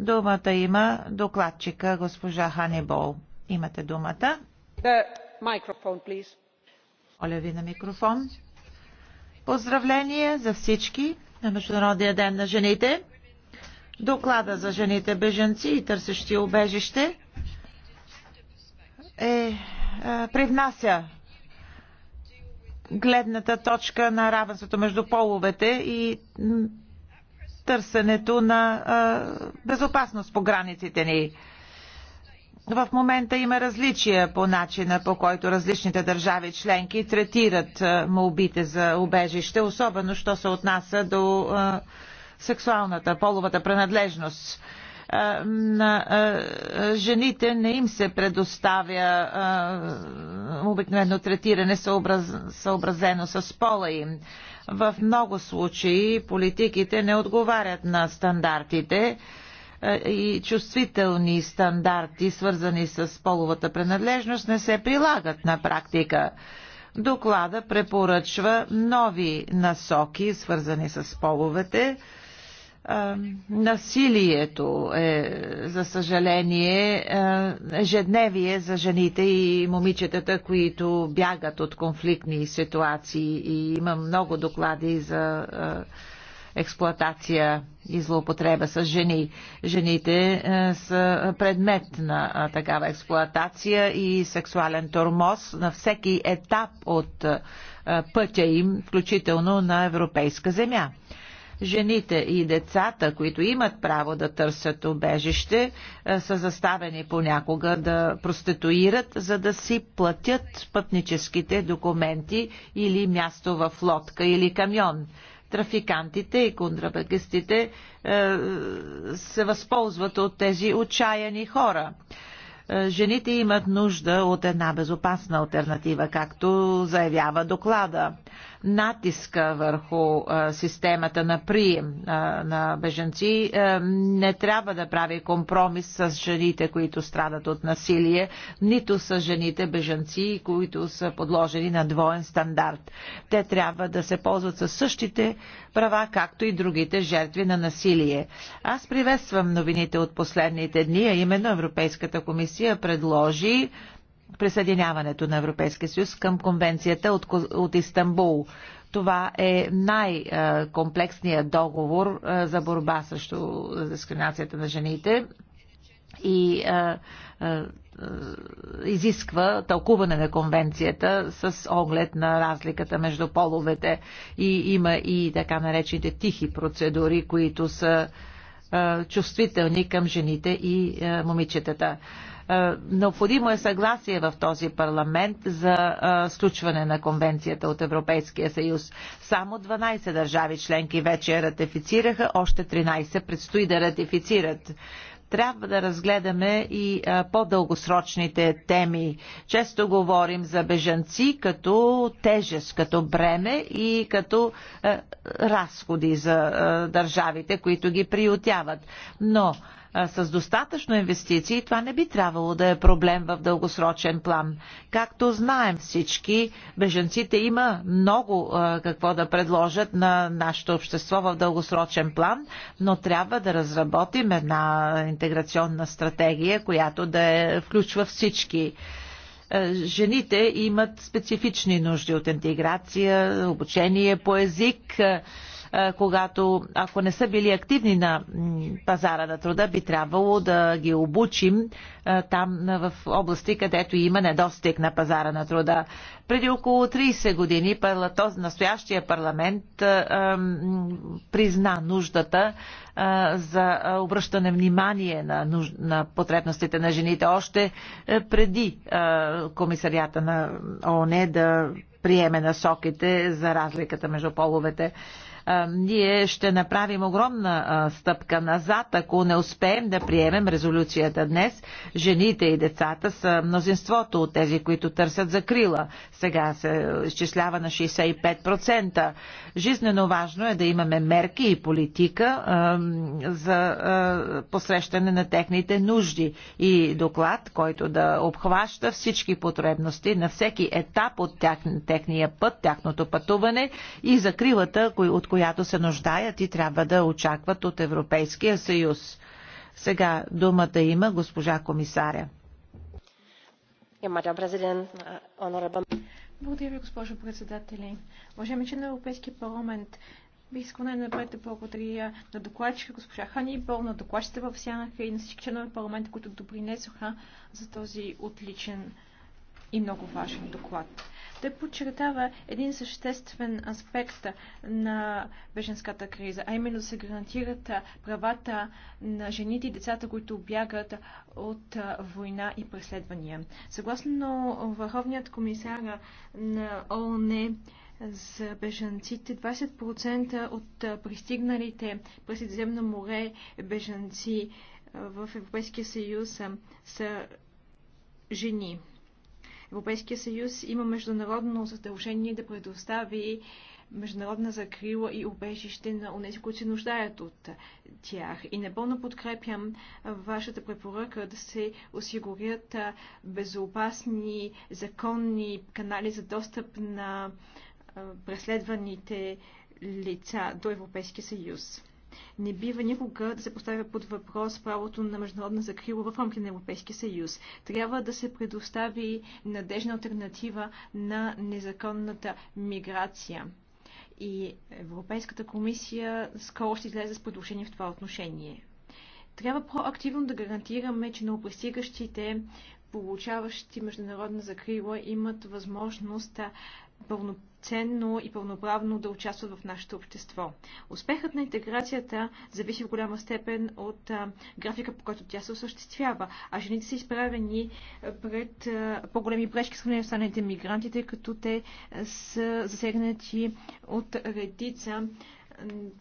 Думата има докладчика госпожа Бол. Имате думата. Моля ви на микрофон. Поздравление за всички на Международния ден на жените. Доклада за жените беженци и търсещи убежище е, е привнася гледната точка на равенството между половете и търсенето на безопасност по границите ни. В момента има различия по начина, по който различните държави членки третират молбите за убежище, особено що се отнася до сексуалната, половата принадлежност на жените не им се предоставя обикновено третиране съобразено с пола им. В много случаи политиките не отговарят на стандартите е, и чувствителни стандарти, свързани с половата принадлежност, не се прилагат на практика. Доклада препоръчва нови насоки, свързани с половете, насилието е, за съжаление, е, ежедневие за жените и момичетата, които бягат от конфликтни ситуации. И има много доклади за е, експлоатация и злоупотреба с жени. Жените е, са предмет на такава експлоатация и сексуален тормоз на всеки етап от пътя им, включително на европейска земя. Жените и децата, които имат право да търсят убежище, е, са заставени понякога да проституират, за да си платят пътническите документи или място в лодка или камион трафикантите и контрабагистите е, се възползват от тези отчаяни хора. Е, жените имат нужда от една безопасна альтернатива, както заявява доклада натиска върху системата на прием на беженци не трябва да прави компромис с жените, които страдат от насилие, нито с жените беженци, които са подложени на двоен стандарт. Те трябва да се ползват със същите права, както и другите жертви на насилие. Аз приветствам новините от последните дни, а именно Европейската комисия предложи присъединяването на Европейския съюз към конвенцията от, от Истанбул. Това е най-комплексният договор за борба срещу дискриминацията на жените и а, а, изисква тълкуване на конвенцията с оглед на разликата между половете и има и така наречените тихи процедури, които са а, чувствителни към жените и а, момичетата. А, е, необходимо е съгласие в този парламент за е, сключване на конвенцията от Европейския съюз. Само 12 държави членки вече я ратифицираха, още 13 предстои да ратифицират трябва да разгледаме и е, по-дългосрочните теми. Често говорим за бежанци като тежест, като бреме и като разходи за държавите, които ги приютяват. Но с достатъчно инвестиции, това не би трябвало да е проблем в дългосрочен план. Както знаем всички, беженците има много какво да предложат на нашето общество в дългосрочен план, но трябва да разработим една интеграционна стратегия, която да е, включва всички жените имат специфични нужди от интеграция, обучение по език, е, когато, ако не са били активни на пазара на труда, би трябвало да ги обучим е, там е, в области, където има недостиг на пазара на труда. Преди около 30 години този настоящия парламент призна нуждата за обръщане внимание на, нуж... на потребностите на жените още преди комисарията на ООН да приеме насоките за разликата между половете ние ще направим огромна стъпка назад, ако не успеем да приемем резолюцията днес. Жените и децата са мнозинството от тези, които търсят закрила. Сега се изчислява на 65%. Жизнено важно е да имаме мерки и политика за посрещане на техните нужди и доклад, който да обхваща всички потребности на всеки етап от техния път, тяхното пътуване и закрилата, от която се нуждаят и трябва да очакват от Европейския съюз. Сега думата има госпожа комисаря. Благодаря ви, госпожо председатели. Уважаеми че на Европейския парламент, бих искал най да благодаря на докладчика госпожа Ханибол, на докладчите в Сянаха и на всички членове на парламента, които допринесоха за този отличен и много важен доклад. Той подчертава един съществен аспект на беженската криза, а именно да се гарантират правата на жените и децата, които бягат от война и преследвания. Съгласно Върховният комисар на ООН за бежанците, 20% от пристигналите през Средиземно море бежанци в Европейския съюз са жени. Европейския съюз има международно задължение да предостави международна закрила и убежище на онези, които се нуждаят от тях. И напълно подкрепям вашата препоръка да се осигурят безопасни, законни канали за достъп на преследваните лица до Европейския съюз. Не бива никога да се поставя под въпрос правото на международна закрила в рамките на Европейския съюз. Трябва да се предостави надежна альтернатива на незаконната миграция и Европейската комисия скоро ще излезе с предложение в това отношение. Трябва проактивно да гарантираме, че новопресигащите, получаващи международна закрила, имат възможност пълноправно пълноценно и пълноправно да участват в нашето общество. Успехът на интеграцията зависи в голяма степен от графика, по който тя се осъществява, а жените са изправени пред по-големи брешки, сравнени с останалите мигранти, тъй като те са засегнати от редица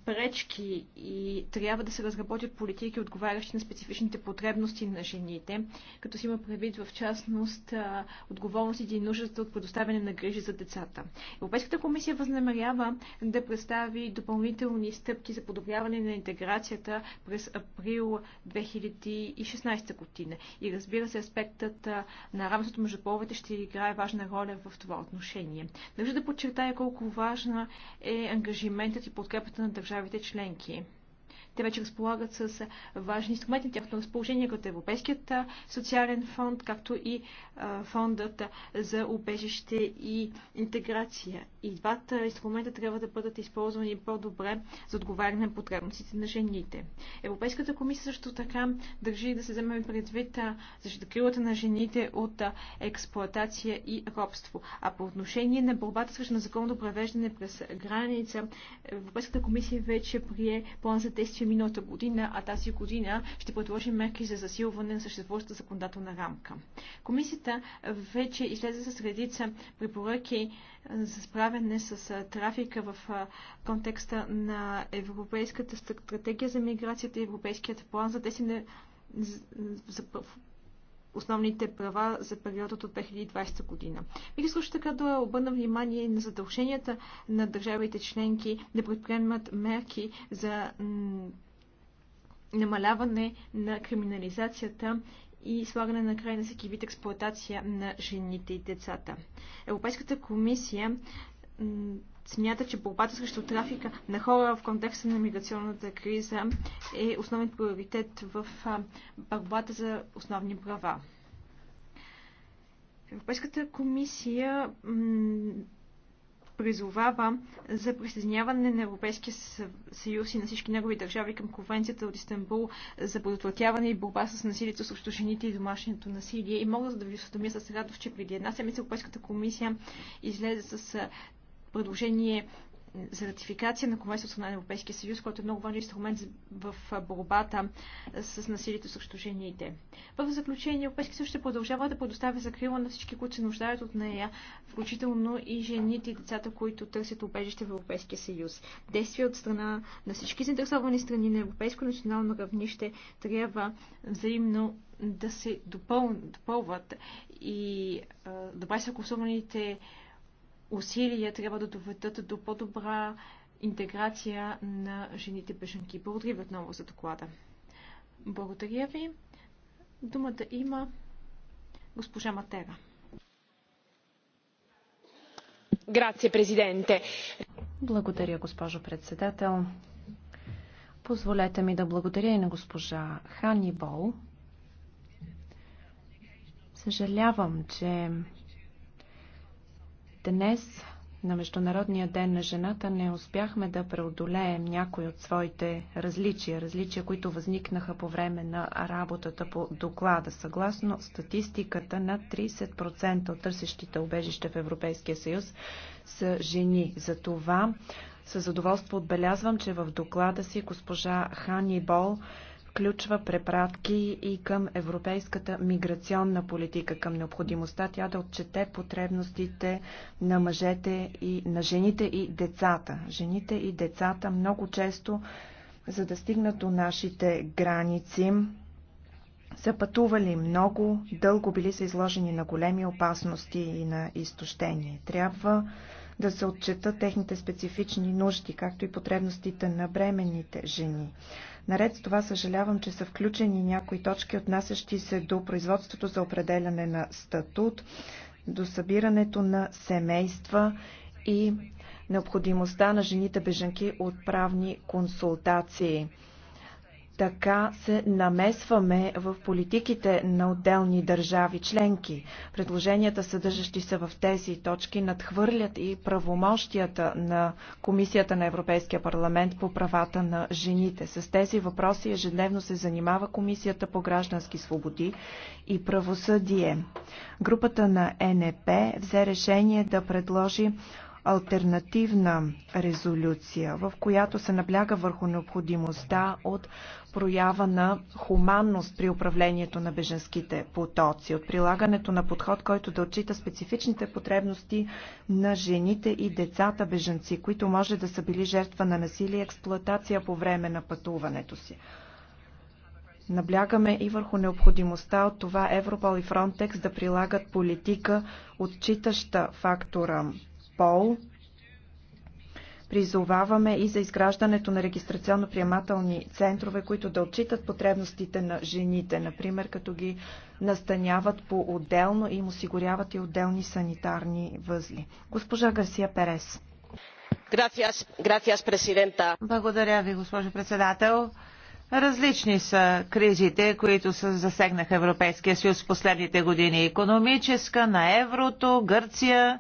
пречки и трябва да се разработят политики, отговарящи на специфичните потребности на жените, като си има предвид в частност отговорностите и нуждата от предоставяне на грижи за децата. Европейската комисия възнамерява да представи допълнителни стъпки за подобряване на интеграцията през април 2016 година. И разбира се, аспектът на равенството между половете ще играе важна роля в това отношение. Държа да подчертая колко важна е ангажиментът и подкрепа подкрепата на държавите членки. Те вече разполагат с важни инструменти на тяхното разположение, като Европейският социален фонд, както и фондът за убежище и интеграция. И двата инструмента трябва да бъдат използвани по-добре за отговаряне на потребностите на жените. Европейската комисия също така държи да се вземе предвид защита на жените от експлоатация и робство. А по отношение на борбата срещу законното превеждане през граница, Европейската комисия вече прие план за действие миналата година, а тази година ще предложи мерки за засилване на съществуващата законодателна рамка. Комисията вече излезе с редица препоръки за справяне с трафика в контекста на Европейската стратегия за миграцията и Европейският план за 10 за основните права за периодът от 2020 година. Бих също така да обърна внимание на задълженията на държавите членки да предприемат мерки за намаляване на криминализацията и слагане на край на всеки вид експлуатация на жените и децата. Европейската комисия смята, че борбата срещу трафика на хора в контекста на миграционната криза е основен приоритет в борбата за основни права. Европейската комисия призовава за присъединяване на Европейския съюз и на всички негови държави към Конвенцията от Истанбул за предотвратяване и борба с насилието срещу жените и домашното насилие. И мога да ви осъдомя с радост, че преди една седмица Европейската комисия излезе с предложение за ратификация на Конвенцията на Европейския съюз, който е много важен инструмент в борбата с насилието срещу жените. В заключение, Европейския съюз ще продължава да предоставя закрила на всички, които се нуждаят от нея, включително и жените и децата, които търсят убежище в Европейския съюз. Действия от страна на всички заинтересовани страни на европейско национално равнище трябва взаимно да се допълват и а, добре съгласуваните усилия трябва да доведат до по-добра интеграция на жените бежанки. Благодаря ви отново за доклада. Благодаря ви. Думата има госпожа Матера. Грация, президенте. Благодаря, госпожо председател. Позволете ми да благодаря и на госпожа Хани Бол. Съжалявам, че Днес, на Международния ден на жената, не успяхме да преодолеем някои от своите различия, различия, които възникнаха по време на работата по доклада. Съгласно статистиката, над 30% от търсещите убежище в Европейския съюз са жени. За това със задоволство отбелязвам, че в доклада си госпожа Хани Бол включва препратки и към европейската миграционна политика, към необходимостта тя да отчете потребностите на мъжете и на жените и децата. Жените и децата много често, за да стигнат до нашите граници, са пътували много, дълго били са изложени на големи опасности и на изтощение. Трябва да се отчета техните специфични нужди, както и потребностите на бременните жени. Наред с това съжалявам, че са включени някои точки, отнасящи се до производството за определяне на статут, до събирането на семейства и необходимостта на жените беженки от правни консултации така се намесваме в политиките на отделни държави членки. Предложенията, съдържащи се в тези точки, надхвърлят и правомощията на Комисията на Европейския парламент по правата на жените. С тези въпроси ежедневно се занимава Комисията по граждански свободи и правосъдие. Групата на НП взе решение да предложи альтернативна резолюция, в която се набляга върху необходимостта от проява на хуманност при управлението на беженските потоци, от прилагането на подход, който да отчита специфичните потребности на жените и децата беженци, които може да са били жертва на насилие и експлоатация по време на пътуването си. Наблягаме и върху необходимостта от това Европол и Фронтекс да прилагат политика, отчитаща фактора пол. Призоваваме и за изграждането на регистрационно-приемателни центрове, които да отчитат потребностите на жените, например като ги настаняват по-отделно и им осигуряват и отделни санитарни възли. Госпожа Гарсия Перес. Благодаря ви, госпожо председател. Различни са кризите, които са засегнаха Европейския съюз в последните години. Економическа, на еврото, Гърция,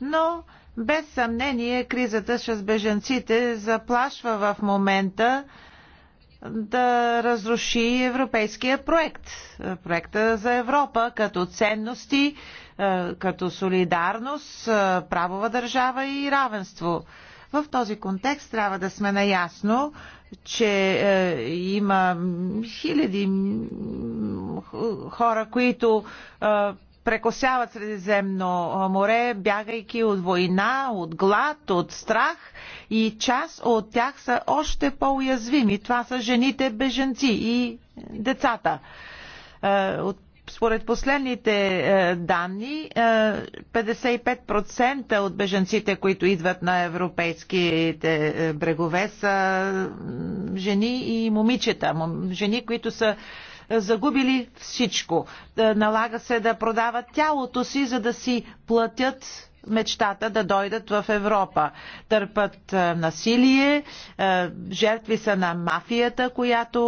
но без съмнение кризата с беженците заплашва в момента да разруши европейския проект. Проекта за Европа като ценности, е, като солидарност, е, правова държава и равенство. В този контекст трябва да сме наясно, че е, има хиляди хора, които е, прекосяват Средиземно море, бягайки от война, от глад, от страх и част от тях са още по-уязвими. Това са жените беженци и децата. Е, според последните е, данни, 55% е, от беженците, които идват на европейските брегове, са жени и момичета. Жени, които са загубили всичко. Е, налага се да продават тялото си, за да си платят мечтата да дойдат в Европа. Търпат е, насилие, е, жертви са на мафията, която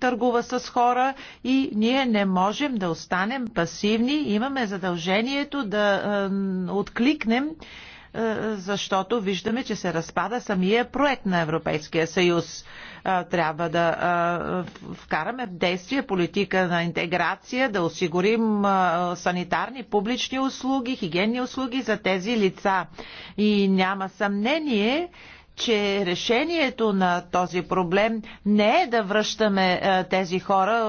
търгува с хора и ние не можем да останем пасивни. Имаме задължението да откликнем е, защото виждаме, че се разпада самия проект на Европейския съюз. Е, трябва да е, вкараме в действие политика на интеграция, да осигурим санитарни публични услуги, хигиенни услуги за тези лица. И няма съмнение, че решението на този проблем не е да връщаме тези хора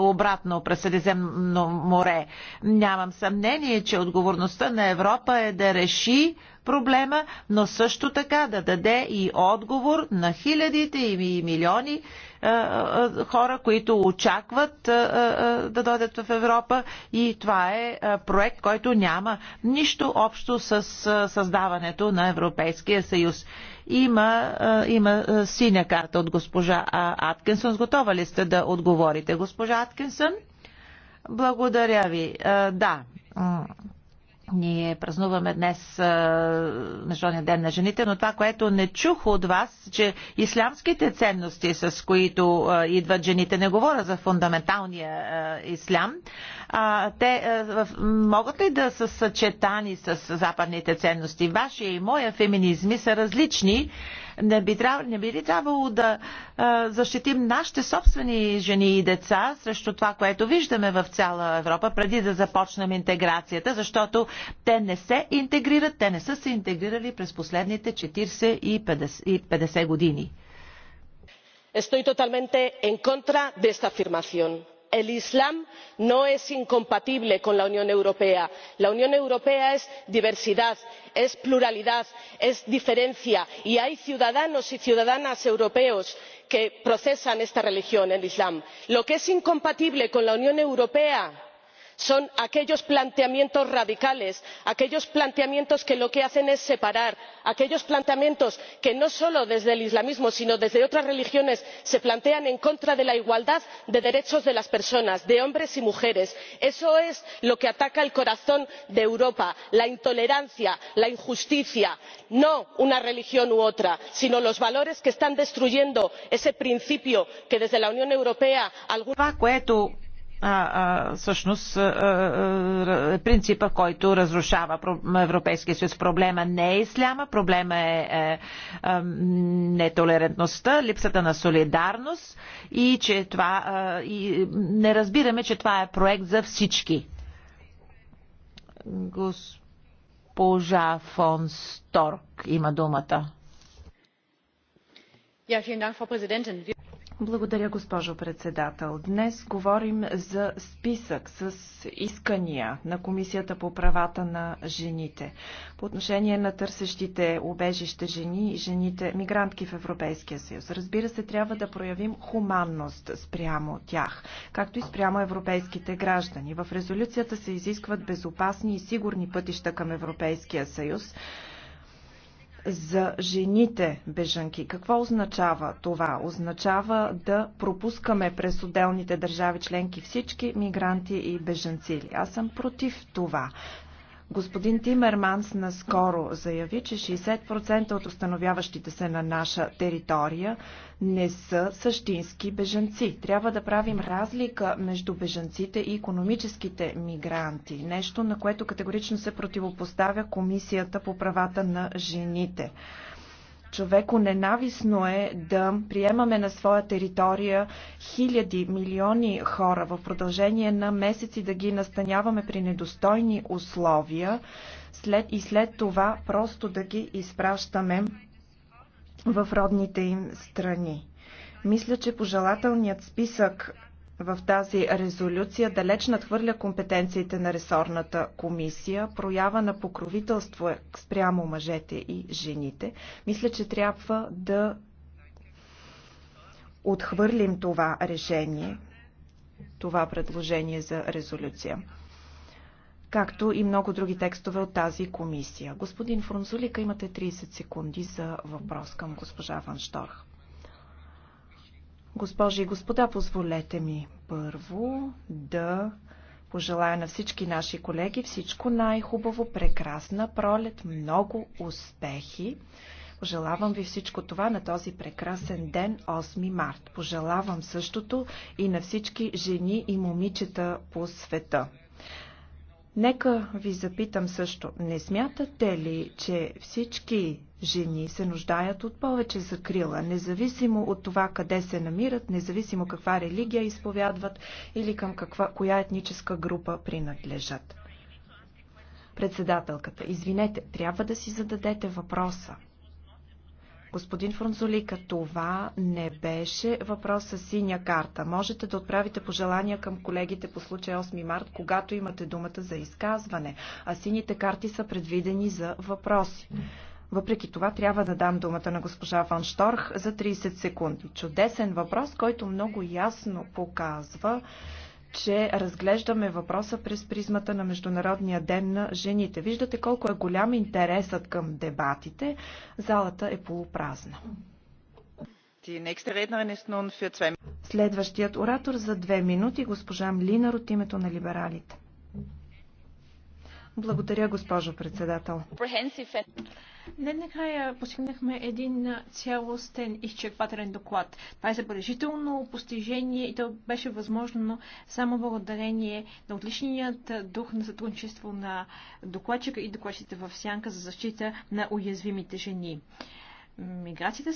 обратно през Средиземно море. Нямам съмнение, че отговорността на Европа е да реши проблема, но също така да даде и отговор на хилядите и милиони хора, които очакват да дойдат в Европа и това е проект, който няма нищо общо с създаването на Европейския съюз. Има, има синя карта от госпожа Аткинсън. Готова ли сте да отговорите, госпожа Аткинсън? Благодаря ви. Да. Ние празнуваме днес Международния ден на жените, но това, което не чух от вас, че ислямските ценности, с които идват жените, не говоря за фундаменталния ислям, а, те а, могат ли да са съчетани с западните ценности? Вашия и моя феминизми са различни не би, не би ли трябвало да а, защитим нашите собствени жени и деца срещу това, което виждаме в цяла Европа, преди да започнем интеграцията, защото те не се интегрират, те не са се интегрирали през последните 40 и 50, и 50 години. Estoy totalmente en contra de esta afirmación el islam no es incompatible con la unión europea la unión europea es diversidad es pluralidad es diferencia y hay ciudadanos y ciudadanas europeos que profesan esta religión el islam. lo que es incompatible con la unión europea es son aquellos planteamientos radicales aquellos planteamientos que lo que hacen es separar aquellos planteamientos que no solo desde el islamismo sino desde otras religiones se plantean en contra de la igualdad de derechos de las personas de hombres y mujeres. eso es lo que ataca el corazón de europa la intolerancia la injusticia no una religión u otra sino los valores que están destruyendo ese principio que desde la unión europea algunos а, а, всъщност а, а, принципа, който разрушава Европейския съюз. Проблема не е исляма, проблема е, е, нетолерантността, липсата на солидарност и че това а, и не разбираме, че това е проект за всички. Госпожа фон Сторк има думата. Ja, vielen Dank, Frau Präsidentin. Благодаря, госпожо председател. Днес говорим за списък с искания на Комисията по правата на жените по отношение на търсещите обежище жени и жените мигрантки в Европейския съюз. Разбира се, трябва да проявим хуманност спрямо тях, както и спрямо европейските граждани. В резолюцията се изискват безопасни и сигурни пътища към Европейския съюз за жените бежанки. Какво означава това? Означава да пропускаме през отделните държави членки всички мигранти и бежанци. Аз съм против това. Господин Тимерманс наскоро заяви, че 60% от установяващите се на наша територия не са същински бежанци. Трябва да правим разлика между бежанците и економическите мигранти. Нещо, на което категорично се противопоставя Комисията по правата на жените. Човеко ненавистно е да приемаме на своя територия хиляди, милиони хора в продължение на месеци да ги настаняваме при недостойни условия след, и след това просто да ги изпращаме в родните им страни. Мисля, че пожелателният списък в тази резолюция далеч надхвърля компетенциите на ресорната комисия, проява на покровителство е спрямо мъжете и жените. Мисля, че трябва да отхвърлим това решение, това предложение за резолюция както и много други текстове от тази комисия. Господин Фрунзулика, имате 30 секунди за въпрос към госпожа Шторх. Госпожи и господа, позволете ми първо да пожелая на всички наши колеги всичко най-хубаво, прекрасна пролет, много успехи. Пожелавам ви всичко това на този прекрасен ден, 8 март. Пожелавам същото и на всички жени и момичета по света. Нека ви запитам също, не смятате ли, че всички жени се нуждаят от повече закрила, независимо от това къде се намират, независимо каква религия изповядват или към каква, коя етническа група принадлежат? Председателката, извинете, трябва да си зададете въпроса. Господин Фрунзолика, това не беше въпрос с синя карта. Можете да отправите пожелания към колегите по случай 8 март, когато имате думата за изказване, а сините карти са предвидени за въпроси. Въпреки това трябва да дам думата на госпожа Ван Шторх за 30 секунди. Чудесен въпрос, който много ясно показва, че разглеждаме въпроса през призмата на Международния ден на жените. Виждате колко е голям интересът към дебатите. Залата е полупразна. Следващият оратор за две минути, госпожа Млинар от името на либералите. Благодаря, госпожо председател. Не накрая постигнахме един цялостен изчерпателен доклад. Това е забележително постижение и то беше възможно само благодарение на отличният дух на сътрудничество на докладчика и докладчите в сянка за защита на уязвимите жени. Миграцията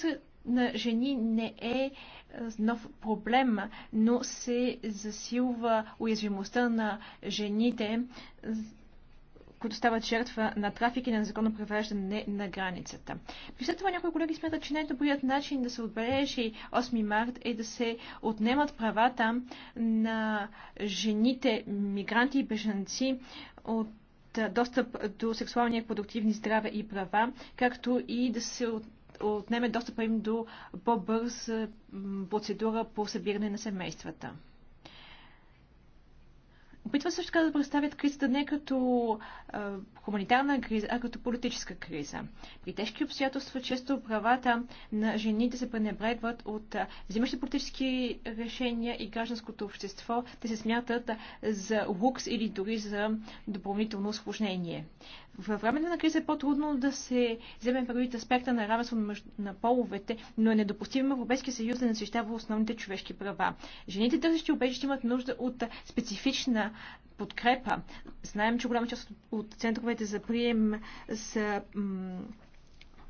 на жени не е, е нов проблем, но се засилва уязвимостта на жените които стават жертва на трафик и на незаконно превеждане на границата. При след това някои колеги смятат, че най-добрият начин да се отбележи 8 март е да се отнемат правата на жените, мигранти и бежанци от достъп до сексуални и продуктивни здраве и права, както и да се отнеме достъпа им до по-бърз процедура по събиране на семействата. Опитва също така да представят кризата не като а, хуманитарна криза, а като политическа криза. При тежки обстоятелства често правата на жените се пренебрегват от взимащи политически решения и гражданското общество. Те се смятат за лукс или дори за допълнително осложнение. В времето на криза е по-трудно да се вземе предвид аспекта на равенство на половете, но е недопустимо Европейския съюз да не основните човешки права. Жените, търсещи обежище, имат нужда от специфична подкрепа. Знаем, че голяма част от центровете за прием са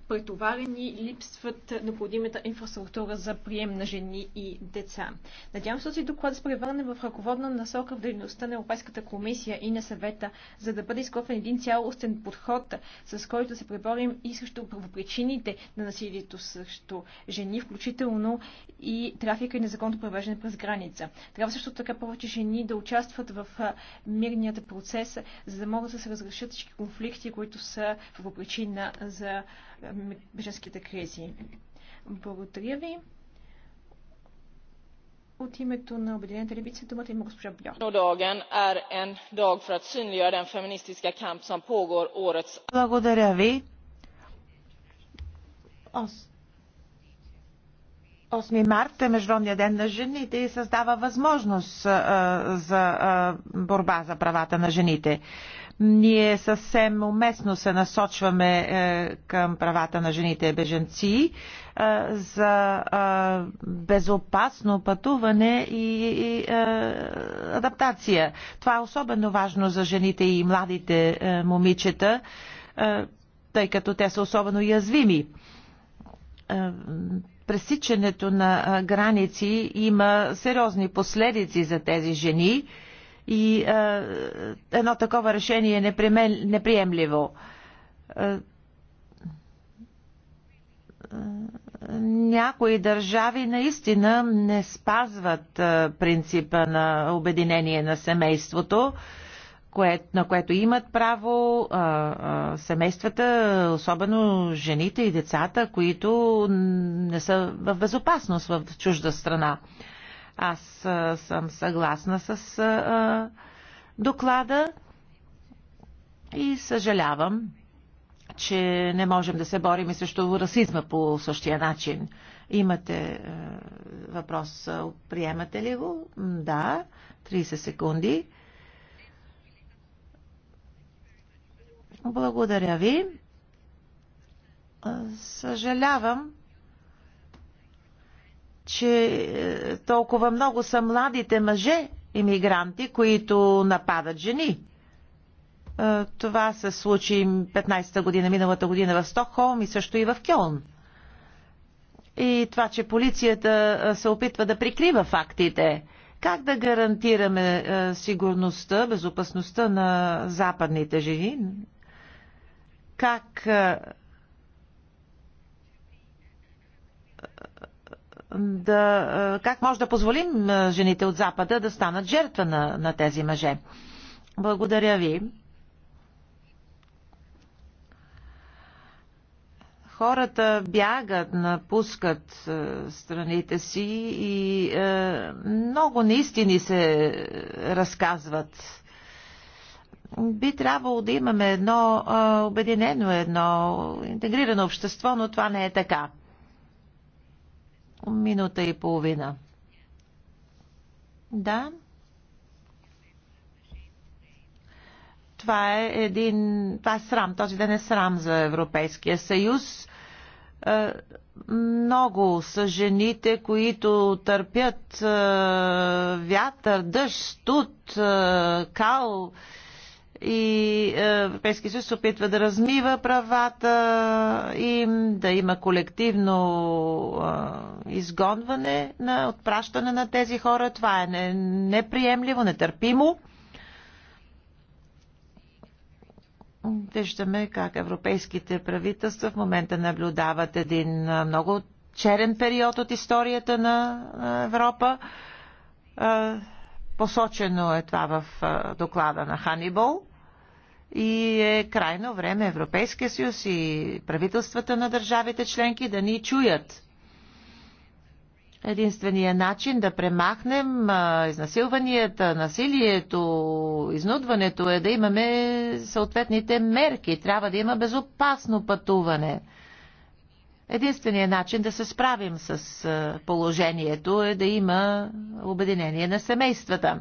претоварени, липсват необходимата инфраструктура за прием на жени и деца. Надявам се този доклад да се превърне в ръководна насока в дейността на Европейската комисия и на съвета, за да бъде изготвен един цялостен подход, с който да се преборим и срещу правопричините на насилието срещу жени, включително и трафика и незаконното превеждане през граница. Трябва също така повече жени да участват в мирният процес, за да могат да се разрешат всички конфликти, които са правопричина за беженските кризи. Благодаря ви. От името на Обединената левица думата има госпожа Бьо. Е Благодаря ви. 8 март е Международния ден на жените и създава възможност а, за а, борба за правата на жените. Ние съвсем уместно се насочваме е, към правата на жените беженци е, за е, безопасно пътуване и, адаптация. Това е особено важно за жените и младите момичета, тъй като те са особено язвими. пресичането на граници има сериозни последици за тези жени и а, е, едно такова решение е неприемливо. А, е, е, някои държави наистина не спазват принципа на обединение на семейството, на което имат право семействата, особено жените и децата, които не са в безопасност в чужда страна. Аз съм съгласна с доклада и съжалявам, че не можем да се борим и срещу расизма по същия начин. Имате а, въпрос, приемате ли го? Да, 30 секунди. Благодаря ви. Съжалявам, че е, толкова много са младите мъже иммигранти, които нападат жени. Е, това се случи 15-та година, миналата година в Стокхолм и също и в Кьолн. И това, че полицията е, се опитва да прикрива фактите. Как да гарантираме сигурността, безопасността на западните жени? Как да, как може да позволим жените от Запада да станат жертва на, на тези мъже. Благодаря ви. Хората бягат, напускат страните си и много наистини се разказват би трябвало да имаме едно обединено, едно интегрирано общество, но това не е така. Минута и половина. Да. Това е един... Това е срам. Този ден е срам за Европейския съюз. Е, много са жените, които търпят е, вятър, дъжд, студ, е, кал, и е, Европейския съюз се опитва да размива правата им, да има колективно е, изгонване на отпращане на тези хора. Това е неприемливо, нетърпимо. Виждаме как европейските правителства в момента наблюдават един е, много черен период от историята на Европа Посочено е това в доклада на Ханибол и е крайно време Европейския съюз и правителствата на държавите членки да ни чуят. Единственият начин да премахнем изнасилванията, насилието, изнудването е да имаме съответните мерки. Трябва да има безопасно пътуване. Единственият начин да се справим с положението е да има обединение на семействата.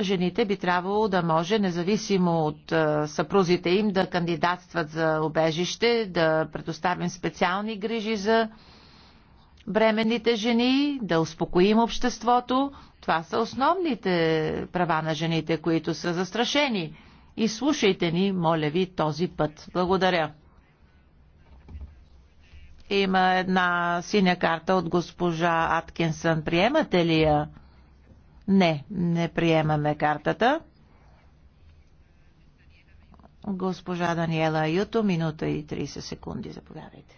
Жените би трябвало да може, независимо от съпрузите им, да кандидатстват за обежище, да предоставим специални грижи за бременните жени, да успокоим обществото. Това са основните права на жените, които са застрашени. И слушайте ни, моля ви, този път. Благодаря. Има една синя карта от госпожа Аткинсън. Приемате ли я? Не, не приемаме картата. Госпожа Даниела Юто, минута и 30 секунди, заповядайте.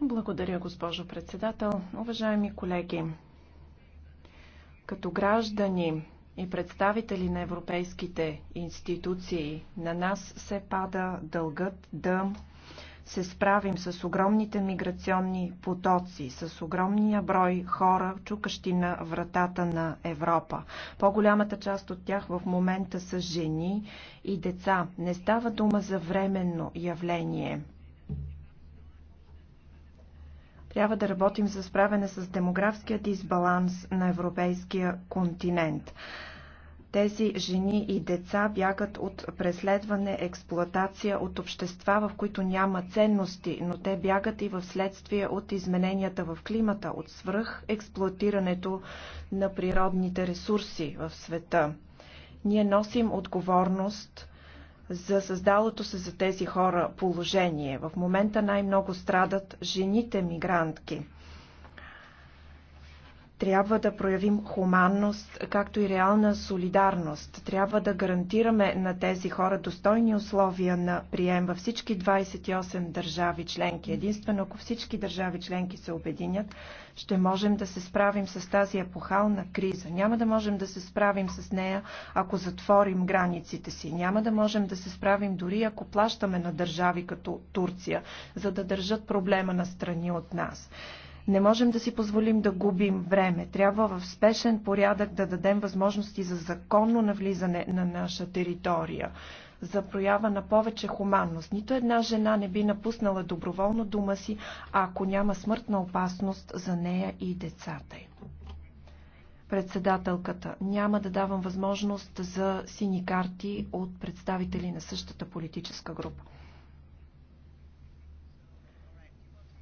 Благодаря, госпожо председател. Уважаеми колеги, като граждани и представители на европейските институции, на нас се пада дългът да се справим с огромните миграционни потоци, с огромния брой хора, чукащи на вратата на Европа. По-голямата част от тях в момента са жени и деца. Не става дума за временно явление. Трябва да работим за справяне с демографския дисбаланс на европейския континент. Тези жени и деца бягат от преследване, експлоатация, от общества, в които няма ценности, но те бягат и в следствие от измененията в климата, от свръх експлоатирането на природните ресурси в света. Ние носим отговорност за създалото се за тези хора положение. В момента най-много страдат жените мигрантки – трябва да проявим хуманност, както и реална солидарност. Трябва да гарантираме на тези хора достойни условия на прием във всички 28 държави членки. Единствено, ако всички държави членки се обединят, ще можем да се справим с тази епохална криза. Няма да можем да се справим с нея, ако затворим границите си. Няма да можем да се справим дори ако плащаме на държави като Турция, за да държат проблема на страни от нас. Не можем да си позволим да губим време. Трябва в спешен порядък да дадем възможности за законно навлизане на наша територия за проява на повече хуманност. Нито една жена не би напуснала доброволно дома си, ако няма смъртна опасност за нея и децата й. Председателката няма да давам възможност за сини карти от представители на същата политическа група.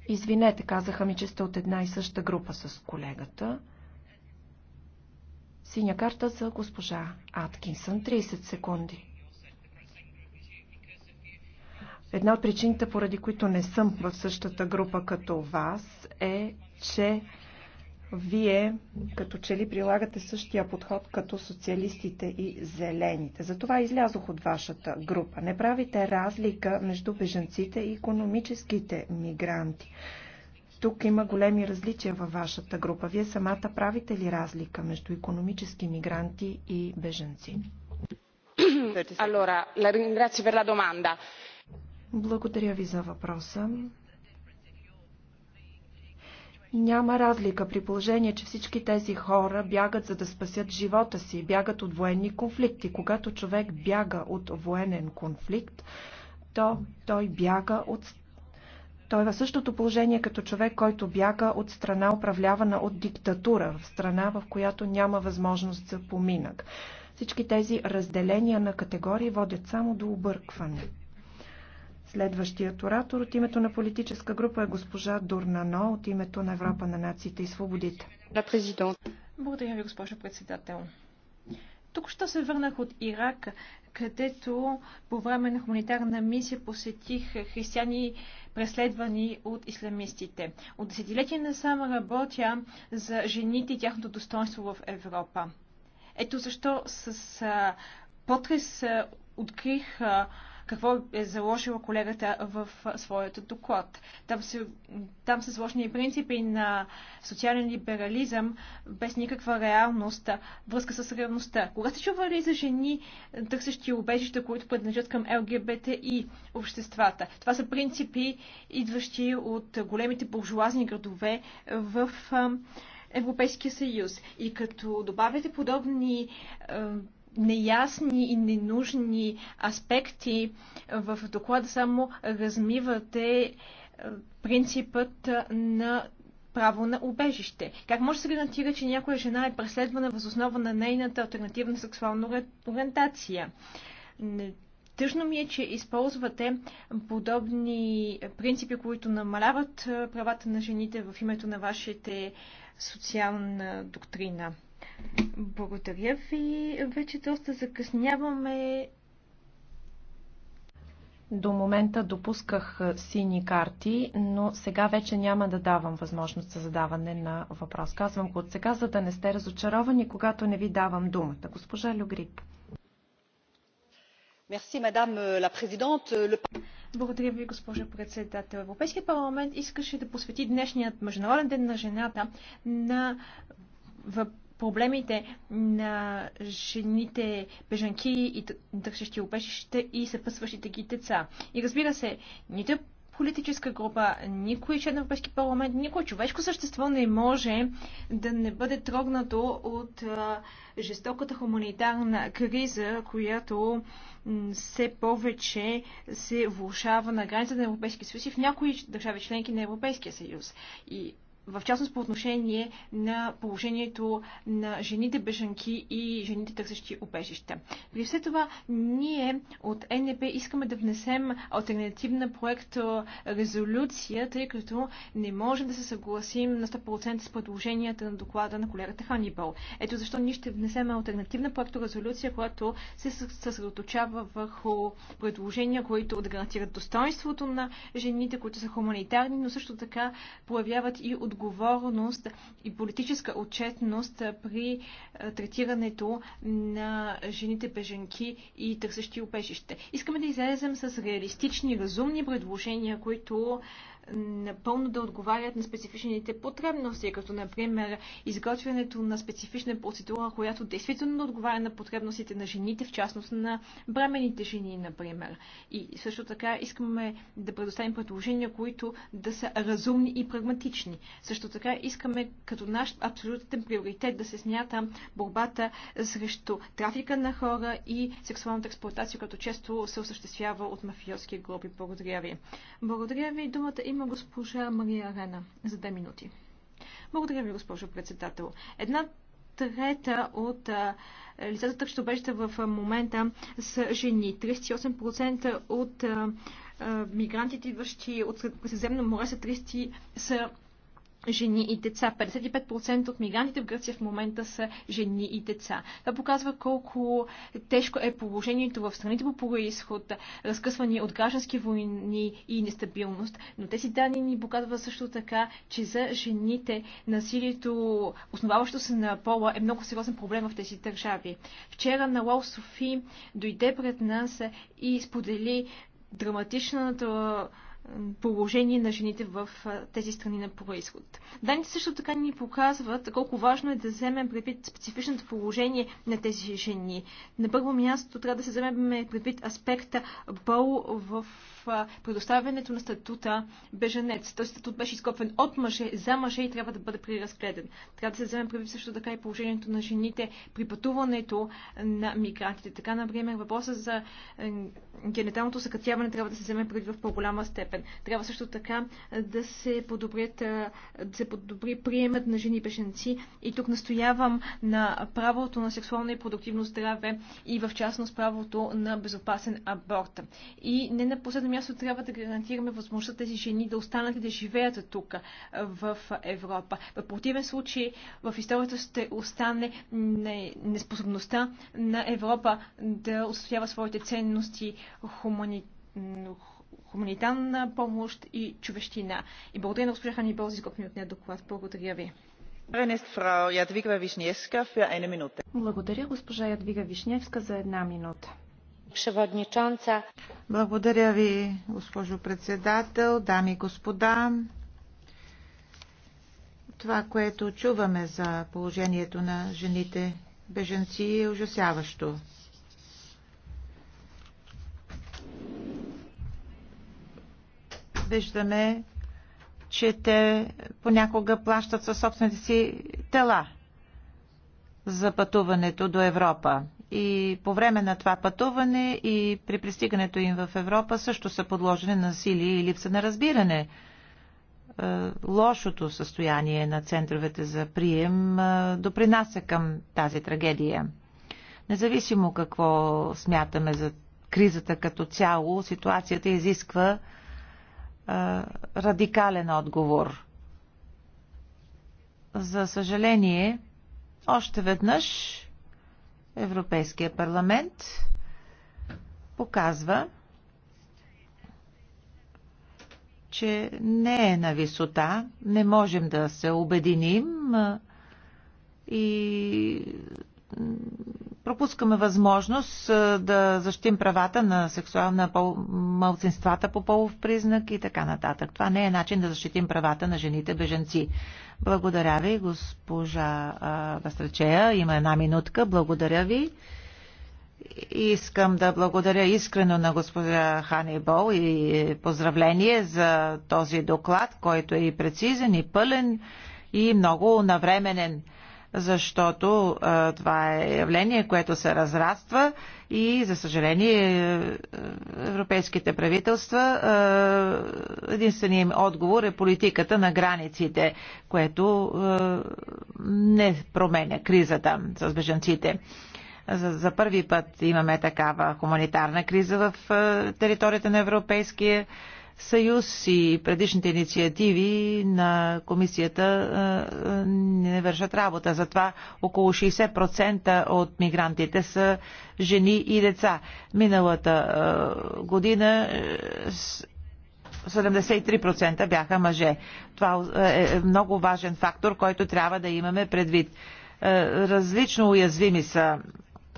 Извинете, казаха ми, че сте от една и съща група с колегата. Синя карта за госпожа Аткинсън. 30 секунди. Една от причините, поради които не съм в същата група като вас, е, че вие като че ли прилагате същия подход като социалистите и зелените. Затова излязох от вашата група. Не правите разлика между бежанците и економическите мигранти. Тук има големи различия във вашата група. Вие самата правите ли разлика между економически мигранти и бежанци? Благодаря ви за въпроса. Няма разлика при положение, че всички тези хора бягат за да спасят живота си, бягат от военни конфликти. Когато човек бяга от военен конфликт, то той бяга от той е в същото положение като човек, който бяга от страна управлявана от диктатура, в страна, в която няма възможност за поминък. Всички тези разделения на категории водят само до объркване. Следващият оратор от името на политическа група е госпожа Дурнано от името на Европа на нациите и свободите. Благодаря ви, Госпожо председател. Тук що се върнах от Ирак, където по време на хуманитарна мисия посетих християни, преследвани от исламистите. От десетилетия насам работя за жените и тяхното достоинство в Европа. Ето защо с потрес открих какво е заложила колегата в своето доклад. Там са, там са сложни принципи на социален либерализъм без никаква реалност, връзка с реалността. Кога сте чували за жени, търсещи убежища, които принадлежат към ЛГБТ и обществата? Това са принципи, идващи от големите буржуазни градове в Европейския съюз. И като добавяте подобни неясни и ненужни аспекти в доклада само размивате е, принципът е, на право на убежище. Как може да се гарантира, че някоя жена е преследвана въз основа на нейната альтернативна сексуална ориентация? Тъжно ми е, че използвате подобни принципи, които намаляват е, правата на жените в името на вашите социална доктрина. Благодаря ви. Вече доста закъсняваме. До момента допусках сини карти, но сега вече няма да давам възможност за задаване на въпрос. Казвам го от сега, за да не сте разочаровани, когато не ви давам думата. Госпожа Люгрип. Благодаря ви, госпожо председател. Европейският парламент искаше да посвети днешният Международен ден на жената на въпроса проблемите на жените бежанки и държащи обежище и съпъсващите ги деца. И разбира се, нито политическа група, никой член на Европейски парламент, никой човешко същество не може да не бъде трогнато от жестоката хуманитарна криза, която все повече се влушава на границата на Европейския съюз и в някои държави членки на Европейския съюз. И в частност по отношение на положението на жените бежанки и жените търсещи обежища. При все това ние от НП искаме да внесем альтернативна проект резолюция, тъй като не можем да се съгласим на 100% с предложенията на доклада на колегата Ханибал. Ето защо ние ще внесем альтернативна проект резолюция, която се съсредоточава върху предложения, които да гарантират достоинството на жените, които са хуманитарни, но също така проявяват и отговорност отговорност и политическа отчетност при е, третирането на жените беженки и търсещи убежище. Искаме да излезем с реалистични, разумни предложения, които напълно да отговарят на специфичните потребности, като например изготвянето на специфична процедура, която действително отговаря на потребностите на жените, в частност на бременните жени, например. И също така искаме да предоставим предложения, които да са разумни и прагматични. Също така искаме като наш абсолютен приоритет да се смята борбата срещу трафика на хора и сексуалната експлуатация, като често се осъществява от мафиотски групи. Благодаря ви. Благодаря ви. Думата има има госпожа Мария Рена за две минути. Благодаря ви, госпожо председател. Една трета от лицата търсещо беше в момента са жени. 38% от а, а, мигрантите, идващи от Средиземно море, са, 30, са жени и деца. 55% от мигрантите в Гърция в момента са жени и деца. Това показва колко тежко е положението в страните по происход, разкъсвани от граждански войни и нестабилност. Но тези данни ни показва също така, че за жените насилието, основаващо се на пола, е много сериозен проблем в тези държави. Вчера на Лао Софи дойде пред нас и сподели драматичната положение на жените в тези страни на происход. Даните също така ни показват колко важно е да вземем предвид специфичното положение на тези жени. На първо място трябва да се вземем предвид аспекта бол в предоставянето на статута беженец. Този статут беше изкопен от мъже за мъже и трябва да бъде преразгледан. Трябва да се вземем предвид също така и положението на жените при пътуването на мигрантите. Така, например, въпроса за е, генеталното съкътяване трябва да се вземе предвид в по-голяма степен степен. Трябва също така да се, подобрят, да се подобри приемът на жени беженци и тук настоявам на правото на сексуално и продуктивно здраве и в частност правото на безопасен аборт. И не на последно място трябва да гарантираме възможността тези жени да останат и да живеят тук в Европа. В противен случай в историята ще остане неспособността на Европа да устоява своите ценности, хуманитарно хуманитарна помощ и човещина. И благодаря на госпожа Хани Бол за изготвения от нея доклад. Благодаря ви. Благодаря госпожа Ядвига Вишневска за една минута. Благодаря ви, госпожо председател, дами и господа. Това, което чуваме за положението на жените беженци е ужасяващо. виждаме, че те понякога плащат със собствените си тела за пътуването до Европа. И по време на това пътуване и при пристигането им в Европа също са подложени на сили и липса на разбиране. Е, лошото състояние на центровете за прием е, допринася към тази трагедия. Независимо какво смятаме за кризата като цяло, ситуацията изисква радикален отговор. За съжаление, още веднъж Европейския парламент показва, че не е на висота, не можем да се обединим и пропускаме възможност да защитим правата на сексуална пол, малцинствата по полов признак и така нататък. Това не е начин да защитим правата на жените беженци. Благодаря ви, госпожа Бастрачея. Има една минутка. Благодаря ви. Искам да благодаря искрено на госпожа Ханибол и поздравление за този доклад, който е и прецизен, и пълен, и много навременен защото а, това е явление, което се разраства и, за съжаление, е, европейските правителства, единственият им отговор е политиката на границите, което а, не променя кризата с бежанците. За, за първи път имаме такава хуманитарна криза в а, територията на Европейския съюз и предишните инициативи на комисията не вършат работа. Затова около 60% от мигрантите са жени и деца. Миналата година 73% бяха мъже. Това е, е много важен фактор, който трябва да имаме предвид. Различно уязвими са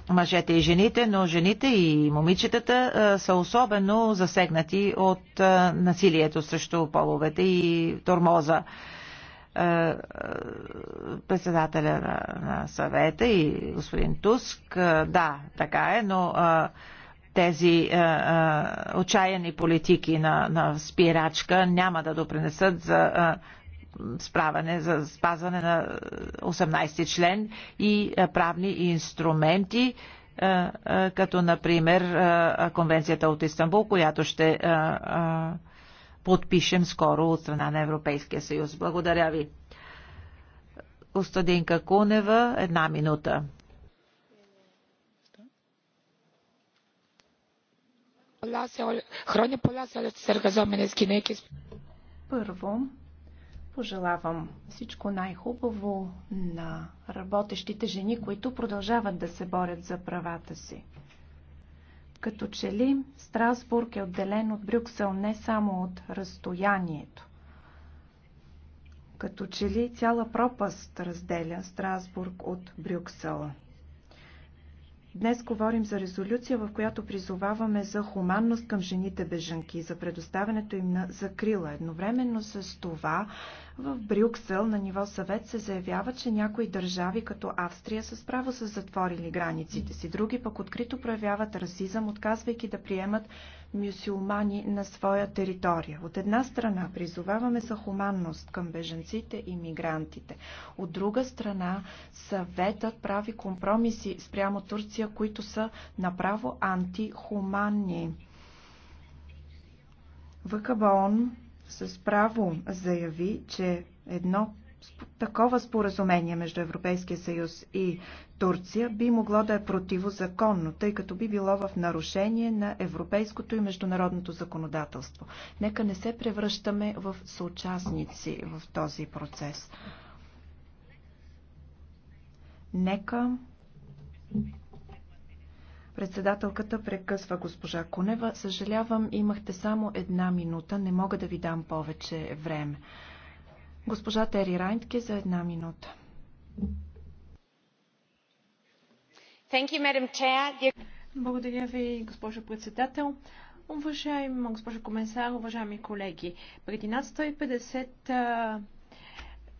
мъжете и жените, но жените и момичетата а, са особено засегнати от а, насилието срещу половете и тормоза. председателя на, на съвета и господин Туск, а, да, така е, но а, тези а, а, отчаяни политики на, на спирачка няма да допринесат за справяне, за спазване на 18 член и е, правни инструменти, е, е, като например конвенцията от Истанбул, която ще подпишем скоро от страна на Европейския съюз. Благодаря ви. Костадинка Кунева, една минута. Първо, Пожелавам всичко най-хубаво на работещите жени, които продължават да се борят за правата си. Като че ли Страсбург е отделен от Брюксел не само от разстоянието. Като че ли цяла пропаст разделя Страсбург от Брюксел. Днес говорим за резолюция, в която призоваваме за хуманност към жените бежанки, за предоставянето им на закрила. Едновременно с това в Брюксел на ниво съвет се заявява, че някои държави като Австрия с право са затворили границите си, други пък открито проявяват расизъм, отказвайки да приемат мюсюлмани на своя територия. От една страна призоваваме за хуманност към беженците и мигрантите. От друга страна съветът прави компромиси спрямо Турция, които са направо антихуманни. ВКБОН с право заяви, че едно такова споразумение между Европейския съюз и Турция би могло да е противозаконно, тъй като би било в нарушение на европейското и международното законодателство. Нека не се превръщаме в съучастници в този процес. Нека Председателката прекъсва госпожа Кунева. Съжалявам, имахте само една минута. Не мога да ви дам повече време. Госпожа Тери Райнтке за една минута. Благодаря ви, госпожа председател. Уважаема госпожа комисар, уважаеми колеги, преди над 150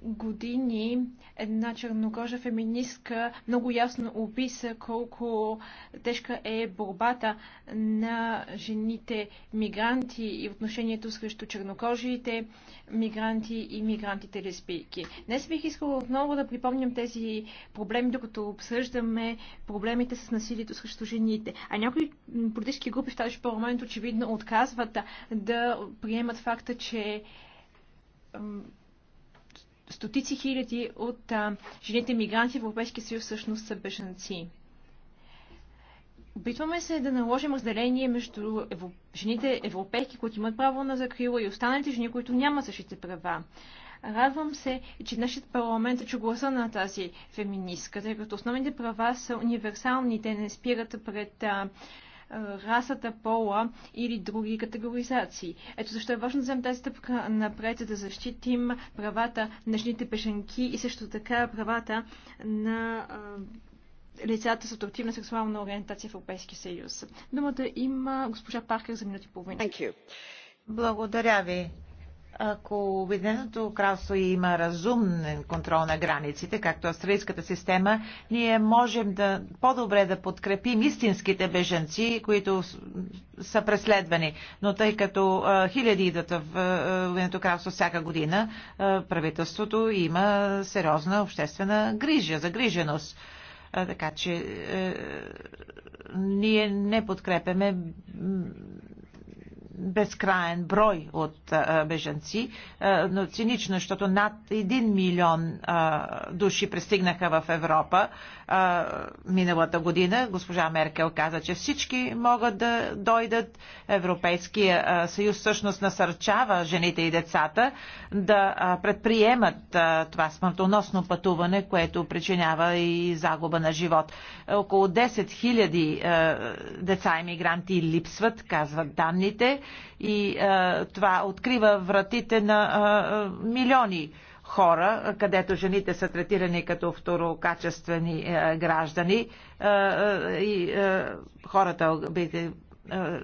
години една чернокожа феминистка много ясно описа колко тежка е борбата на жените мигранти и отношението срещу чернокожите мигранти и мигрантите лесбийки. Днес бих искала отново да припомням тези проблеми, докато обсъждаме проблемите с насилието срещу жените. А някои политически групи в тази парламент очевидно отказват да приемат факта, че стотици хиляди от а, жените мигранти в Европейския съюз всъщност са бежанци. Опитваме се да наложим разделение между ево... жените европейки, които имат право на закрила и останалите жени, които нямат същите права. Радвам се, че нашият парламент е че гласа на тази феминистка, тъй като основните права са универсални, те не спират пред а, расата, пола или други категоризации. Ето защо е важно да вземем тази стъпка напред, за да защитим правата на жените пешенки и също така правата на лицата с атрактивна сексуална ориентация в Европейския съюз. Думата има госпожа Паркер за минути и половина. Благодаря ви. Ако Обединеното кралство има разумен контрол на границите, както австралийската система, ние можем да по-добре да подкрепим истинските беженци, които са преследвани. Но тъй като а, хиляди идват в Обединеното кралство всяка година, а, правителството има сериозна обществена грижа, загриженост. А, така че е, ние не подкрепяме безкраен брой от бежанци, но цинично, защото над 1 милион души пристигнаха в Европа а, миналата година. Госпожа Меркел каза, че всички могат да дойдат. Европейския съюз всъщност насърчава жените и децата да предприемат а, това смъртоносно пътуване, което причинява и загуба на живот. Около 10 000 а, деца иммигранти липсват, казват данните, и а, това открива вратите на а, милиони хора, където жените са третирани като второкачествени е, граждани е, е, и хората,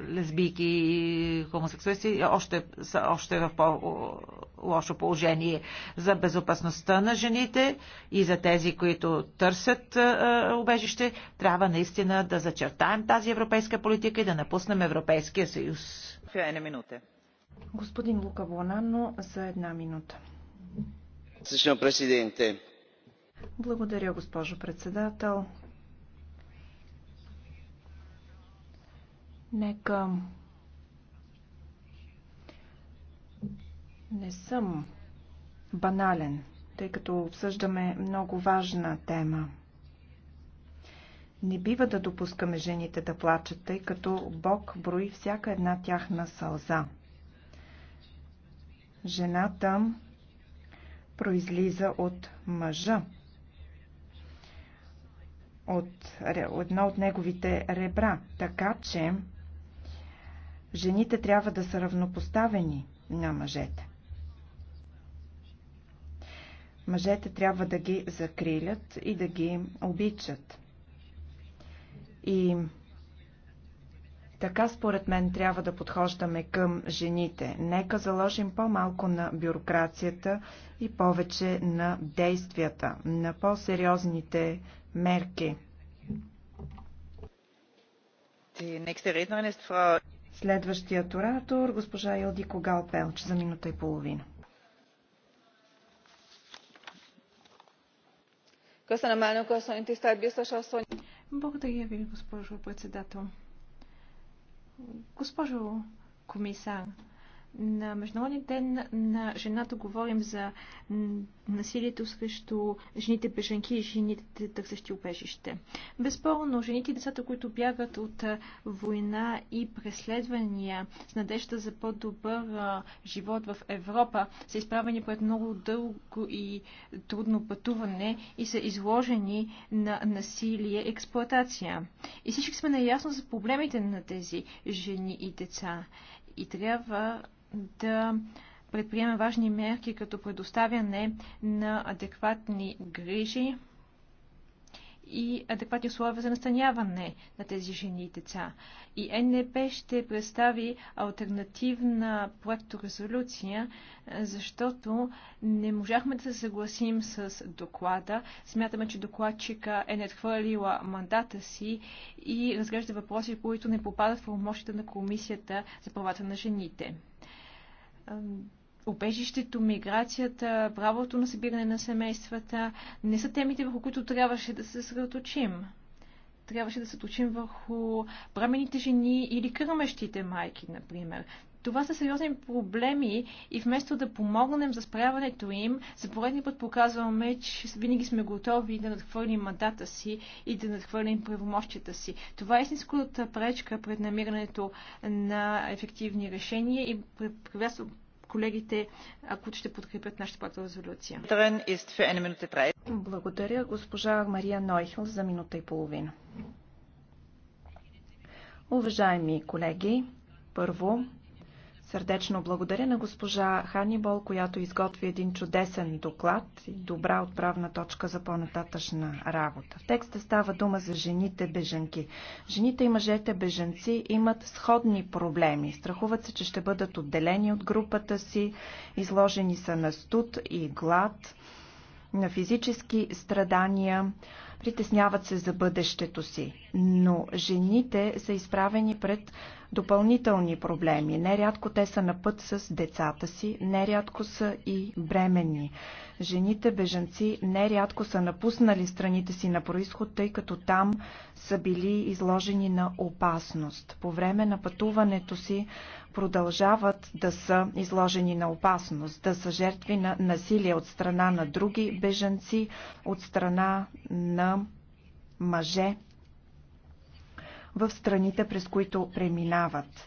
лесбийки и хомосексуалисти още, са още в по-лошо положение за безопасността на жените и за тези, които търсят убежище, трябва наистина да зачертаем тази европейска политика и да напуснем Европейския съюз. Господин Лука Вланано за една минута. Благодаря, госпожо председател. Нека не съм банален, тъй като обсъждаме много важна тема. Не бива да допускаме жените да плачат, тъй като Бог брои всяка една тяхна сълза. Жената произлиза от мъжа, от едно от неговите ребра. Така че жените трябва да са равнопоставени на мъжете. Мъжете трябва да ги закрилят и да ги обичат. И така според мен трябва да подхождаме към жените. Нека заложим по-малко на бюрокрацията и повече на действията, на по-сериозните мерки. Следващият оратор, госпожа Йоди Когал Пелч, за минута и половина. Благодаря ви, госпожо председател. Госпожо комисар, на Международния ден на жената говорим за насилието срещу жените беженки и жените търсещи убежище. Безспорно, жените и децата, които бягат от война и преследвания с надежда за по-добър живот в Европа, са изправени пред много дълго и трудно пътуване и са изложени на насилие и експлоатация. И всички сме наясно за проблемите на тези жени и деца. И трябва да предприеме важни мерки като предоставяне на адекватни грижи и адекватни условия за настаняване на тези жени и деца. И НП ще представи альтернативна проекторезолюция, защото не можахме да се съгласим с доклада. Смятаме, че докладчика е надхвърлила мандата си и разглежда въпроси, които не попадат в помощите на Комисията за правата на жените. Обежището, миграцията, правото на събиране на семействата не са темите, върху които трябваше да се съсредоточим. Трябваше да се точим върху бременните жени или кърмещите майки, например. Това са сериозни проблеми и вместо да помогнем за справянето им, за поредни път показваме, че винаги сме готови да надхвърлим мандата си и да надхвърлим правомощията си. Това е истинската пречка пред намирането на ефективни решения и приветствам колегите, ако ще подкрепят нашата плата резолюция. Е Благодаря госпожа Мария Нойхел за минута и половина. Уважаеми колеги, първо Сърдечно благодаря на госпожа Ханибол, която изготви един чудесен доклад и добра отправна точка за по-нататъчна работа. В текста става дума за жените беженки. Жените и мъжете беженци имат сходни проблеми. Страхуват се, че ще бъдат отделени от групата си, изложени са на студ и глад, на физически страдания притесняват се за бъдещето си, но жените са изправени пред допълнителни проблеми. Нерядко те са на път с децата си, нерядко са и бременни. Жените бежанци нерядко са напуснали страните си на происход, тъй като там са били изложени на опасност. По време на пътуването си продължават да са изложени на опасност, да са жертви на насилие от страна на други бежанци, от страна на мъже в страните, през които преминават.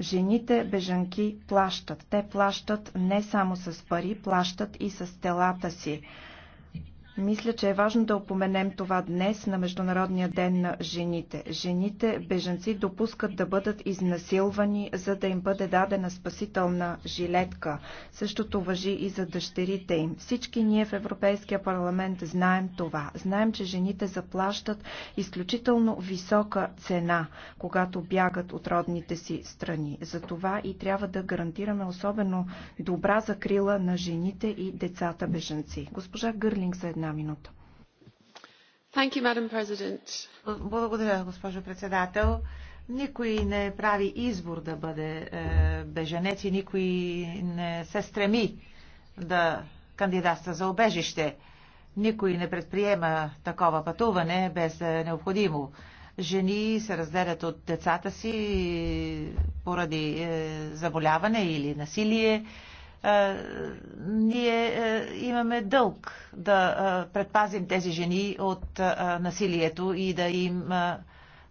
Жените бежанки плащат. Те плащат не само с пари, плащат и с телата си. Мисля, че е важно да опоменем това днес на Международния ден на жените. Жените беженци допускат да бъдат изнасилвани, за да им бъде дадена спасителна жилетка. Същото въжи и за дъщерите им. Всички ние в Европейския парламент знаем това. Знаем, че жените заплащат изключително висока цена, когато бягат от родните си страни. За това и трябва да гарантираме особено добра закрила на жените и децата беженци. Госпожа Гърлинг за една благодаря, госпожо председател. Никой не прави избор да бъде е, беженец и никой не се стреми да кандидатства за обежище. Никой не предприема такова пътуване без да е необходимо. Жени се разделят от децата си е, поради е, заболяване или насилие. Е, ние е, имаме дълг да е, предпазим тези жени от насилието и да им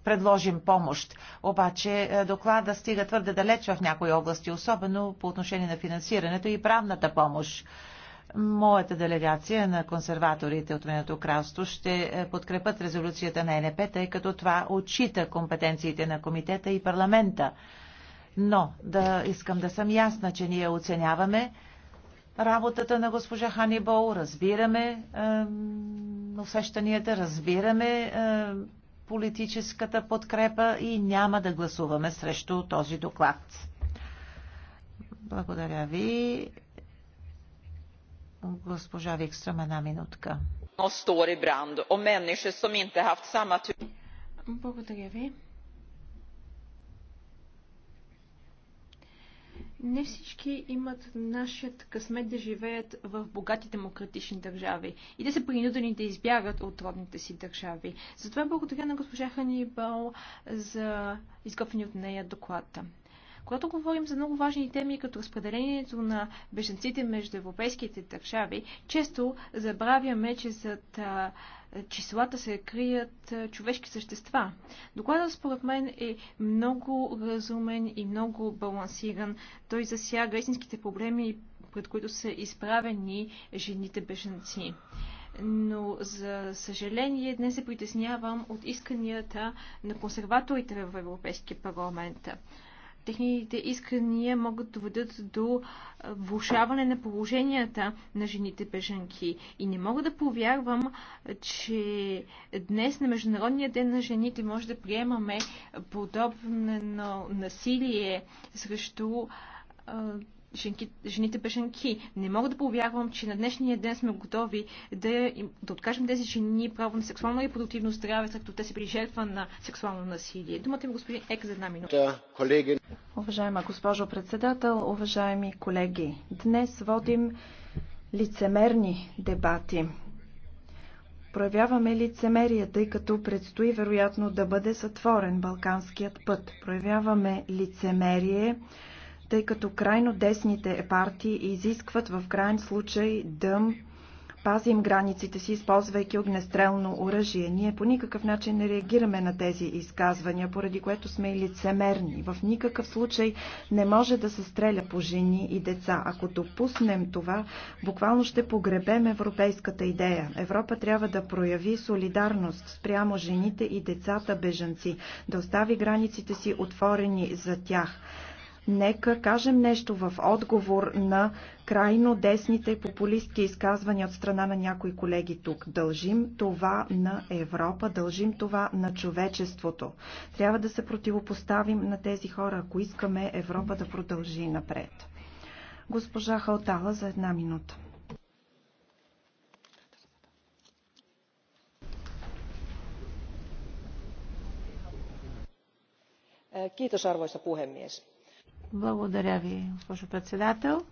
предложим помощ. Обаче доклада стига твърде далеч в някои области, особено по отношение на финансирането и правната помощ. Моята делегация на консерваторите от Венето кралство ще подкрепят резолюцията на НП, тъй като това отчита компетенциите на комитета и парламента но да искам да съм ясна, че ние оценяваме работата на госпожа Ханибол, разбираме е, усещанията, разбираме е, политическата подкрепа и няма да гласуваме срещу този доклад. Благодаря ви. Госпожа Викстрам, една минутка. Благодаря ви. Не всички имат нашият късмет да живеят в богати демократични държави и да са принудени да избягат от родните си държави. Затова благодаря на госпожа Ханибал за изготвени от нея доклада. Когато говорим за много важни теми, като разпределението на беженците между европейските държави, често забравяме, че зад а, числата се крият а, човешки същества. Докладът според мен е много разумен и много балансиран. Той засяга истинските проблеми, пред които са изправени жените беженци но за съжаление днес се притеснявам от исканията на консерваторите в Европейския парламент техните искания могат да доведат до влушаване на положенията на жените бежанки. И не мога да повярвам, че днес на Международния ден на жените може да приемаме подобно насилие срещу женки, жените бежанки. Не мога да повярвам, че на днешния ден сме готови да, да откажем тези жени право на сексуално и продуктивно здраве, след като те се прижертва на сексуално насилие. Думата ми господин Ек за една минута. Да, колеги. Уважаема госпожо председател, уважаеми колеги, днес водим лицемерни дебати. Проявяваме лицемерие, тъй като предстои вероятно да бъде сътворен Балканският път. Проявяваме лицемерие, тъй като крайно десните партии изискват в крайен случай да пазим границите си, използвайки огнестрелно оръжие. Ние по никакъв начин не реагираме на тези изказвания, поради което сме и лицемерни. В никакъв случай не може да се стреля по жени и деца. Ако допуснем това, буквално ще погребем европейската идея. Европа трябва да прояви солидарност спрямо жените и децата бежанци, да остави границите си отворени за тях. Нека кажем нещо в отговор на крайно десните популистки изказвания от страна на някои колеги тук. Дължим това на Европа, дължим това на човечеството. Трябва да се противопоставим на тези хора, ако искаме Европа да продължи напред. Госпожа Халтала за една минута. arvoisa puhemies благодаря ви, госпожо председател.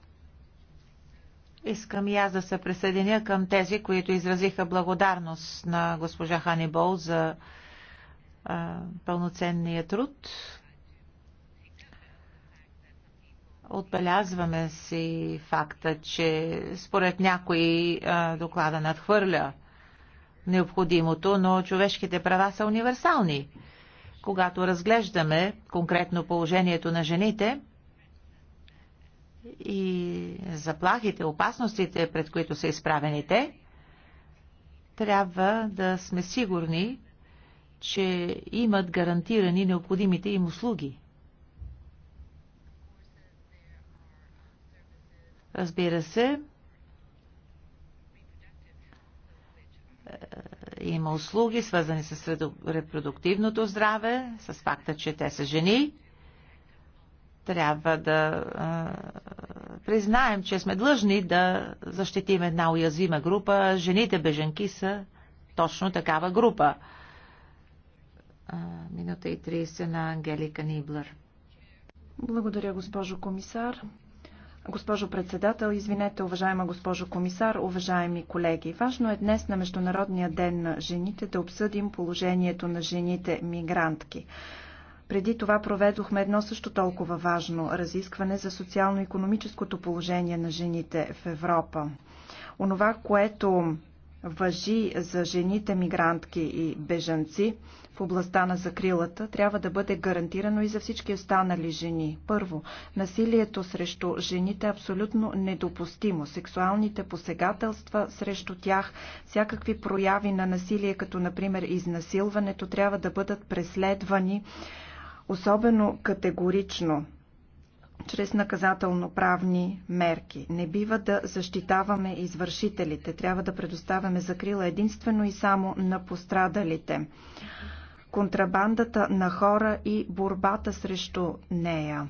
Искам и аз да се присъединя към тези, които изразиха благодарност на госпожа Ханибол за а, пълноценния труд. Отбелязваме си факта, че според някои а, доклада надхвърля необходимото, но човешките права са универсални. Когато разглеждаме конкретно положението на жените, и заплахите, опасностите, пред които са изправените, трябва да сме сигурни, че имат гарантирани необходимите им услуги. Разбира се, е, има услуги, свързани с репродуктивното здраве, с факта, че те са жени трябва да признаем, че сме длъжни да защитим една уязвима група. Жените беженки са точно такава група. Минута и 30 на Ангелика Ниблер. Благодаря, госпожо комисар. Госпожо председател, извинете, уважаема госпожо комисар, уважаеми колеги. Важно е днес на Международния ден на жените да обсъдим положението на жените мигрантки. Преди това проведохме едно също толкова важно разискване за социално-економическото положение на жените в Европа. Онова, което въжи за жените мигрантки и бежанци в областта на закрилата, трябва да бъде гарантирано и за всички останали жени. Първо, насилието срещу жените е абсолютно недопустимо. Сексуалните посегателства срещу тях, всякакви прояви на насилие, като например изнасилването, трябва да бъдат преследвани особено категорично чрез наказателно-правни мерки. Не бива да защитаваме извършителите. Трябва да предоставяме закрила единствено и само на пострадалите. Контрабандата на хора и борбата срещу нея.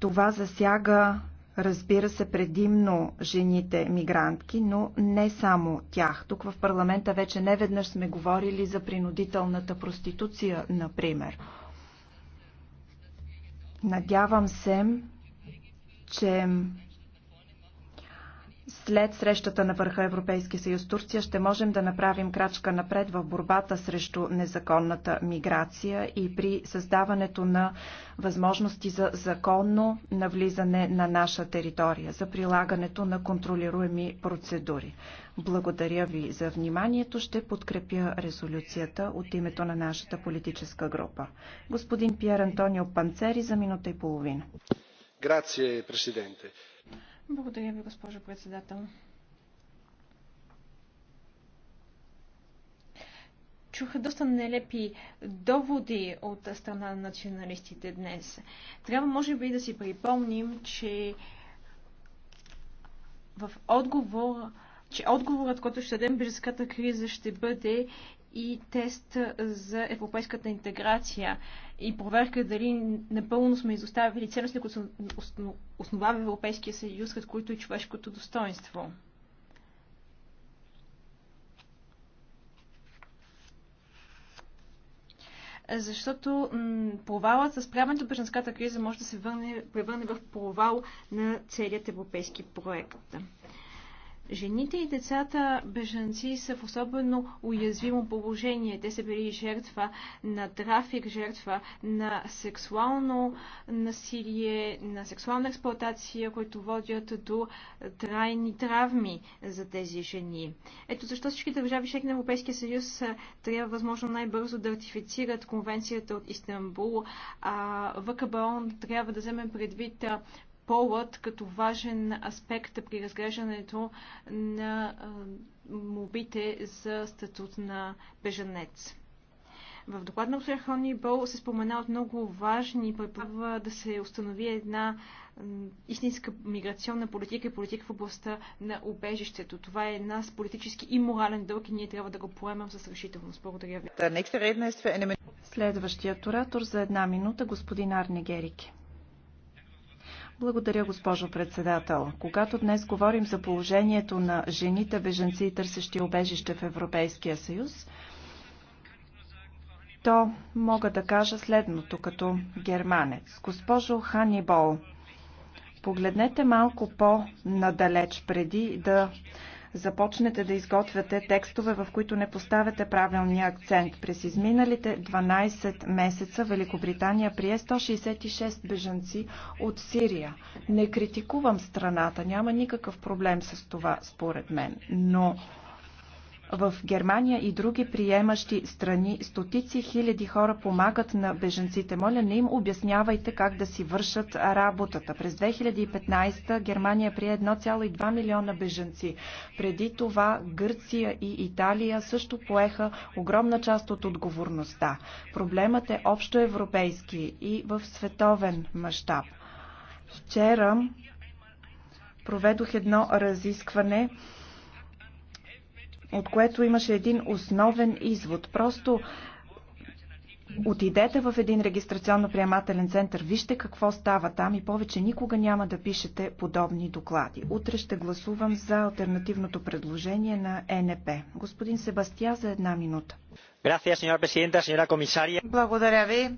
Това засяга разбира се, предимно жените мигрантки, но не само тях. Тук в парламента вече не веднъж сме говорили за принудителната проституция, например. Надявам се, че след срещата на върха Европейски съюз Турция ще можем да направим крачка напред в борбата срещу незаконната миграция и при създаването на възможности за законно навлизане на наша територия, за прилагането на контролируеми процедури. Благодаря ви за вниманието. Ще подкрепя резолюцията от името на нашата политическа група. Господин Пьер Антонио Панцери за минута и половина. Grazie, Presidente благодаря ви, госпожо председател. чуха доста нелепи доводи от страна на националистите днес. Трябва, може би, да си припомним, че в отговор, че отговорът, който ще дадем бежанската криза, ще бъде и тест за европейската интеграция и проверка дали напълно сме изоставили ценности, които основава Европейския съюз, сред които и човешкото достоинство. защото провалът с правенето беженската криза може да се върне, превърне в провал на целият европейски проект. Жените и децата бежанци са в особено уязвимо положение. Те са били жертва на трафик, жертва на сексуално насилие, на сексуална експлоатация, които водят до трайни травми за тези жени. Ето защо всички държави, шеки на Европейския съюз, трябва възможно най-бързо да ратифицират конвенцията от Истанбул. А ВКБОН трябва да вземе предвид полът като важен аспект при разглеждането на мобите за статут на бежанец. В доклад на господин Бол се спомена от много важни препоръка да се установи една истинска миграционна политика и политика в областта на убежището. Това е една с политически и морален дълг и ние трябва да го поемем с решителност. Благодаря ви. Следващият оратор за една минута, господин Арне Герике. Благодаря, госпожо председател. Когато днес говорим за положението на жените беженци и търсещи обежище в Европейския съюз, то мога да кажа следното като германец. Госпожо Ханибол, погледнете малко по-надалеч преди да започнете да изготвяте текстове, в които не поставяте правилния акцент. През изминалите 12 месеца Великобритания прие 166 бежанци от Сирия. Не критикувам страната, няма никакъв проблем с това, според мен, но в Германия и други приемащи страни стотици хиляди хора помагат на беженците. Моля, не им обяснявайте как да си вършат работата. През 2015 Германия прие 1,2 милиона беженци. Преди това Гърция и Италия също поеха огромна част от отговорността. Проблемът е общо европейски и в световен мащаб. Вчера проведох едно разискване от което имаше един основен извод. Просто отидете в един регистрационно-приемателен център, вижте какво става там и повече никога няма да пишете подобни доклади. Утре ще гласувам за альтернативното предложение на ЕНП. Господин Себастия за една минута. Благодаря ви.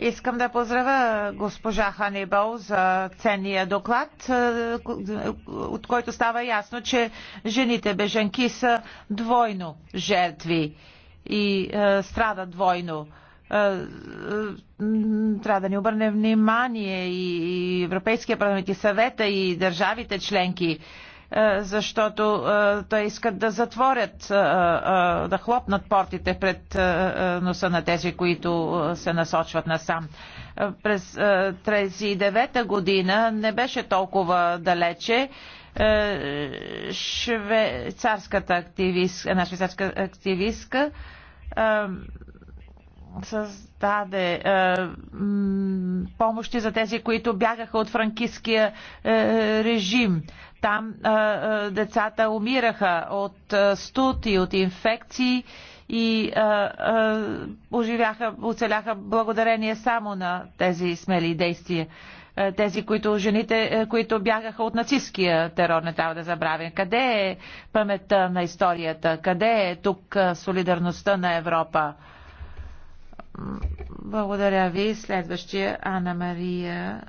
Искам да поздравя госпожа Ханибал за ценния доклад, е, от който става ясно, че жените беженки са двойно жертви и е, страдат двойно е, трябва да ни обърне внимание и Европейския парламент и съвета и държавите членки е, защото те искат да затворят, е, е, да хлопнат портите пред носа на тези, които се насочват насам. През 1939 година не беше толкова далече швейцарската активистка, една швейцарска активистка създаде е, помощи за тези, които бягаха от франкистския е, режим. Там децата умираха от студ и от инфекции и а, а, оживяха, оцеляха благодарение само на тези смели действия. Тези, които жените, които бягаха от нацистския терор, не трябва да забравим. Къде е паметта на историята? Къде е тук солидарността на Европа? Благодаря ви. Следващия Анна Мария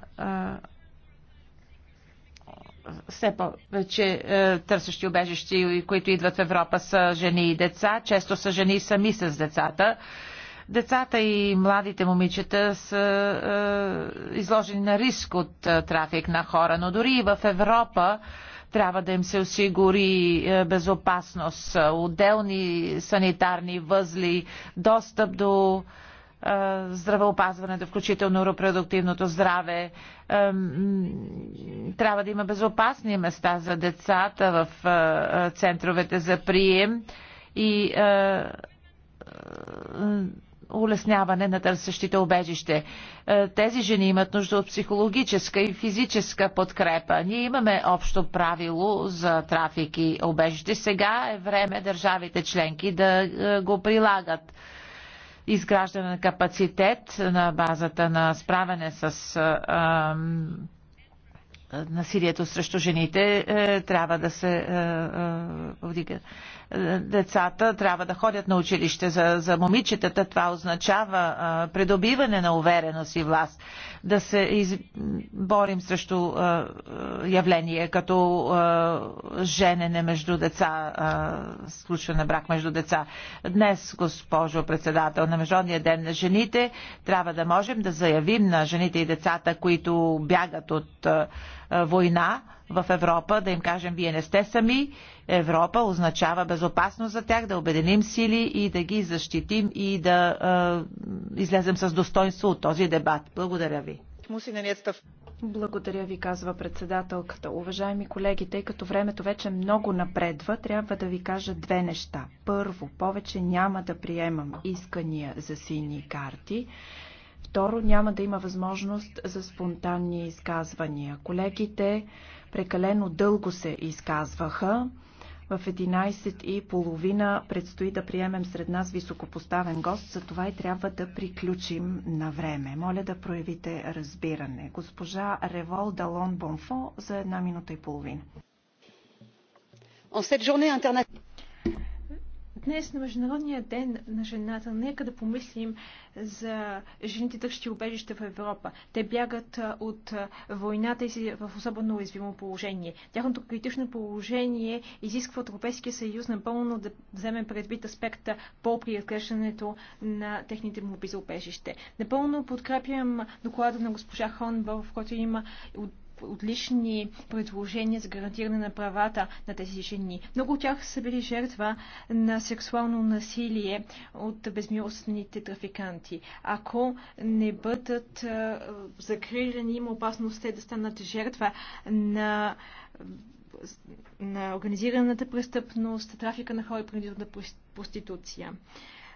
все повече е, търсещи убежищи, които идват в Европа, са жени и деца. Често са жени сами с децата. Децата и младите момичета са е, изложени на риск от е, трафик на хора, но дори и в Европа трябва да им се осигури е, безопасност, отделни санитарни възли, достъп до е, здравеопазването, включително репродуктивното здраве. Трябва да има безопасни места за децата в центровете за прием и улесняване на търсещите обежище. Тези жени имат нужда от психологическа и физическа подкрепа. Ние имаме общо правило за трафик и обежище. Сега е време държавите членки да го прилагат изграждане на капацитет на базата на справяне с а, насилието срещу жените е, трябва да се е, е, вдига децата трябва да ходят на училище. За, за момичетата това означава а, придобиване на увереност и власт. Да се из... борим срещу а, явление като а, женене между деца, а, случване на брак между деца. Днес, госпожо председател, на Международния ден на жените трябва да можем да заявим на жените и децата, които бягат от а, война, в Европа, да им кажем, вие не сте сами. Европа означава безопасност за тях, да обединим сили и да ги защитим и да е, излезем с достоинство от този дебат. Благодаря ви. Благодаря ви, казва председателката. Уважаеми колеги, тъй като времето вече много напредва, трябва да ви кажа две неща. Първо, повече няма да приемам искания за сини карти. Второ, няма да има възможност за спонтанни изказвания. Колегите Прекалено дълго се изказваха. В и половина предстои да приемем сред нас високопоставен гост, затова и трябва да приключим на време. Моля да проявите разбиране. Госпожа Револ Далон Бонфо за една минута и половина. Днес на Международния ден на жената нека да помислим за жените търщи убежища в Европа. Те бягат от войната и си в особено уязвимо положение. Тяхното критично положение изисква от Европейския съюз напълно да вземе предвид аспекта по при на техните му за убежище. Напълно подкрепям доклада на госпожа Хонба, в който има отлични предложения за гарантиране на правата на тези жени. Много от тях са били жертва на сексуално насилие от безмилостните трафиканти. Ако не бъдат закрилени, има опасност те да станат жертва на на организираната престъпност, трафика на хора и принудителната проституция.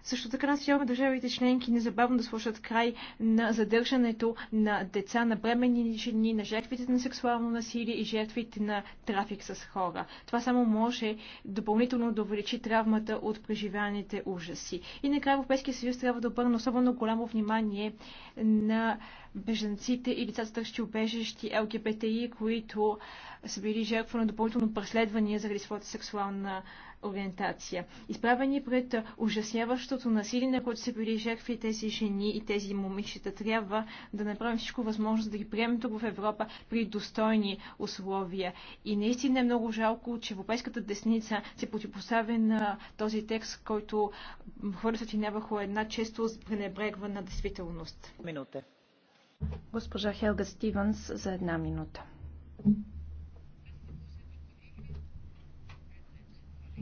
Също така насяваме държавите членки незабавно да слушат край на задържането на деца, на бремени жени, на жертвите на сексуално насилие и жертвите на трафик с хора. Това само може допълнително да увеличи травмата от преживяните ужаси. И накрая Европейския съюз трябва да обърне особено голямо внимание на беженците и лицата търсещи убежещи ЛГБТИ, които са били жертва на допълнително преследвания заради своята сексуална ориентация. Изправени пред ужасяващото насилие, на което се били жертви тези жени и тези момичета, трябва да направим всичко възможно да ги приемем тук в Европа при достойни условия. И наистина е много жалко, че европейската десница се противопоставя на този текст, който хвърля не върху една често пренебрегвана действителност. Минута. Госпожа Хелга Стивенс за една минута.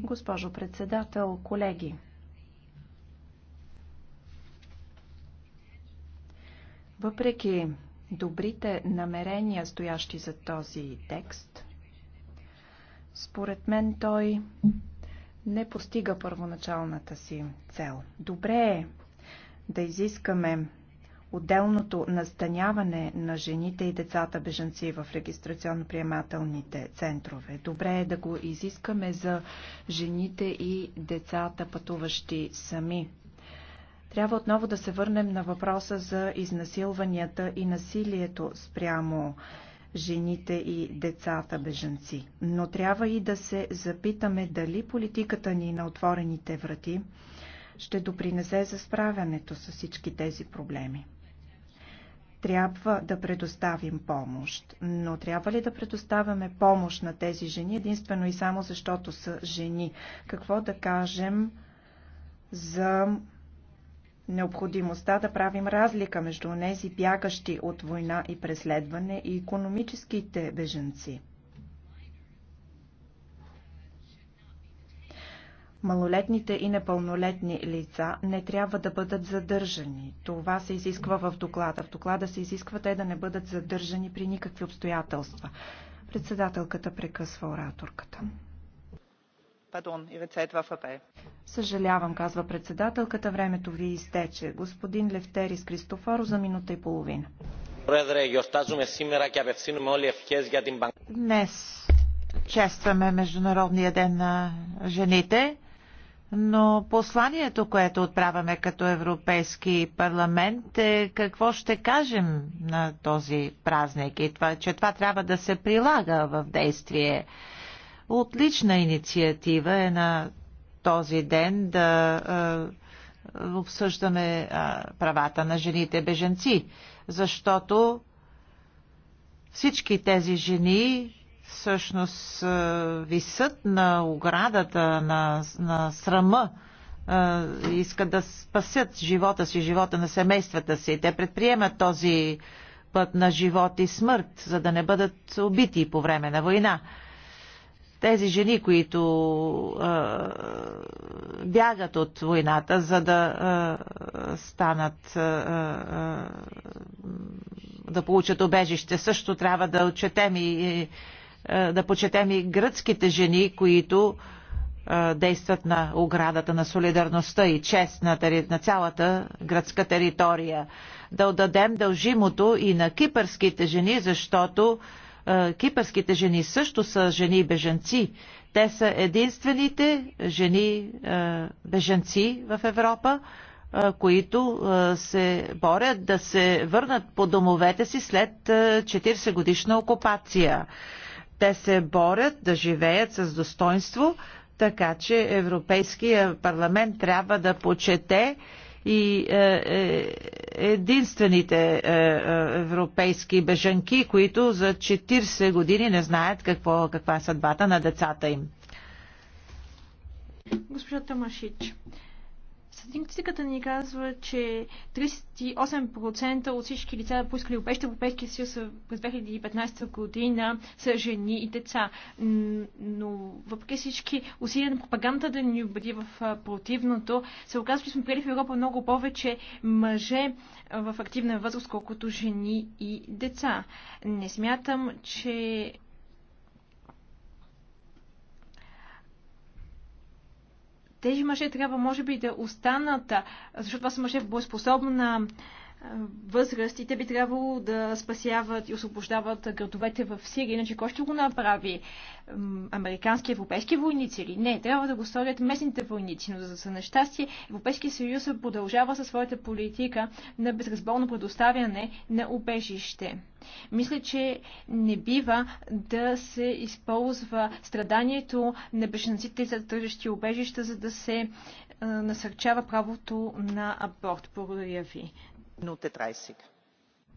Госпожо председател, колеги! Въпреки добрите намерения, стоящи за този текст, според мен той не постига първоначалната си цел. Добре е да изискаме отделното настаняване на жените и децата бежанци в регистрационно-приемателните центрове. Добре е да го изискаме за жените и децата, пътуващи сами. Трябва отново да се върнем на въпроса за изнасилванията и насилието спрямо жените и децата бежанци. Но трябва и да се запитаме дали политиката ни на отворените врати ще допринесе за справянето с всички тези проблеми трябва да предоставим помощ. Но трябва ли да предоставяме помощ на тези жени единствено и само защото са жени? Какво да кажем за необходимостта да правим разлика между тези бягащи от война и преследване и економическите беженци? Малолетните и непълнолетни лица не трябва да бъдат задържани. Това се изисква в доклада. В доклада се изисква те да не бъдат задържани при никакви обстоятелства. Председателката прекъсва ораторката. Pardon, Съжалявам, казва председателката, времето ви изтече. Господин Левтерис Кристофоро за минута и половина. Днес честваме Международния ден на жените. Но посланието, което отправяме като Европейски парламент е какво ще кажем на този празник и това, че това трябва да се прилага в действие. Отлична инициатива е на този ден да е, обсъждаме е, правата на жените беженци, защото всички тези жени всъщност висът на оградата, на, на срама, искат да спасят живота си, живота на семействата си. Те предприемат този път на живот и смърт, за да не бъдат убити по време на война. Тези жени, които а, бягат от войната, за да а, станат, а, а, да получат обежище, също трябва да отчетем и. и е, да почетем и гръцките жени, които е, действат на оградата на солидарността и чест на, тери... на цялата гръцка територия. Да отдадем дължимото и на кипърските жени, защото е, кипърските жени също са жени беженци. Те са единствените жени е, беженци в Европа, е, които е, се борят да се върнат по домовете си след е, 40 годишна окупация. Те се борят да живеят с достоинство, така че Европейския парламент трябва да почете и е, е, единствените е, европейски бежанки, които за 40 години не знаят какво, каква е съдбата на децата им. Госпожа Тамашич, Статистиката ни казва, че 38% от всички лица, поискали обеща Европейския съюз през 2015 година, са жени и деца. Но въпреки всички усилия на пропаганда да ни убеди в противното, се оказва, че сме приели в Европа много повече мъже в активна възраст, колкото жени и деца. Не смятам, че Тези мъже трябва, може би, да останат, защото това са мъже в боеспособна възрастите би трябвало да спасяват и освобождават градовете в Сирия, иначе кой ще го направи? Американски, европейски войници или не? Трябва да го сторят местните войници, но за нещастие Европейския съюз продължава със своята политика на безразборно предоставяне на убежище. Мисля, че не бива да се използва страданието на бежанците за тържащи убежища, за да се насърчава правото на аборт. Благодаря ви.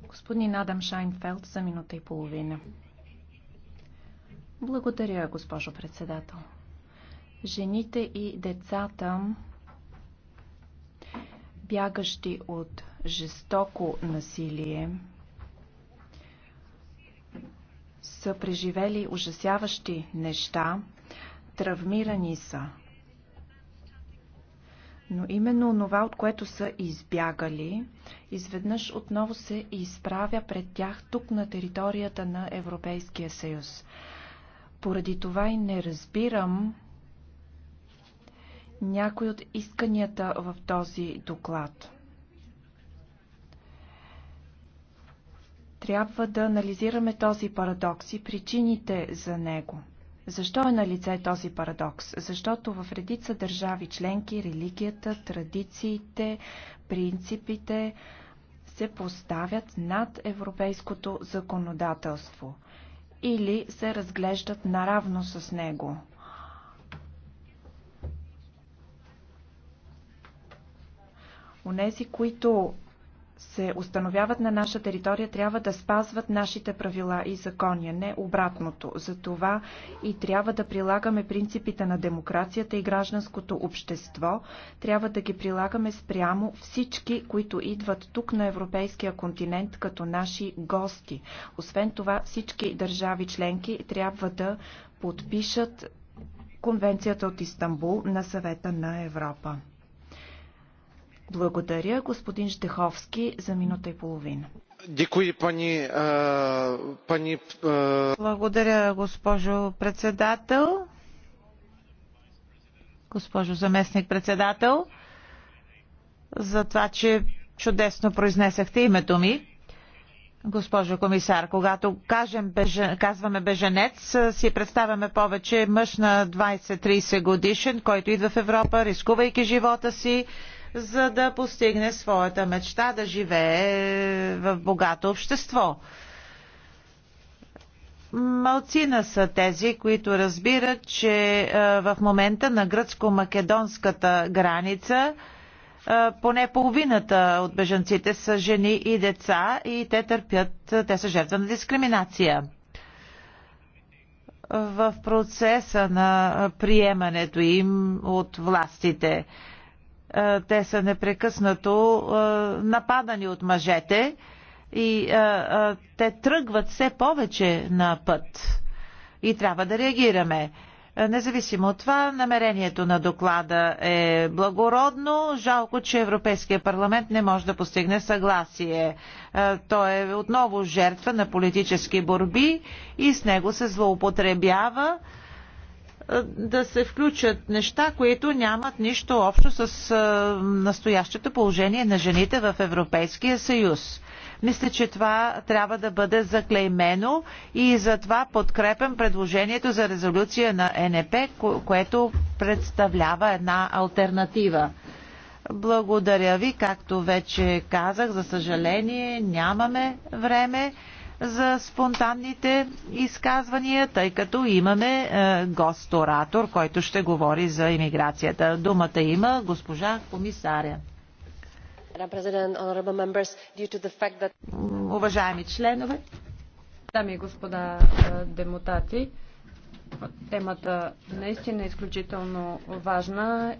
Господин Адам Шайнфелд за минута и половина. Благодаря, госпожо председател. Жените и децата, бягащи от жестоко насилие, са преживели ужасяващи неща, травмирани са, но именно това, от което са избягали, изведнъж отново се изправя пред тях тук на територията на Европейския съюз. Поради това и не разбирам някои от исканията в този доклад. Трябва да анализираме този парадокс и причините за него – защо е на лице този парадокс? Защото в редица държави членки религията, традициите, принципите се поставят над европейското законодателство или се разглеждат наравно с него. унези, които се установяват на наша територия, трябва да спазват нашите правила и закони, не обратното. Затова и трябва да прилагаме принципите на демокрацията и гражданското общество. Трябва да ги прилагаме спрямо всички, които идват тук на европейския континент като наши гости. Освен това, всички държави членки трябва да подпишат Конвенцията от Истанбул на съвета на Европа. Благодаря, господин Штеховски, за минута и половина. Благодаря, госпожо председател. Госпожо заместник председател, за това, че чудесно произнесахте името ми. Госпожо комисар, когато кажем, казваме беженец, си представяме повече мъж на 20-30 годишен, който идва в Европа, рискувайки живота си, за да постигне своята мечта да живее в богато общество. Малцина са тези, които разбират, че в момента на гръцко-македонската граница поне половината от бежанците са жени и деца и те търпят, те са жертва на дискриминация. В процеса на приемането им от властите е, те са непрекъснато е, нападани от мъжете и е, те тръгват все повече на път. И трябва да реагираме. Независимо от това, намерението на доклада е благородно. Жалко, че Европейския парламент не може да постигне съгласие. Той е отново жертва на политически борби и с него се злоупотребява. Е, да се включат неща, които нямат нищо общо с е, настоящото положение на жените в Европейския съюз. Мисля, че това трябва да бъде заклеймено и затова подкрепям предложението за резолюция на НП, което представлява една альтернатива. Благодаря ви, както вече казах, за съжаление нямаме време за спонтанните изказвания, тъй като имаме е, гост-оратор, който ще говори за иммиграцията. Думата има госпожа комисаря. Уважаеми членове, дами и господа е, депутати, темата наистина е изключително важна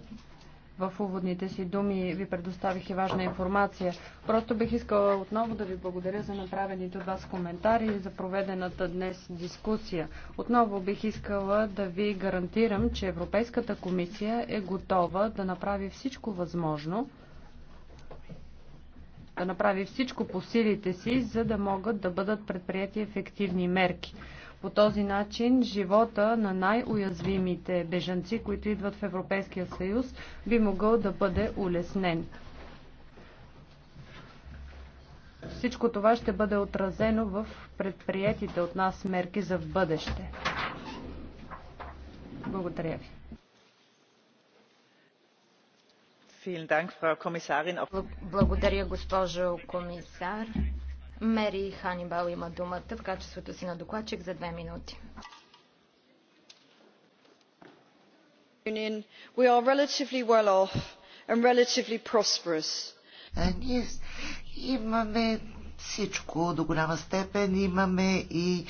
в уводните си думи ви предоставих и важна информация. Просто бих искала отново да ви благодаря за направените от вас коментари и за проведената днес дискусия. Отново бих искала да ви гарантирам, че Европейската комисия е готова да направи всичко възможно, да направи всичко по силите си, за да могат да бъдат предприяти ефективни мерки. По този начин живота на най-уязвимите бежанци, които идват в Европейския съюз, би могъл да бъде улеснен. Всичко това ще бъде отразено в предприятите от нас мерки за в бъдеще. Благодаря ви. Благодаря, госпожо комисар. Мери Ханибал има думата в качеството си на докладчик за две минути. We are relatively well off and relatively prosperous. ние имаме всичко до голяма степен имаме и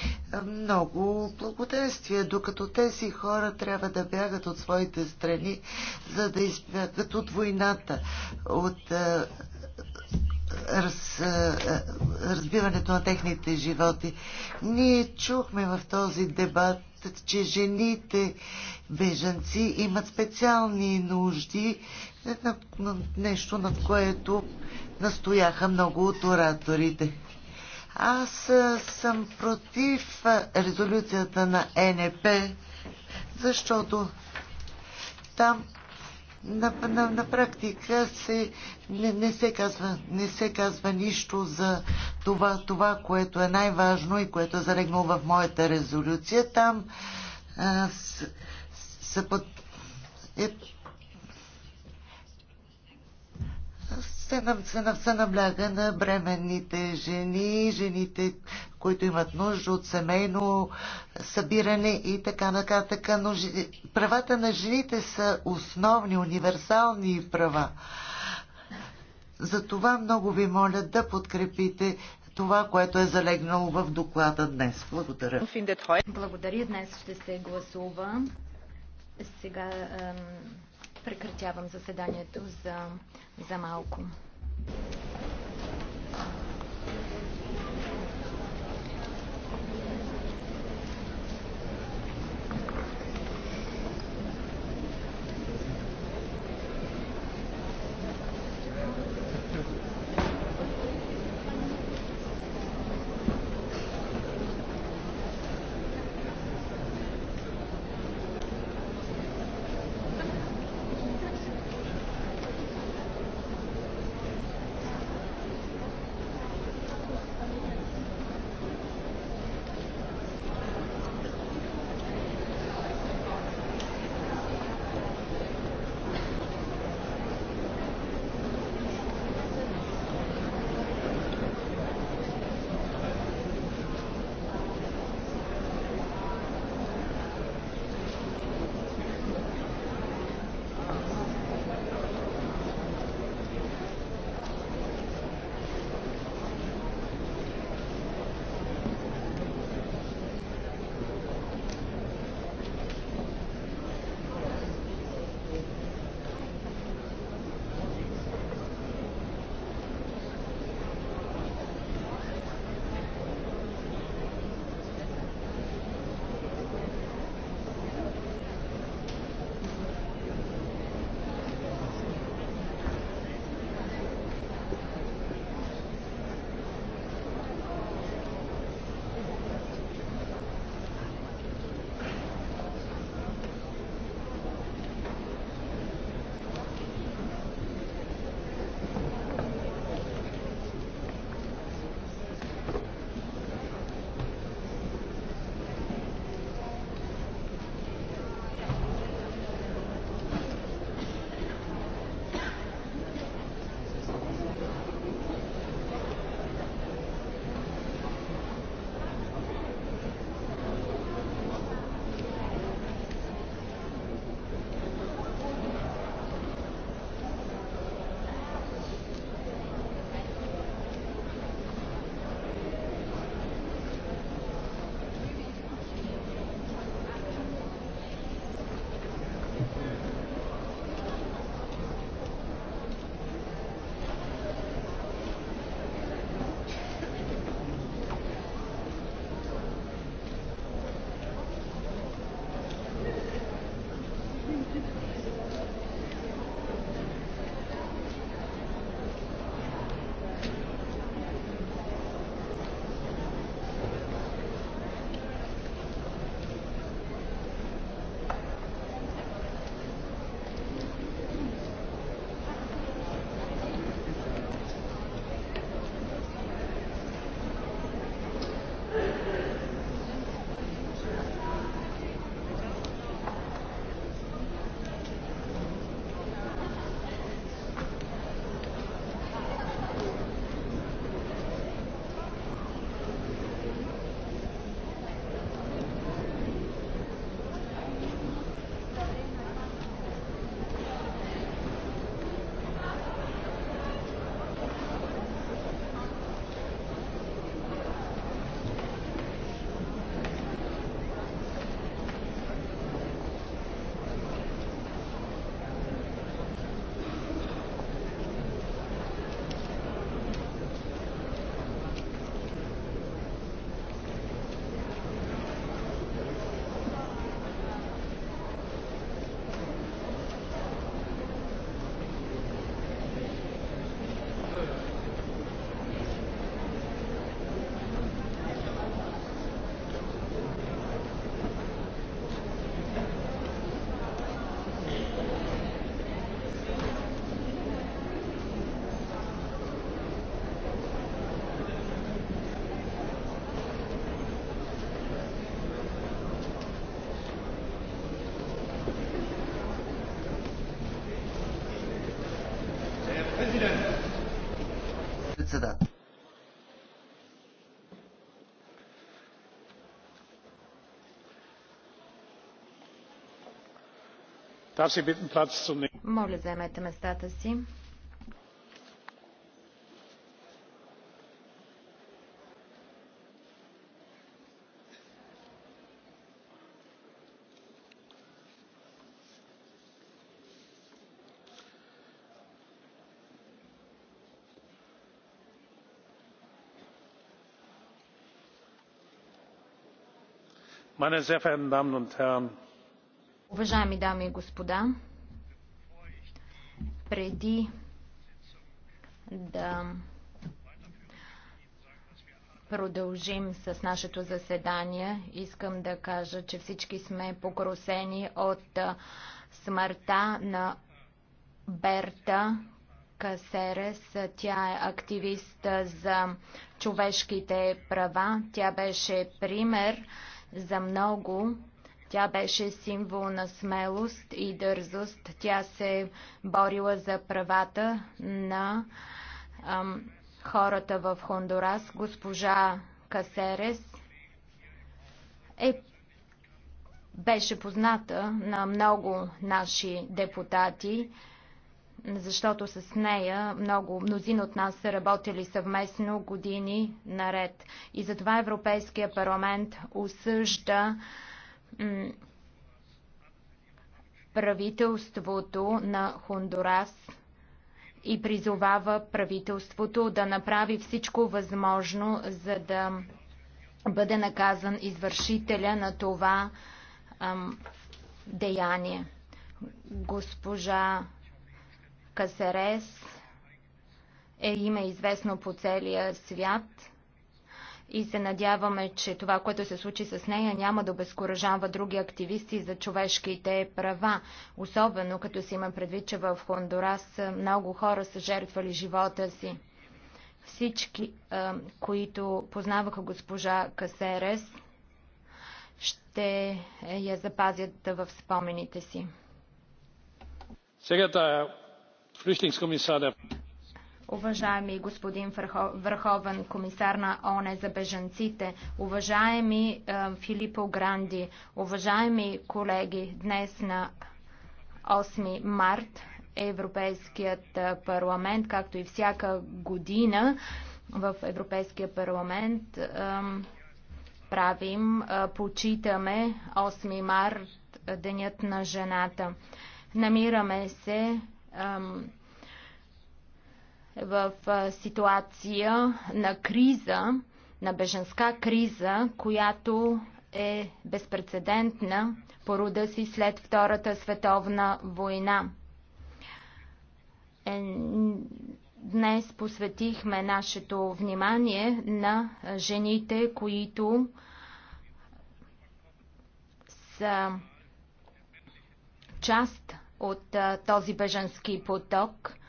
много благоденствие, докато тези хора трябва да бягат от своите страни, за да избягат от войната, от раз, разбиването на техните животи. Ние чухме в този дебат, че жените бежанци имат специални нужди, нещо над което настояха много от ораторите. Аз съм против резолюцията на НП, защото там на, на, на практика се, не, не, се казва, не се казва нищо за това, това което е най-важно и което е залегнало в моята резолюция. Там а, с, с, е се, се, се набляга на бременните жени, жените, които имат нужда от семейно събиране и така нататък. Но жи, правата на жените са основни, универсални права. Затова много ви моля да подкрепите това, което е залегнало в доклада днес. Благодаря. Благодаря. Днес ще се гласува. Сега Прекратявам заседанието за, за малко. Моля, заемете местата си. Meine sehr verehrten Damen und Herren! Уважаеми дами и господа, преди да продължим с нашето заседание, искам да кажа, че всички сме покросени от смъртта на Берта Касерес. Тя е активист за човешките права. Тя беше пример за много тя беше символ на смелост и дързост. Тя се борила за правата на ам, хората в Хондурас. Госпожа Касерес е беше позната на много наши депутати, защото с нея много, мнозин от нас са работили съвместно години наред. И затова Европейския парламент осъжда правителството на Хондурас и призовава правителството да направи всичко възможно, за да бъде наказан извършителя на това ам, деяние. Госпожа Касерес е име известно по целия свят и се надяваме, че това, което се случи с нея, няма да обезкуражава други активисти за човешките права. Особено като си има предвид, че в Хондурас много хора са жертвали живота си. Всички, които познаваха госпожа Касерес, ще я запазят в спомените си. Сега уважаеми господин Върховен комисар на ОНЕ за бежанците, уважаеми е, Филипо Гранди, уважаеми колеги, днес на 8 март Европейският е, парламент, както и всяка година в Европейския парламент е, правим, почитаме 8 март, Денят на жената. Намираме се в ситуация на криза, на беженска криза, която е безпредседентна по рода си след Втората световна война. Е, днес посветихме нашето внимание на жените, които са част от този беженски поток –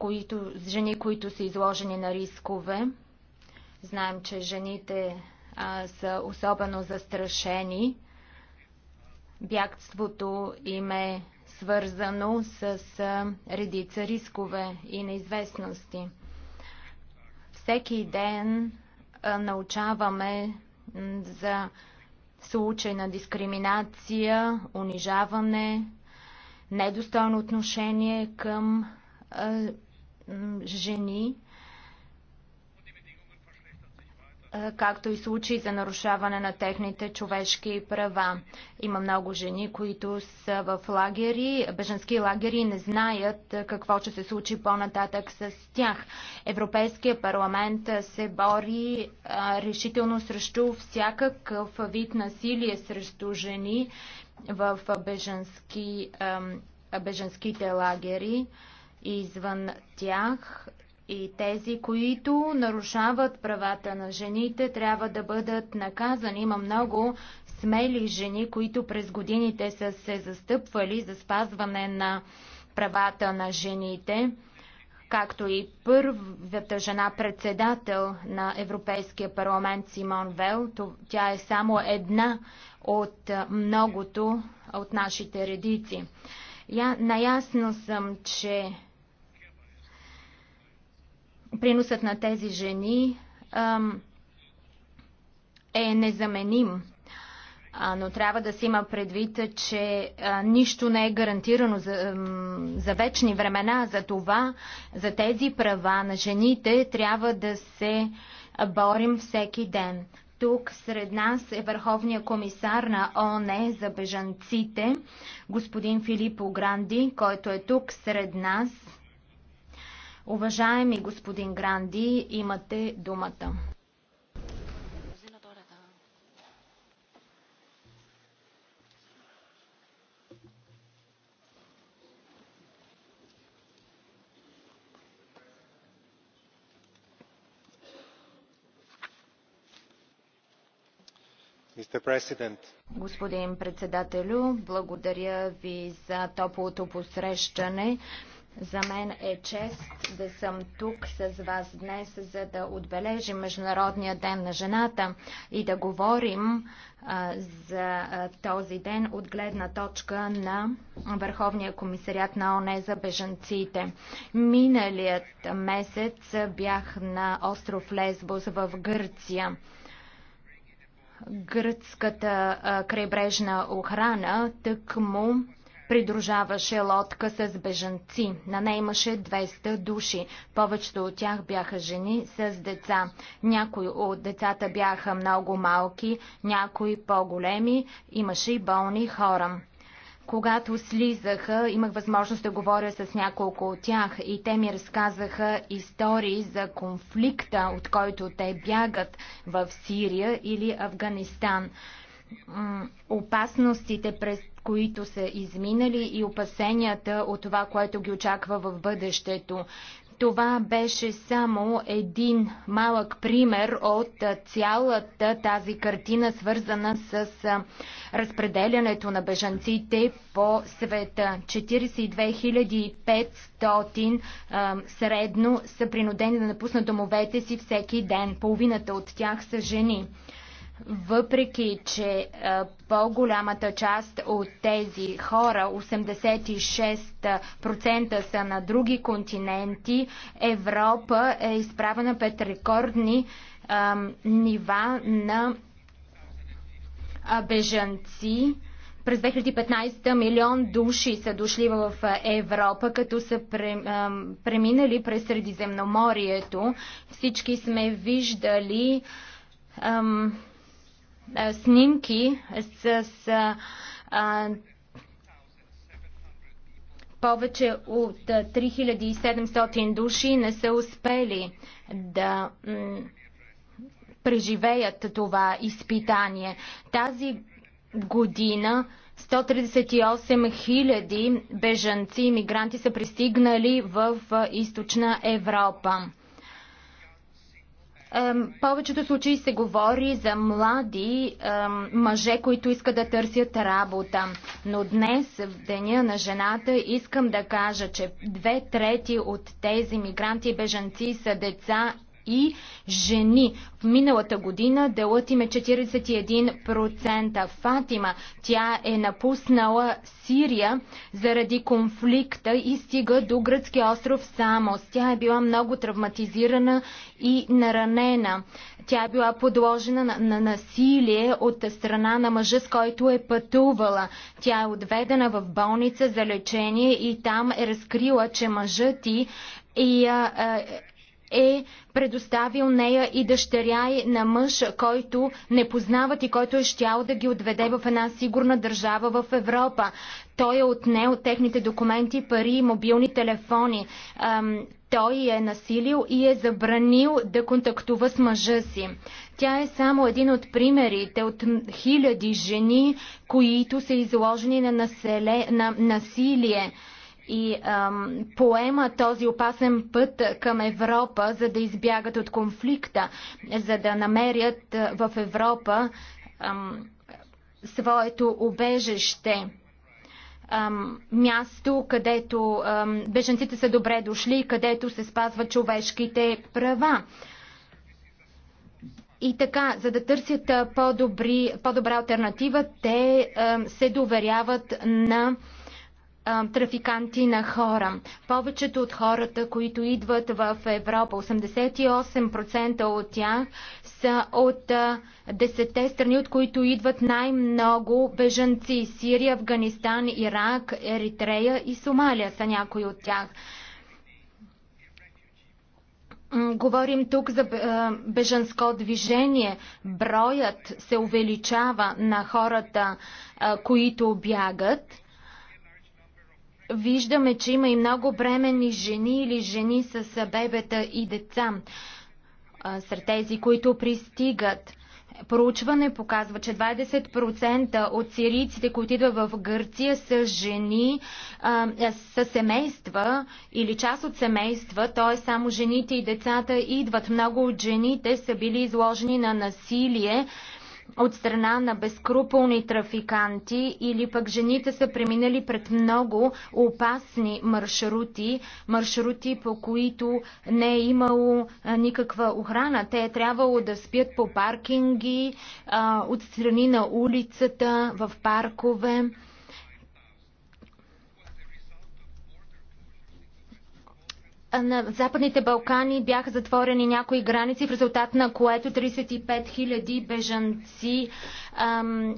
които, жени, които са изложени на рискове. Знаем, че жените а, са особено застрашени. Бягството им е свързано с а, редица рискове и неизвестности. Всеки ден а, научаваме за случай на дискриминация, унижаване, недостойно отношение към а, жени, както и случаи за нарушаване на техните човешки права. Има много жени, които са в лагери, беженски лагери и не знаят какво ще се случи по-нататък с тях. Европейския парламент се бори решително срещу всякакъв вид насилие срещу жени в беженски, беженските лагери извън тях и тези, които нарушават правата на жените, трябва да бъдат наказани. Има много смели жени, които през годините са се застъпвали за спазване на правата на жените, както и първата жена председател на Европейския парламент Симон Вел. Тя е само една от многото от нашите редици. Я, наясно съм, че приносът на тези жени е незаменим. Но трябва да се има предвид, че нищо не е гарантирано за, за вечни времена. За това, за тези права на жените трябва да се борим всеки ден. Тук сред нас е върховния комисар на ООН за бежанците, господин Филипо Гранди, който е тук сред нас Уважаеми господин Гранди, имате думата. Господин председателю, благодаря ви за топлото посрещане. За мен е чест да съм тук с вас днес, за да отбележим Международния ден на жената и да говорим а, за а, този ден от гледна точка на Върховния комисариат на ОНЕ за бежанците. Миналият месец бях на остров Лесбос в Гърция. Гръцката а, крайбрежна охрана тък му придружаваше лодка с бежанци. На нея имаше 200 души. Повечето от тях бяха жени с деца. Някои от децата бяха много малки, някои по-големи. Имаше и болни хора когато слизаха, имах възможност да говоря с няколко от тях и те ми разказаха истории за конфликта, от който те бягат в Сирия или Афганистан. Опасностите, през които са изминали и опасенията от това, което ги очаква в бъдещето. Това беше само един малък пример от цялата тази картина, свързана с разпределянето на бежанците по света. 42 500 средно са принудени да напуснат домовете си всеки ден. Половината от тях са жени въпреки че по-голямата част от тези хора, 86% са на други континенти. Европа е изправена пред рекордни ам, нива на бежанци. През 2015 милион души са дошли в Европа, като са преминали през Средиземноморието. Всички сме виждали ам, е, снимки с повече от 3700 души не са успели да преживеят това изпитание. Тази година 138 000 бежанци и мигранти са пристигнали в източна Европа повечето случаи се говори за млади мъже, които искат да търсят работа. Но днес, в Деня на жената, искам да кажа, че две трети от тези мигранти и бежанци са деца и жени. В миналата година делът им е 41%. Фатима, тя е напуснала Сирия заради конфликта и стига до гръцкия остров Самос. Тя е била много травматизирана и наранена. Тя е била подложена на, на насилие от страна на мъжа, с който е пътувала. Тя е отведена в болница за лечение и там е разкрила, че мъжът ти и а, е предоставил нея и дъщеря й на мъж, който не познават и който е щял да ги отведе в една сигурна държава в Европа. Той е отнел техните документи, пари и мобилни телефони. Той е насилил и е забранил да контактува с мъжа си. Тя е само един от примерите от хиляди жени, които са изложени на, населе, на насилие и ам, поема този опасен път към Европа, за да избягат от конфликта, за да намерят в Европа ам, своето обежище място, където беженците са добре дошли, където се спазват човешките права. И така, за да търсят по-добра по альтернатива, те се доверяват на трафиканти на хора. Повечето от хората, които идват в Европа, 88% от тях са от десете страни, от които идват най-много бежанци. Сирия, Афганистан, Ирак, Еритрея и Сомалия са някои от тях. Говорим тук за бежанско движение. Броят се увеличава на хората, които бягат Виждаме, че има и много бременни жени или жени с бебета и деца сред тези, които пристигат. Проучване показва, че 20% от сирийците, които идват в Гърция, са жени, а, са семейства или част от семейства, т.е. само жените и децата идват. Много от жените са били изложени на насилие от страна на безкруполни трафиканти или пък жените са преминали пред много опасни маршрути, маршрути по които не е имало никаква охрана. Те е трябвало да спят по паркинги, от страни на улицата, в паркове. на Западните Балкани бяха затворени някои граници, в резултат на което 35 000 бежанци ам,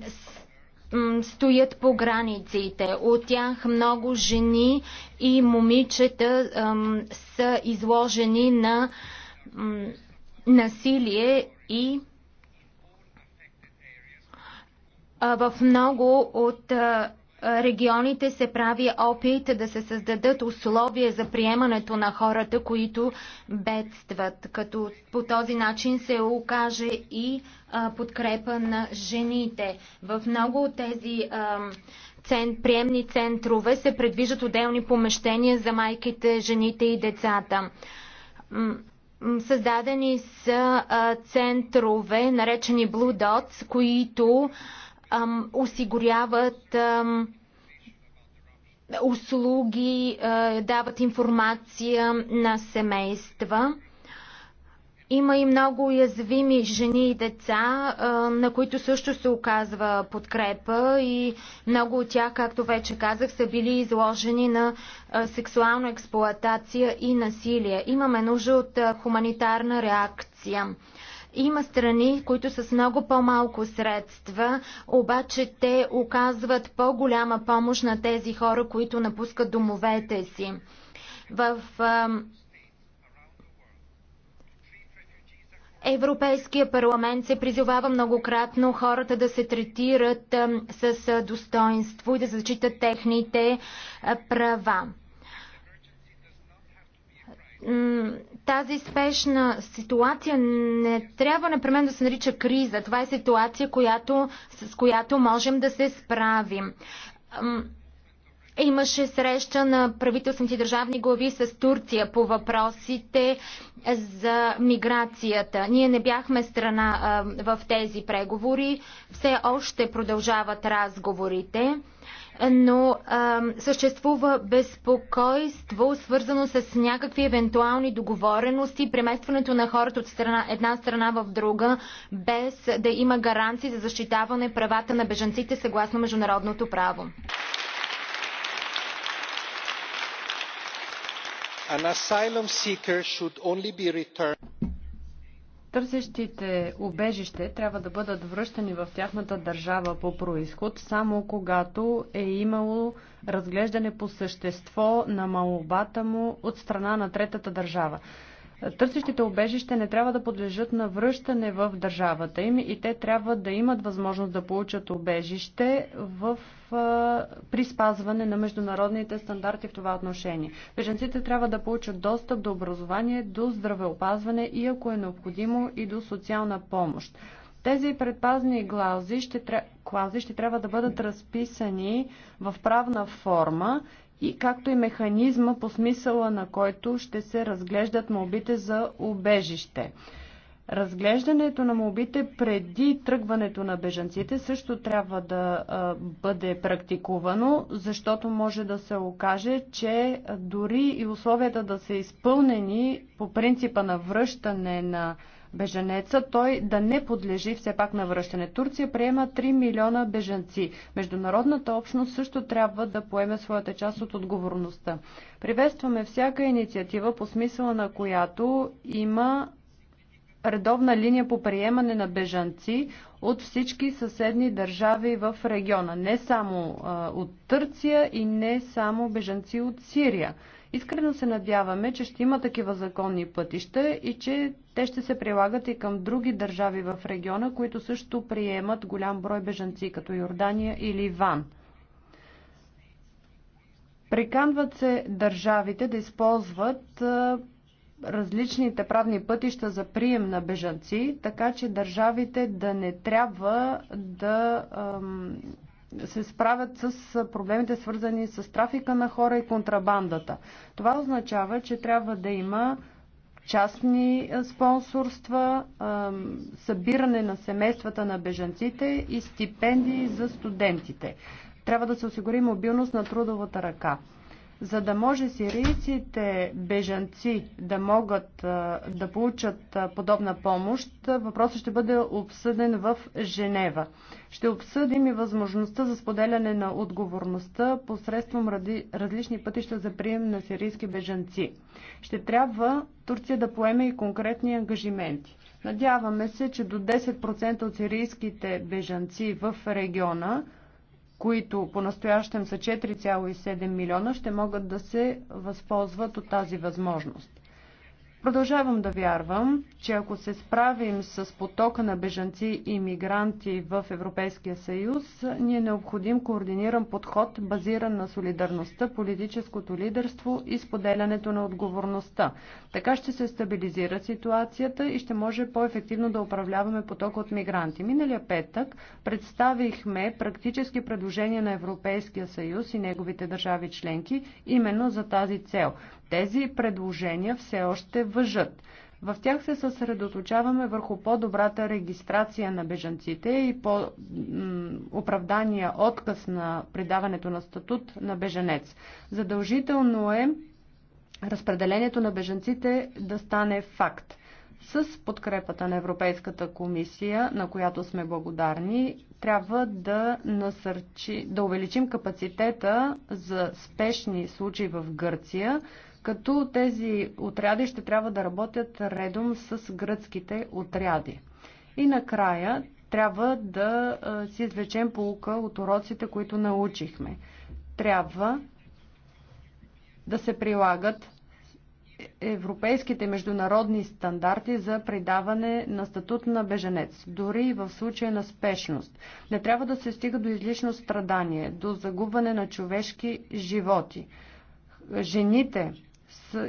стоят по границите. От тях много жени и момичета ам, са изложени на ам, насилие и а, в много от а, регионите се прави опит да се създадат условия за приемането на хората, които бедстват, като по този начин се окаже и подкрепа на жените. В много от тези цен, приемни центрове се предвижат отделни помещения за майките, жените и децата. Създадени са центрове, наречени Blue Dots, които ам, осигуряват ам, услуги, а, дават информация на семейства. Има и много уязвими жени и деца, на които също се оказва подкрепа и много от тях, както вече казах, са били изложени на сексуална експлоатация и насилие. Имаме нужда от хуманитарна реакция. Има страни, които с много по-малко средства, обаче те оказват по-голяма помощ на тези хора, които напускат домовете си. В Европейския парламент се призовава многократно хората да се третират с достоинство и да зачитат техните права тази спешна ситуация не трябва непременно да се нарича криза. Това е ситуация, която, с която можем да се справим. Имаше среща на правителствените държавни глави с Турция по въпросите за миграцията. Ние не бяхме страна в тези преговори. Все още продължават разговорите но а, съществува безпокойство, свързано с някакви евентуални договорености, преместването на хората от страна, една страна в друга, без да има гаранции за защитаване правата на бежанците съгласно международното право. An asylum seeker should only be returned. Търсещите убежище трябва да бъдат връщани в тяхната държава по происход, само когато е имало разглеждане по същество на малобата му от страна на третата държава. Търсещите обежище не трябва да подлежат на връщане в държавата им и те трябва да имат възможност да получат обежище в при спазване на международните стандарти в това отношение. Беженците трябва да получат достъп до образование, до здравеопазване и ако е необходимо и до социална помощ. Тези предпазни глази ще, клази ще трябва да бъдат разписани в правна форма и както и механизма по смисъла на който ще се разглеждат молбите за убежище. Разглеждането на молбите преди тръгването на бежанците също трябва да бъде практикувано, защото може да се окаже, че дори и условията да са изпълнени по принципа на връщане на беженеца, той да не подлежи все пак на връщане. Турция приема 3 милиона беженци. Международната общност също трябва да поеме своята част от отговорността. Приветстваме всяка инициатива, по смисъла на която има редовна линия по приемане на бежанци от всички съседни държави в региона. Не само а, от Търция и не само бежанци от Сирия. Искрено се надяваме, че ще има такива законни пътища и че те ще се прилагат и към други държави в региона, които също приемат голям брой бежанци, като Йордания или Ливан. Приканват се държавите да използват различните правни пътища за прием на бежанци, така че държавите да не трябва да се справят с проблемите свързани с трафика на хора и контрабандата. Това означава, че трябва да има частни спонсорства, събиране на семействата на бежанците и стипендии за студентите. Трябва да се осигури мобилност на трудовата ръка. За да може сирийците бежанци да могат да получат подобна помощ, въпросът ще бъде обсъден в Женева. Ще обсъдим и възможността за споделяне на отговорността посредством различни пътища за прием на сирийски бежанци. Ще трябва Турция да поеме и конкретни ангажименти. Надяваме се, че до 10% от сирийските бежанци в региона които по-настоящем са 4,7 милиона, ще могат да се възползват от тази възможност. Продължавам да вярвам, че ако се справим с потока на бежанци и мигранти в Европейския съюз, ни е необходим координиран подход, базиран на солидарността, политическото лидерство и споделянето на отговорността. Така ще се стабилизира ситуацията и ще може по-ефективно да управляваме потока от мигранти. Миналия петък представихме практически предложения на Европейския съюз и неговите държави членки именно за тази цел. Тези предложения все още въжат. В тях се съсредоточаваме върху по-добрата регистрация на бежанците и по оправдания отказ на придаването на статут на беженец. Задължително е разпределението на бежанците да стане факт. С подкрепата на Европейската комисия, на която сме благодарни, трябва да, насърчи, да увеличим капацитета за спешни случаи в Гърция, като тези отряди ще трябва да работят редом с гръцките отряди. И накрая трябва да си извлечем полука от уроците, които научихме. Трябва да се прилагат европейските международни стандарти за придаване на статут на беженец, дори и в случая на спешност. Не трябва да се стига до излишно страдание, до загубване на човешки животи. Жените,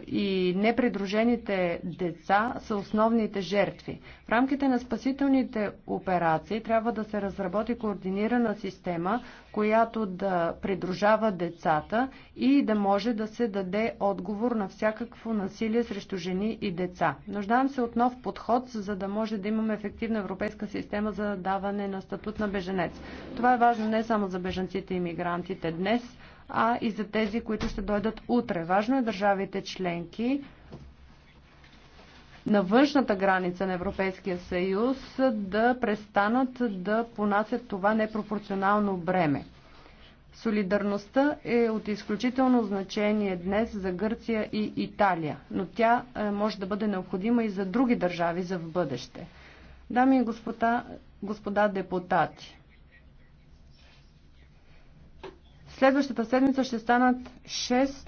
и непридружените деца са основните жертви. В рамките на спасителните операции трябва да се разработи координирана система, която да придружава децата и да може да се даде отговор на всякакво насилие срещу жени и деца. Нуждаем се от нов подход, за да може да имаме ефективна европейска система за даване на статут на беженец. Това е важно не само за беженците и мигрантите днес, а и за тези, които ще дойдат утре. Важно е държавите членки на външната граница на Европейския съюз да престанат да понасят това непропорционално бреме. Солидарността е от изключително значение днес за Гърция и Италия, но тя е, може да бъде необходима и за други държави за в бъдеще. Дами и господа, господа депутати, Следващата седмица ще станат 6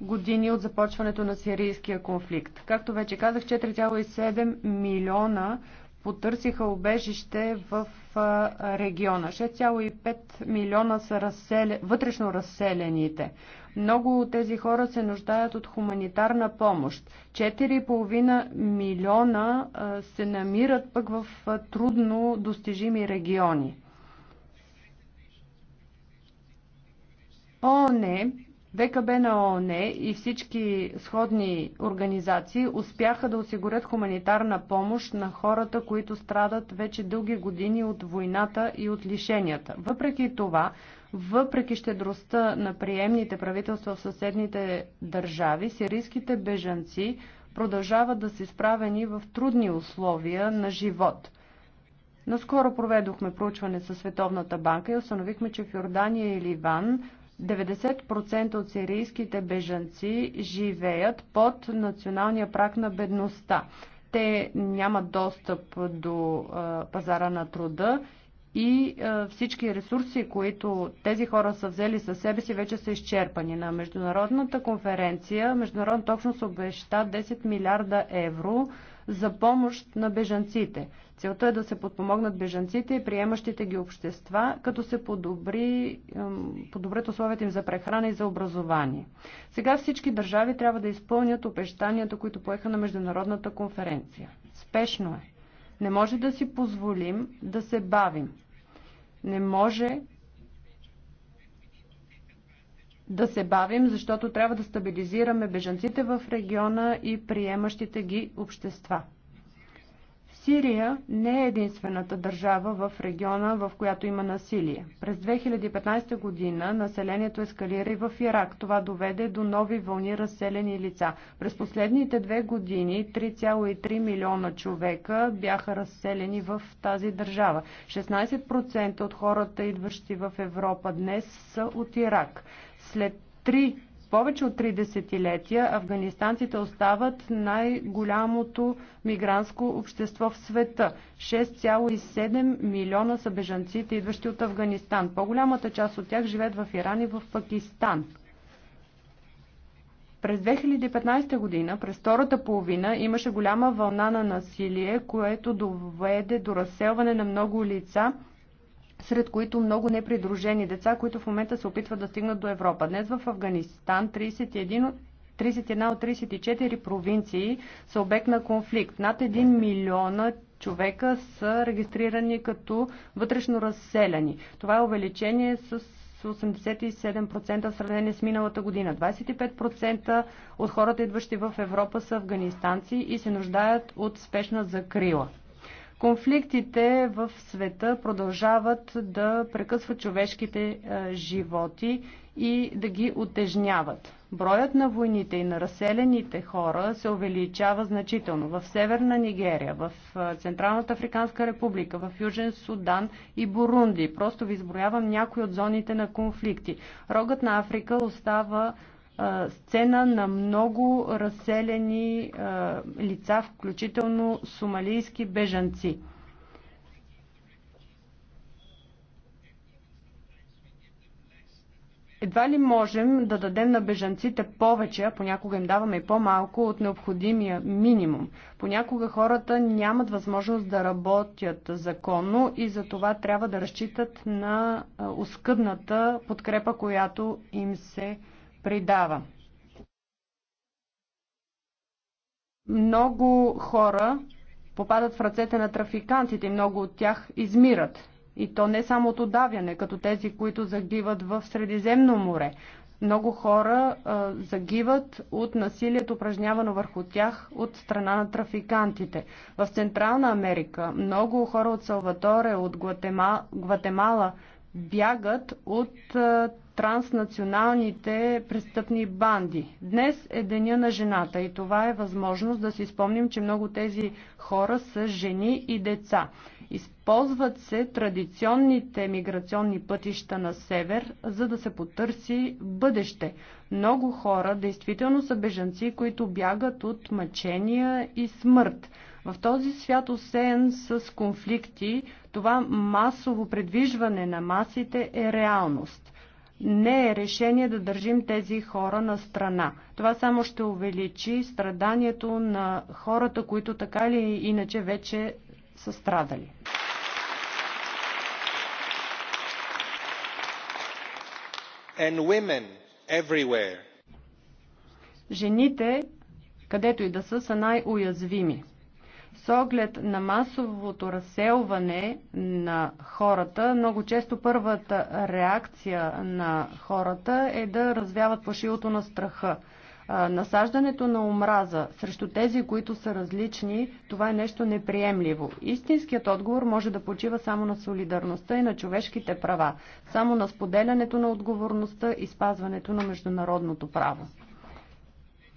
години от започването на сирийския конфликт. Както вече казах, 4,7 милиона потърсиха убежище в региона. 6,5 милиона са разселе, вътрешно разселените. Много от тези хора се нуждаят от хуманитарна помощ. 4,5 милиона се намират пък в трудно достижими региони. ООН, ВКБ на ООН и всички сходни организации успяха да осигурят хуманитарна помощ на хората, които страдат вече дълги години от войната и от лишенията. Въпреки това, въпреки щедростта на приемните правителства в съседните държави, сирийските бежанци продължават да са изправени в трудни условия на живот. Наскоро проведохме проучване със Световната банка и установихме, че в Йордания и Ливан 90% от сирийските бежанци живеят под националния прак на бедността. Те нямат достъп до пазара на труда и всички ресурси, които тези хора са взели със себе си, вече са изчерпани. На международната конференция международната общност обеща 10 милиарда евро за помощ на бежанците. Целта е да се подпомогнат бежанците и приемащите ги общества, като се подобри, подобрят условията им за прехрана и за образование. Сега всички държави трябва да изпълнят обещанията, които поеха на Международната конференция. Спешно е. Не може да си позволим да се бавим. Не може да се бавим, защото трябва да стабилизираме бежанците в региона и приемащите ги общества. Сирия не е единствената държава в региона, в която има насилие. През 2015 година населението ескалира и в Ирак. Това доведе до нови вълни разселени лица. През последните две години 3,3 милиона човека бяха разселени в тази държава. 16% от хората, идващи в Европа днес, са от Ирак. След три, повече от три десетилетия афганистанците остават най-голямото мигрантско общество в света. 6,7 милиона са бежанците, идващи от Афганистан. По-голямата част от тях живеят в Иран и в Пакистан. През 2015 година, през втората половина, имаше голяма вълна на насилие, което доведе до разселване на много лица сред които много непридружени деца, които в момента се опитват да стигнат до Европа. Днес в Афганистан 31 31 от 34 провинции са обект на конфликт. Над 1 милиона човека са регистрирани като вътрешно разселени. Това е увеличение с 87% в сравнение с миналата година. 25% от хората, идващи в Европа, са афганистанци и се нуждаят от спешна закрила. Конфликтите в света продължават да прекъсват човешките е, животи и да ги отежняват. Броят на войните и на разселените хора се увеличава значително в Северна Нигерия, в е, Централната Африканска република, в Южен Судан и Бурунди. Просто ви изброявам някои от зоните на конфликти. Рогът на Африка остава сцена на много разселени лица, включително сомалийски бежанци. Едва ли можем да дадем на бежанците повече, а понякога им даваме и по-малко от необходимия минимум. Понякога хората нямат възможност да работят законно и за това трябва да разчитат на оскъдната подкрепа, която им се предава. Много хора попадат в ръцете на трафикантите, много от тях измират. И то не само от отдавяне, като тези, които загиват в Средиземно море. Много хора а, загиват от насилието, упражнявано върху тях от страна на трафикантите. В Централна Америка много хора от Салваторе, от Гватема, Гватемала бягат от а, транснационалните престъпни банди. Днес е Деня на жената и това е възможност да си спомним, че много тези хора са жени и деца. Използват се традиционните миграционни пътища на север, за да се потърси бъдеще. Много хора действително са бежанци, които бягат от мъчения и смърт. В този свят осеян с конфликти, това масово предвижване на масите е реалност. Не е решение да държим тези хора на страна. Това само ще увеличи страданието на хората, които така или иначе вече са страдали. And women everywhere. Жените, където и да са, са най-уязвими. С оглед на масовото разселване на хората, много често първата реакция на хората е да развяват плашилото на страха. Насаждането на омраза срещу тези, които са различни, това е нещо неприемливо. Истинският отговор може да почива само на солидарността и на човешките права, само на споделянето на отговорността и спазването на международното право.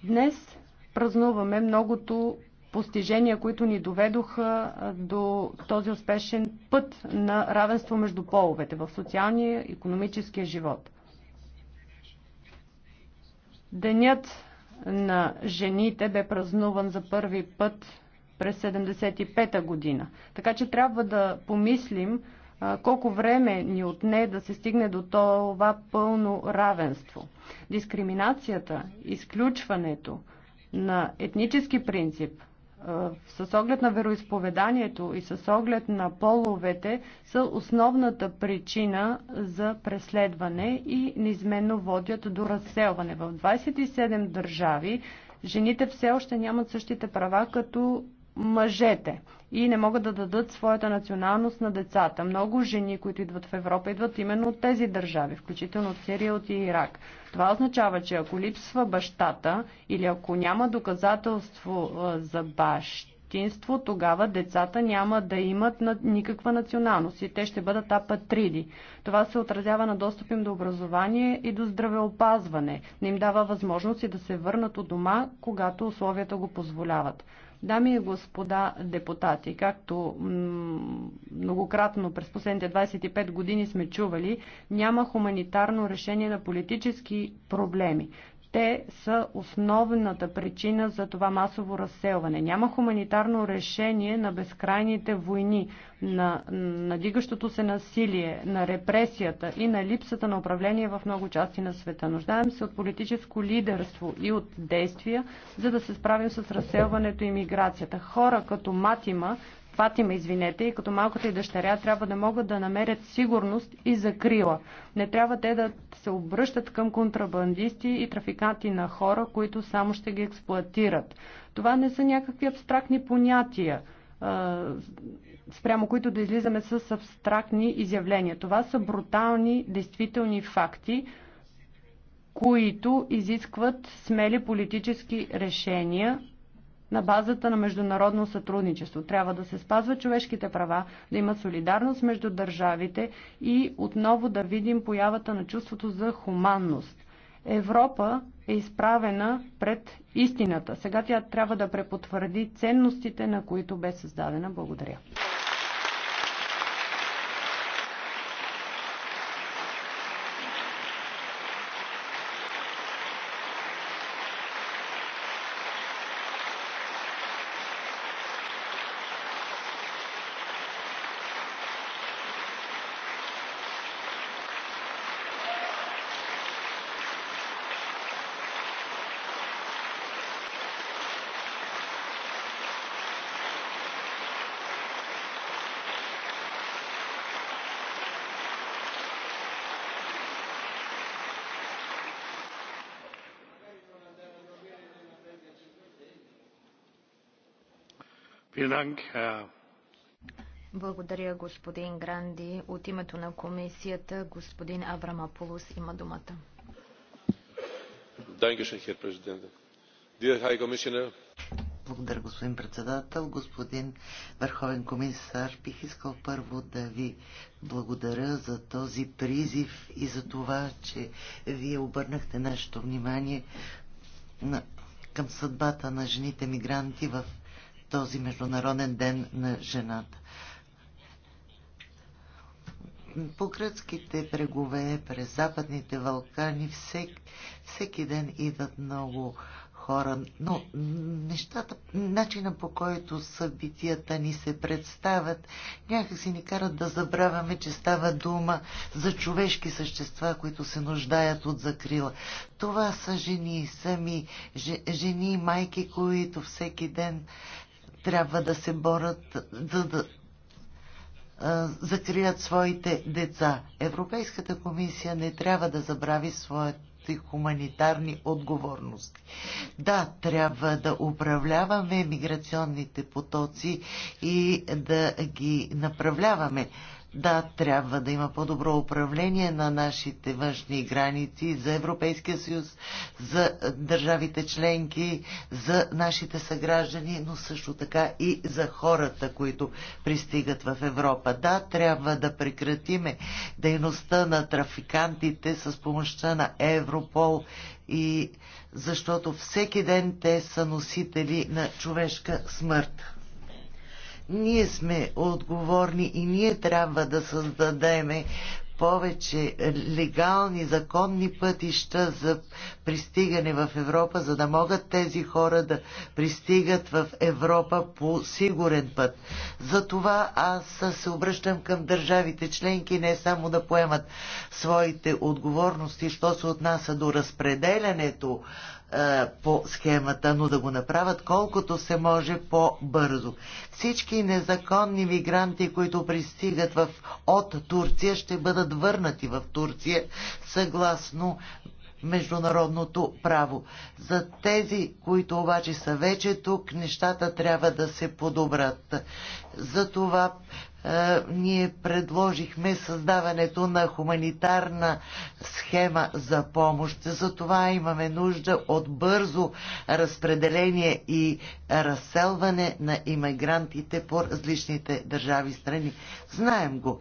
Днес празнуваме многото постижения, които ни доведоха до този успешен път на равенство между половете в социалния и економическия живот. Денят на жените бе празнуван за първи път през 75-та година. Така че трябва да помислим колко време ни отне да се стигне до това пълно равенство. Дискриминацията, изключването на етнически принцип, с оглед на вероисповеданието и с оглед на половете са основната причина за преследване и неизменно водят до разселване. В 27 държави жените все още нямат същите права като мъжете и не могат да дадат своята националност на децата. Много жени, които идват в Европа, идват именно от тези държави, включително от Сирия, от Ирак. Това означава, че ако липсва бащата или ако няма доказателство за бащинство, тогава децата няма да имат никаква националност и те ще бъдат апатриди. Това се отразява на достъп им до образование и до здравеопазване. Не им дава възможности да се върнат от дома, когато условията го позволяват. Дами и господа депутати, както многократно през последните 25 години сме чували, няма хуманитарно решение на политически проблеми те са основната причина за това масово разселване. Няма хуманитарно решение на безкрайните войни, на надигащото се насилие, на репресията и на липсата на управление в много части на света. Нуждаем се от политическо лидерство и от действия, за да се справим с разселването и миграцията. Хора като Матима Фатима, извинете, и като малката и дъщеря трябва да могат да намерят сигурност и закрила. Не трябва те да се обръщат към контрабандисти и трафиканти на хора, които само ще ги експлуатират. Това не са някакви абстрактни понятия спрямо които да излизаме с абстрактни изявления. Това са брутални, действителни факти, които изискват смели политически решения на базата на международно сътрудничество. Трябва да се спазва човешките права, да има солидарност между държавите и отново да видим появата на чувството за хуманност. Европа е изправена пред истината. Сега тя трябва да препотвърди ценностите, на които бе създадена. Благодаря. Благодаря, господин Гранди. От името на комисията, господин Аврамополус има думата. Благодаря, господин председател. Господин Върховен комисар, бих искал първо да ви благодаря за този призив и за това, че вие обърнахте нашето внимание на, към съдбата на жените мигранти в този Международен ден на жената. По гръцките брегове, през Западните Вълкани, всек, всеки ден идват много хора, но нещата, начина по който събитията ни се представят, някакси ни карат да забравяме, че става дума за човешки същества, които се нуждаят от закрила. Това са жени, сами жени, майки, които всеки ден трябва да се борят, да, да закрият своите деца. Европейската комисия не трябва да забрави своят хуманитарни отговорности. Да, трябва да управляваме миграционните потоци и да ги направляваме, да, трябва да има по-добро управление на нашите външни граници за Европейския съюз, за държавите членки, за нашите съграждани, но също така и за хората, които пристигат в Европа. Да, трябва да прекратиме дейността на трафикантите с помощта на Европол и защото всеки ден те са носители на човешка смърт. Ние сме отговорни и ние трябва да създадеме повече легални, законни пътища за пристигане в Европа, за да могат тези хора да пристигат в Европа по сигурен път. Затова аз се обръщам към държавите членки не само да поемат своите отговорности, що се отнася до разпределянето е, по схемата, но да го направят колкото се може по-бързо. Всички незаконни мигранти, които пристигат в, от Турция, ще бъдат върнати в Турция съгласно международното право. За тези, които обаче са вече тук, нещата трябва да се подобрат. За това ние предложихме създаването на хуманитарна схема за помощ. За това имаме нужда от бързо разпределение и разселване на иммигрантите по различните държави страни. Знаем го.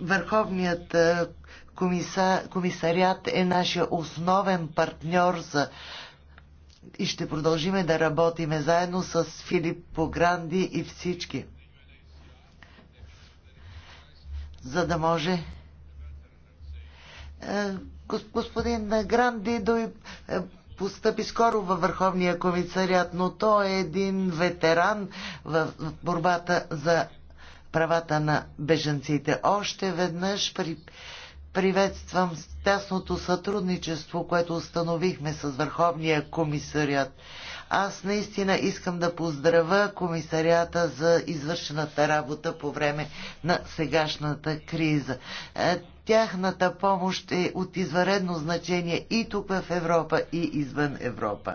Върховният комисар, комисарят е нашия основен партньор за и ще продължиме да работиме заедно с Филип Погранди и всички за да може е, господин Гранди дой е, постъпи скоро във Върховния комисарят, но той е един ветеран в борбата за правата на беженците. Още веднъж при... приветствам тясното сътрудничество, което установихме с Върховния комисарят. Аз наистина искам да поздравя комисарията за извършената работа по време на сегашната криза. Е, тяхната помощ е от изваредно значение и тук в Европа, и извън Европа.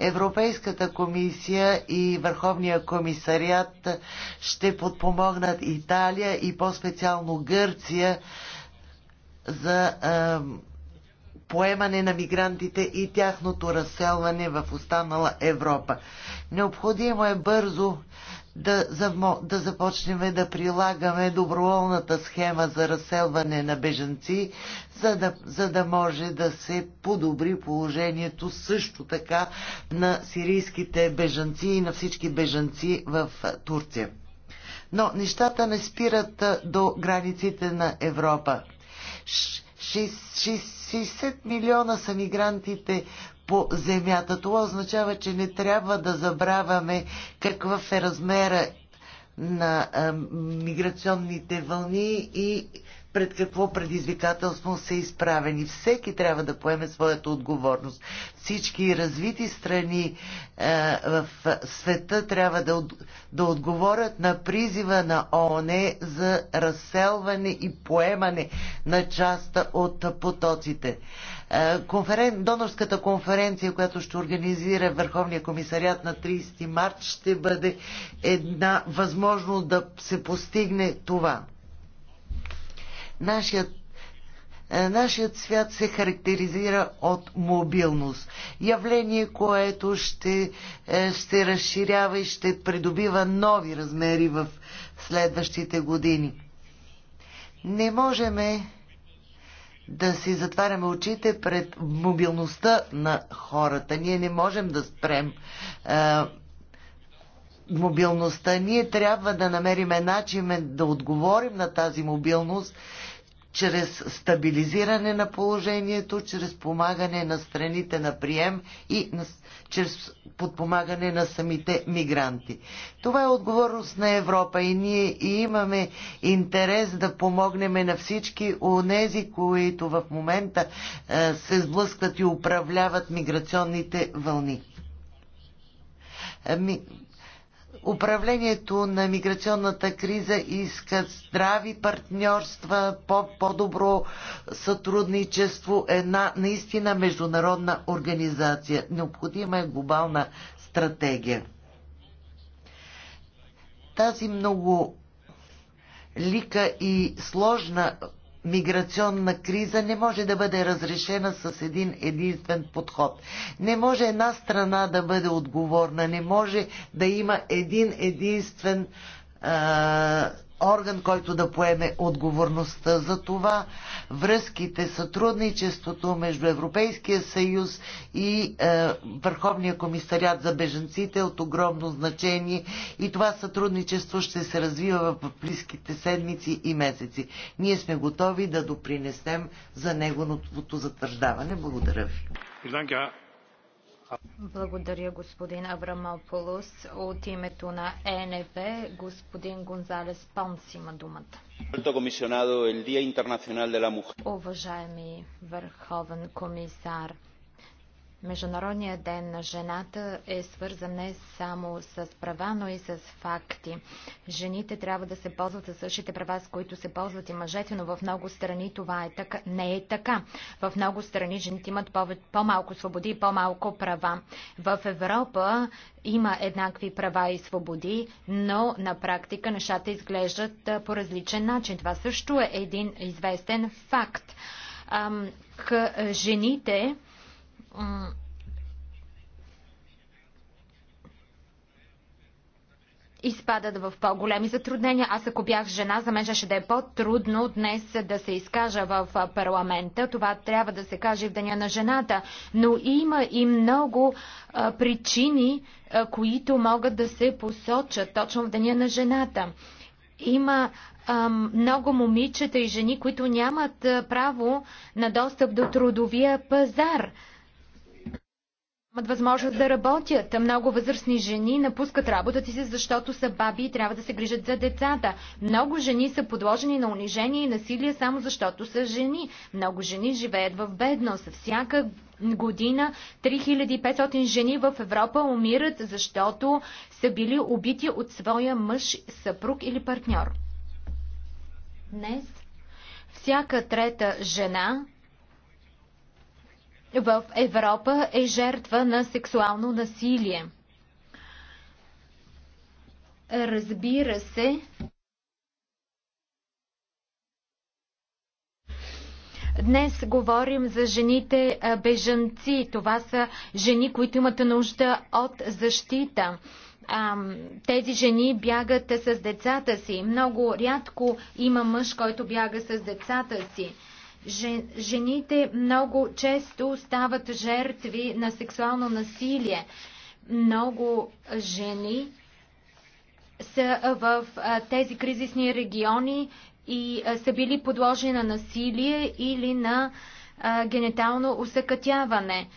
Европейската комисия и Върховния комисариат ще подпомогнат Италия и по-специално Гърция за поемане на мигрантите и тяхното разселване в останала Европа. Необходимо е бързо да, да започнем да прилагаме доброволната схема за разселване на бежанци, за да, за да може да се подобри положението също така на сирийските бежанци и на всички бежанци в Турция. Но нещата не спират до границите на Европа. 60 милиона са мигрантите по земята. Това означава, че не трябва да забравяме какъв е размера на а, миграционните вълни и пред какво предизвикателство са изправени. Всеки трябва да поеме своята отговорност. Всички развити страни е, в света трябва да, да отговорят на призива на ООН за разселване и поемане на част от потоците. Е, конферен... Донорската конференция, която ще организира Върховния комисарят на 30 март, ще бъде една възможност да се постигне това. Нашият е, Нашият свят се характеризира от мобилност. Явление, което ще, е, ще разширява и ще придобива нови размери в следващите години. Не можем да си затваряме очите пред мобилността на хората. Ние не можем да спрем е, мобилността. Ние трябва да намерим начин да отговорим на тази мобилност чрез стабилизиране на положението, чрез помагане на страните на прием и на, чрез подпомагане на самите мигранти. Това е отговорност на Европа и ние и имаме интерес да помогнем на всички онези, които в момента е, се сблъскват и управляват миграционните вълни. Е, ми управлението на миграционната криза иска здрави партньорства, по-добро -по сътрудничество, една наистина международна организация. Необходима е глобална стратегия. Тази много лика и сложна миграционна криза не може да бъде разрешена с един единствен подход. Не може една страна да бъде отговорна, не може да има един единствен а, орган, който да поеме отговорността за това. Връзките, сътрудничеството между Европейския съюз и е, Върховния комисарят за беженците е от огромно значение и това сътрудничество ще се развива в близките седмици и месеци. Ние сме готови да допринесем за неговото затвърждаване. Благодаря ви. Благодаря, господин Аврамополос. От името на ЕНП, господин Гонзалес Понс има думата. Уважаеми върховен комисар, Международният ден на жената е свързан не само с права, но и с факти. Жените трябва да се ползват със същите права, с които се ползват и мъжете, но в много страни това е така. не е така. В много страни жените имат по-малко свободи и по-малко права. В Европа има еднакви права и свободи, но на практика нещата изглеждат по различен начин. Това също е един известен факт. К жените изпадат в по-големи затруднения. Аз ако бях жена, за мен ще да е по-трудно днес да се изкажа в парламента. Това трябва да се каже в Деня на жената. Но има и много а, причини, а, които могат да се посочат точно в Деня на жената. Има а, много момичета и жени, които нямат право на достъп до трудовия пазар имат възможност да работят. Много възрастни жени напускат работата си, защото са баби и трябва да се грижат за децата. Много жени са подложени на унижение и насилие само защото са жени. Много жени живеят в бедност. Всяка година 3500 жени в Европа умират, защото са били убити от своя мъж, съпруг или партньор. Днес всяка трета жена в Европа е жертва на сексуално насилие. Разбира се, Днес говорим за жените бежанци. Това са жени, които имат нужда от защита. Тези жени бягат с децата си. Много рядко има мъж, който бяга с децата си. Жените много често стават жертви на сексуално насилие. Много жени са в тези кризисни региони и са били подложени на насилие или на генетално усъкътяване.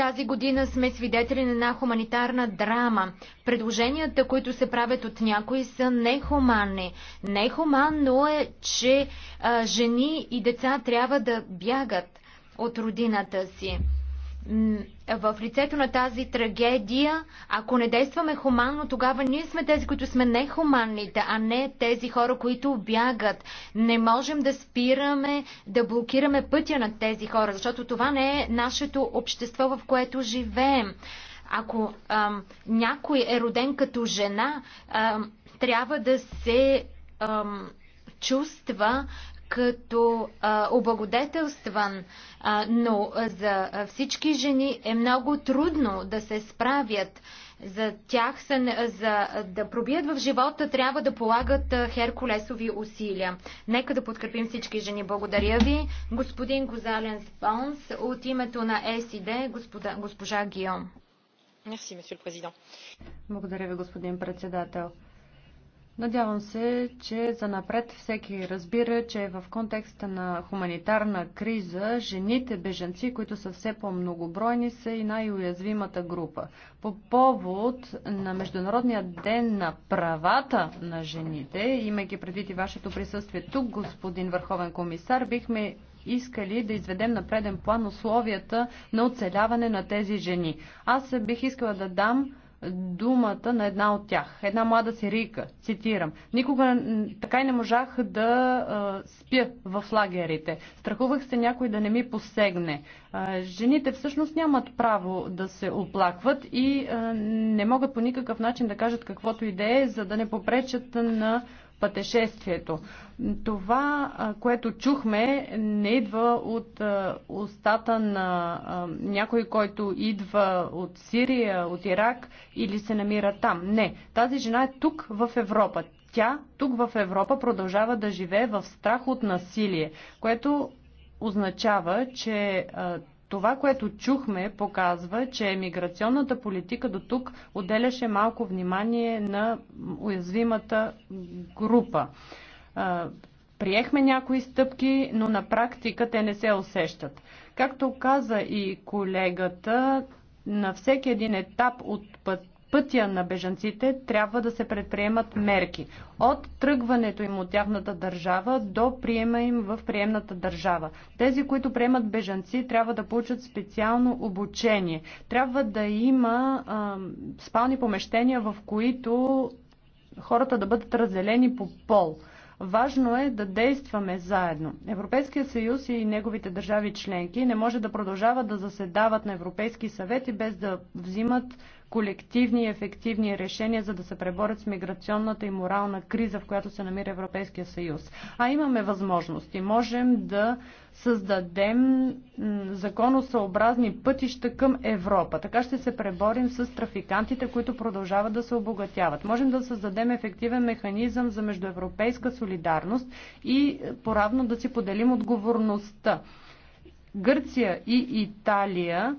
Тази година сме свидетели на една хуманитарна драма. Предложенията, които се правят от някои, са нехуманни. Нехуманно е, че а, жени и деца трябва да бягат от родината си в лицето на тази трагедия, ако не действаме хуманно, тогава ние сме тези, които сме нехуманните, а не тези хора, които бягат. Не можем да спираме, да блокираме пътя на тези хора, защото това не е нашето общество, в което живеем. Ако ам, някой е роден като жена, ам, трябва да се ам, чувства като а, облагодетелстван, а, но за всички жени е много трудно да се справят. За тях са, за да пробият в живота трябва да полагат херкулесови усилия. Нека да подкрепим всички жени. Благодаря ви. Господин Гозален Спонс от името на е СИД, госпожа Гион. Благодаря ви, господин председател. Надявам се, че за напред всеки разбира, че в контекста на хуманитарна криза жените беженци, които са все по-многобройни, са и най-уязвимата група. По повод на Международния ден на правата на жените, имайки предвид и вашето присъствие тук, господин Върховен комисар, бихме искали да изведем на преден план условията на оцеляване на тези жени. Аз бих искала да дам думата на една от тях. Една млада сирийка, цитирам. Никога така и не можах да а, спя в лагерите. Страхувах се някой да не ми посегне. А, жените всъщност нямат право да се оплакват и а, не могат по никакъв начин да кажат каквото идея, за да не попречат на пътешествието. Това, което чухме, не идва от устата на някой, който идва от Сирия, от Ирак или се намира там. Не, тази жена е тук в Европа. Тя тук в Европа продължава да живее в страх от насилие, което означава, че това, което чухме, показва, че миграционната политика до тук отделяше малко внимание на уязвимата група. Приехме някои стъпки, но на практика те не се усещат. Както каза и колегата, на всеки един етап от път, пътя на бежанците трябва да се предприемат мерки. От тръгването им от тяхната държава до приема им в приемната държава. Тези, които приемат бежанци, трябва да получат специално обучение. Трябва да има а, спални помещения, в които хората да бъдат разделени по пол. Важно е да действаме заедно. Европейския съюз и неговите държави членки не може да продължават да заседават на Европейски съвети без да взимат колективни и ефективни решения, за да се преборят с миграционната и морална криза, в която се намира Европейския съюз. А имаме възможности. Можем да създадем законосъобразни пътища към Европа. Така ще се преборим с трафикантите, които продължават да се обогатяват. Можем да създадем ефективен механизъм за междуевропейска солидарност и е, поравно да си поделим отговорността. Гърция и Италия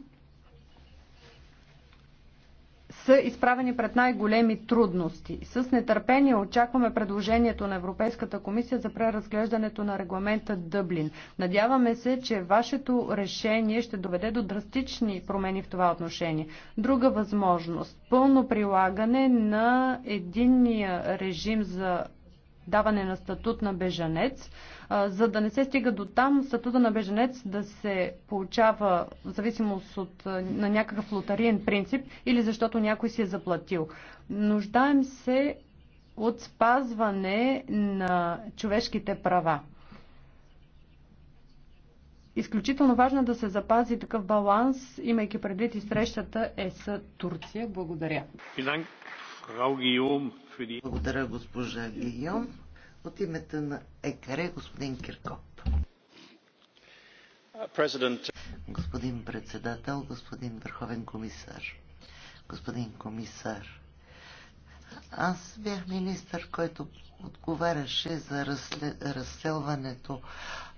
са изправени пред най-големи трудности. С нетърпение очакваме предложението на Европейската комисия за преразглеждането на регламента Дъблин. Надяваме се, че вашето решение ще доведе до драстични промени в това отношение. Друга възможност – пълно прилагане на единния режим за даване на статут на бежанец, за да не се стига до там статута на бежанец да се получава в зависимост от, на някакъв лотариен принцип или защото някой си е заплатил. Нуждаем се от спазване на човешките права. Изключително важно е да се запази такъв баланс, имайки предвид и срещата ЕС Турция. Благодаря. Благодаря, госпожа Гийом. От името на ЕКАРЕ господин Киркоп. President. Господин председател, господин върховен комисар, господин комисар, аз бях министър, който отговаряше за разселването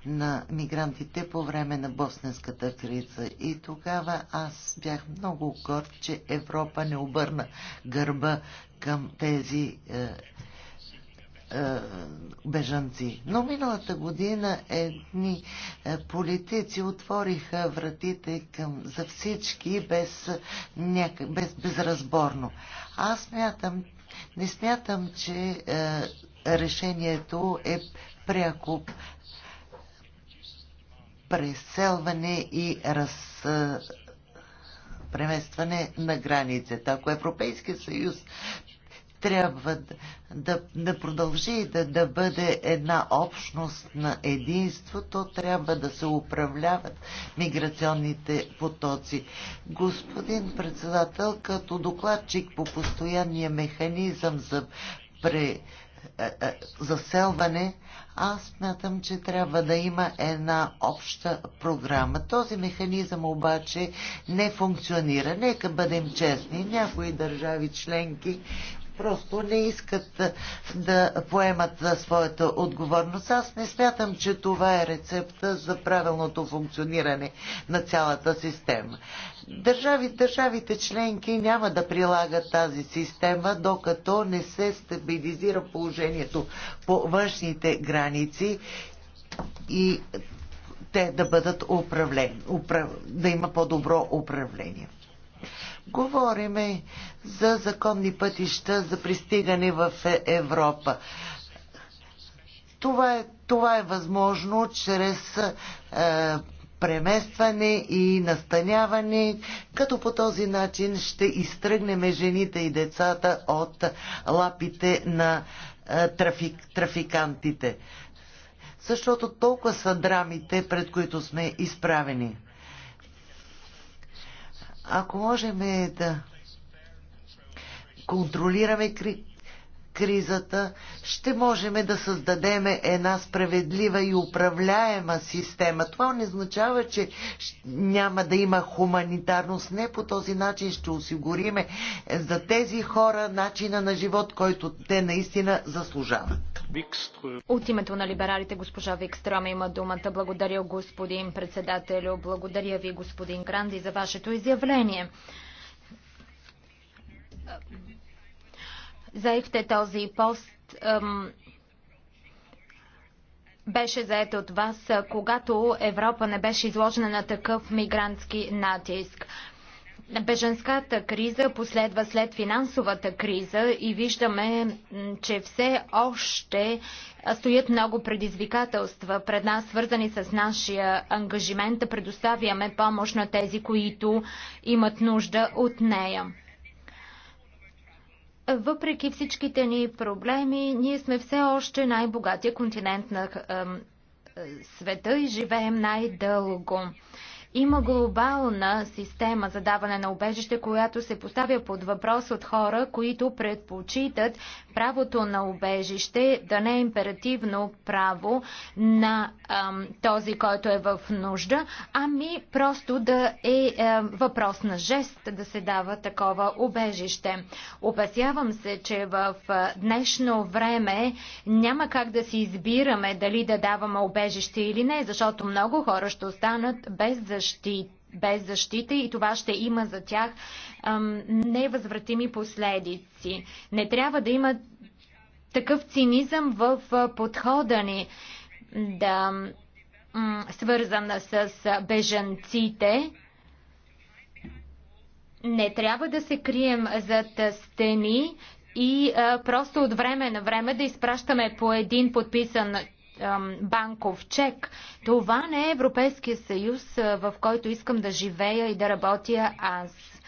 на мигрантите по време на босненската криза. И тогава аз бях много горд, че Европа не обърна гърба към тези е, е, бежанци. Но миналата година едни е, политици отвориха вратите към, за всички без, няка, без безразборно. Аз смятам, не смятам, че е, решението е пряко преселване и раз, е, преместване на границата. Ако Европейския съюз трябва да, да, продължи да, да бъде една общност на единство, то трябва да се управляват миграционните потоци. Господин председател, като докладчик по постоянния механизъм за пре, е, е, заселване, аз смятам, че трябва да има една обща програма. Този механизъм обаче не функционира. Нека бъдем честни. Някои държави членки просто не искат да поемат своята отговорност. Аз не смятам, че това е рецепта за правилното функциониране на цялата система. Държави, държавите членки няма да прилагат тази система, докато не се стабилизира положението по външните граници и те да бъдат управлени, да има по-добро управление. Говориме за законни пътища за пристигане в е- Европа. Това е, това е възможно чрез е, преместване и настаняване, като по този начин ще изтръгнем жените и децата от лапите на е, трафик, трафикантите. Защото толкова са драмите, пред които сме изправени. Ако можем да контролираме кризата, ще можем да създадем една справедлива и управляема система. Това не означава, че няма да има хуманитарност. Не по този начин ще осигуриме за тези хора начина на живот, който те наистина заслужават. От името на либералите госпожа Викстрама има думата. Благодаря господин председателю, благодаря ви господин Гранди за вашето изявление заехте този пост беше заета от вас, когато Европа не беше изложена на такъв мигрантски натиск. Беженската криза последва след финансовата криза и виждаме, че все още стоят много предизвикателства пред нас, свързани с нашия ангажимент да предоставяме помощ на тези, които имат нужда от нея. Въпреки всичките ни проблеми, ние сме все още най-богатия континент на света и живеем най-дълго. Има глобална система за даване на убежище, която се поставя под въпрос от хора, които предпочитат правото на убежище да не е императивно право на ам, този, който е в нужда, ами просто да е ам, е, въпрос на жест да се дава такова убежище. Опасявам се, че в днешно време няма как да си избираме дали да даваме убежище или не, защото много хора ще останат без защита без защита и това ще има за тях невъзвратими последици. Не трябва да има такъв цинизъм в подхода ни да свързана с бежанците. Не трябва да се крием зад стени и а, просто от време на време да изпращаме по един подписан банков чек. Това не е Европейския съюз, в който искам да живея и да работя аз.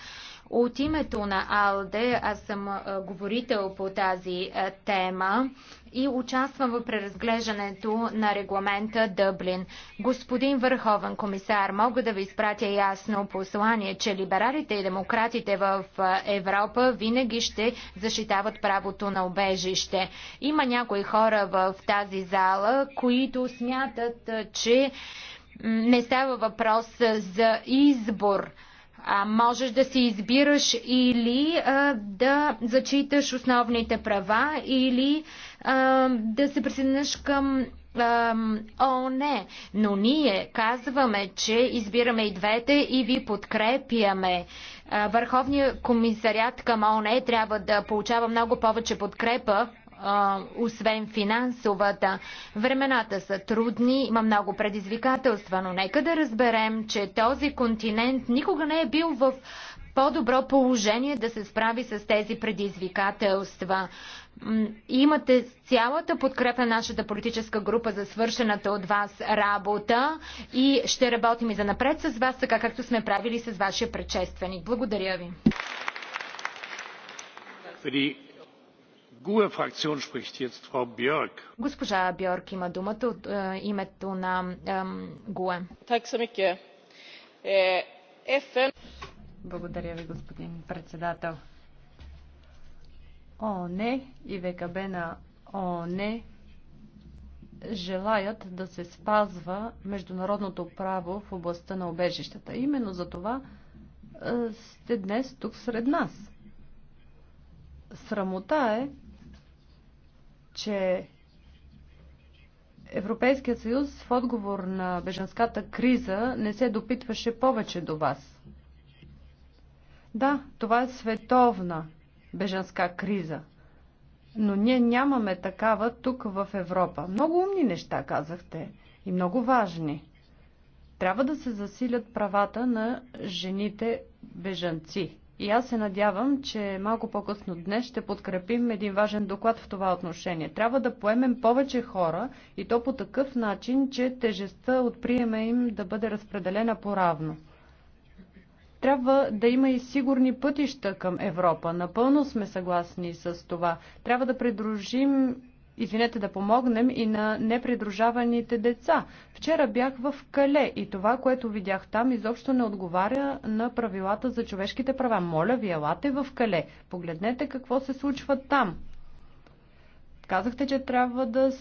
От името на АЛДЕ аз съм говорител по тази тема и участвам в преразглеждането на регламента Дъблин. Господин Върховен комисар, мога да ви изпратя ясно послание, че либералите и демократите в Европа винаги ще защитават правото на обежище. Има някои хора в тази зала, които смятат, че не става въпрос за избор а, можеш да си избираш или а, да зачиташ основните права, или а, да се присъединиш към О, не, но ние казваме, че избираме и двете и ви подкрепяме. Върховният комисарят към ОНЕ трябва да получава много повече подкрепа освен финансовата. Времената са трудни, има много предизвикателства, но нека да разберем, че този континент никога не е бил в по-добро положение да се справи с тези предизвикателства. Имате цялата подкрепа на нашата политическа група за свършената от вас работа и ще работим и за напред с вас, така както сме правили с вашия предшественик. Благодаря ви. Госпожа Бьорк има думата от е, името на ГУЕ. Е, Благодаря ви, господин председател. ООН и ВКБ на ООН желаят да се спазва международното право в областта на обежищата. Именно за това е, сте днес тук сред нас. Срамота е, че Европейският съюз в отговор на беженската криза не се допитваше повече до вас. Да, това е световна беженска криза, но ние нямаме такава тук в Европа. Много умни неща казахте и много важни. Трябва да се засилят правата на жените бежанци. И аз се надявам, че малко по-късно днес ще подкрепим един важен доклад в това отношение. Трябва да поемем повече хора и то по такъв начин, че тежестта от приема им да бъде разпределена по-равно. Трябва да има и сигурни пътища към Европа. Напълно сме съгласни с това. Трябва да придружим извинете, да помогнем и на непридружаваните деца. Вчера бях в Кале и това, което видях там, изобщо не отговаря на правилата за човешките права. Моля ви, елате в Кале. Погледнете какво се случва там. Казахте, че трябва да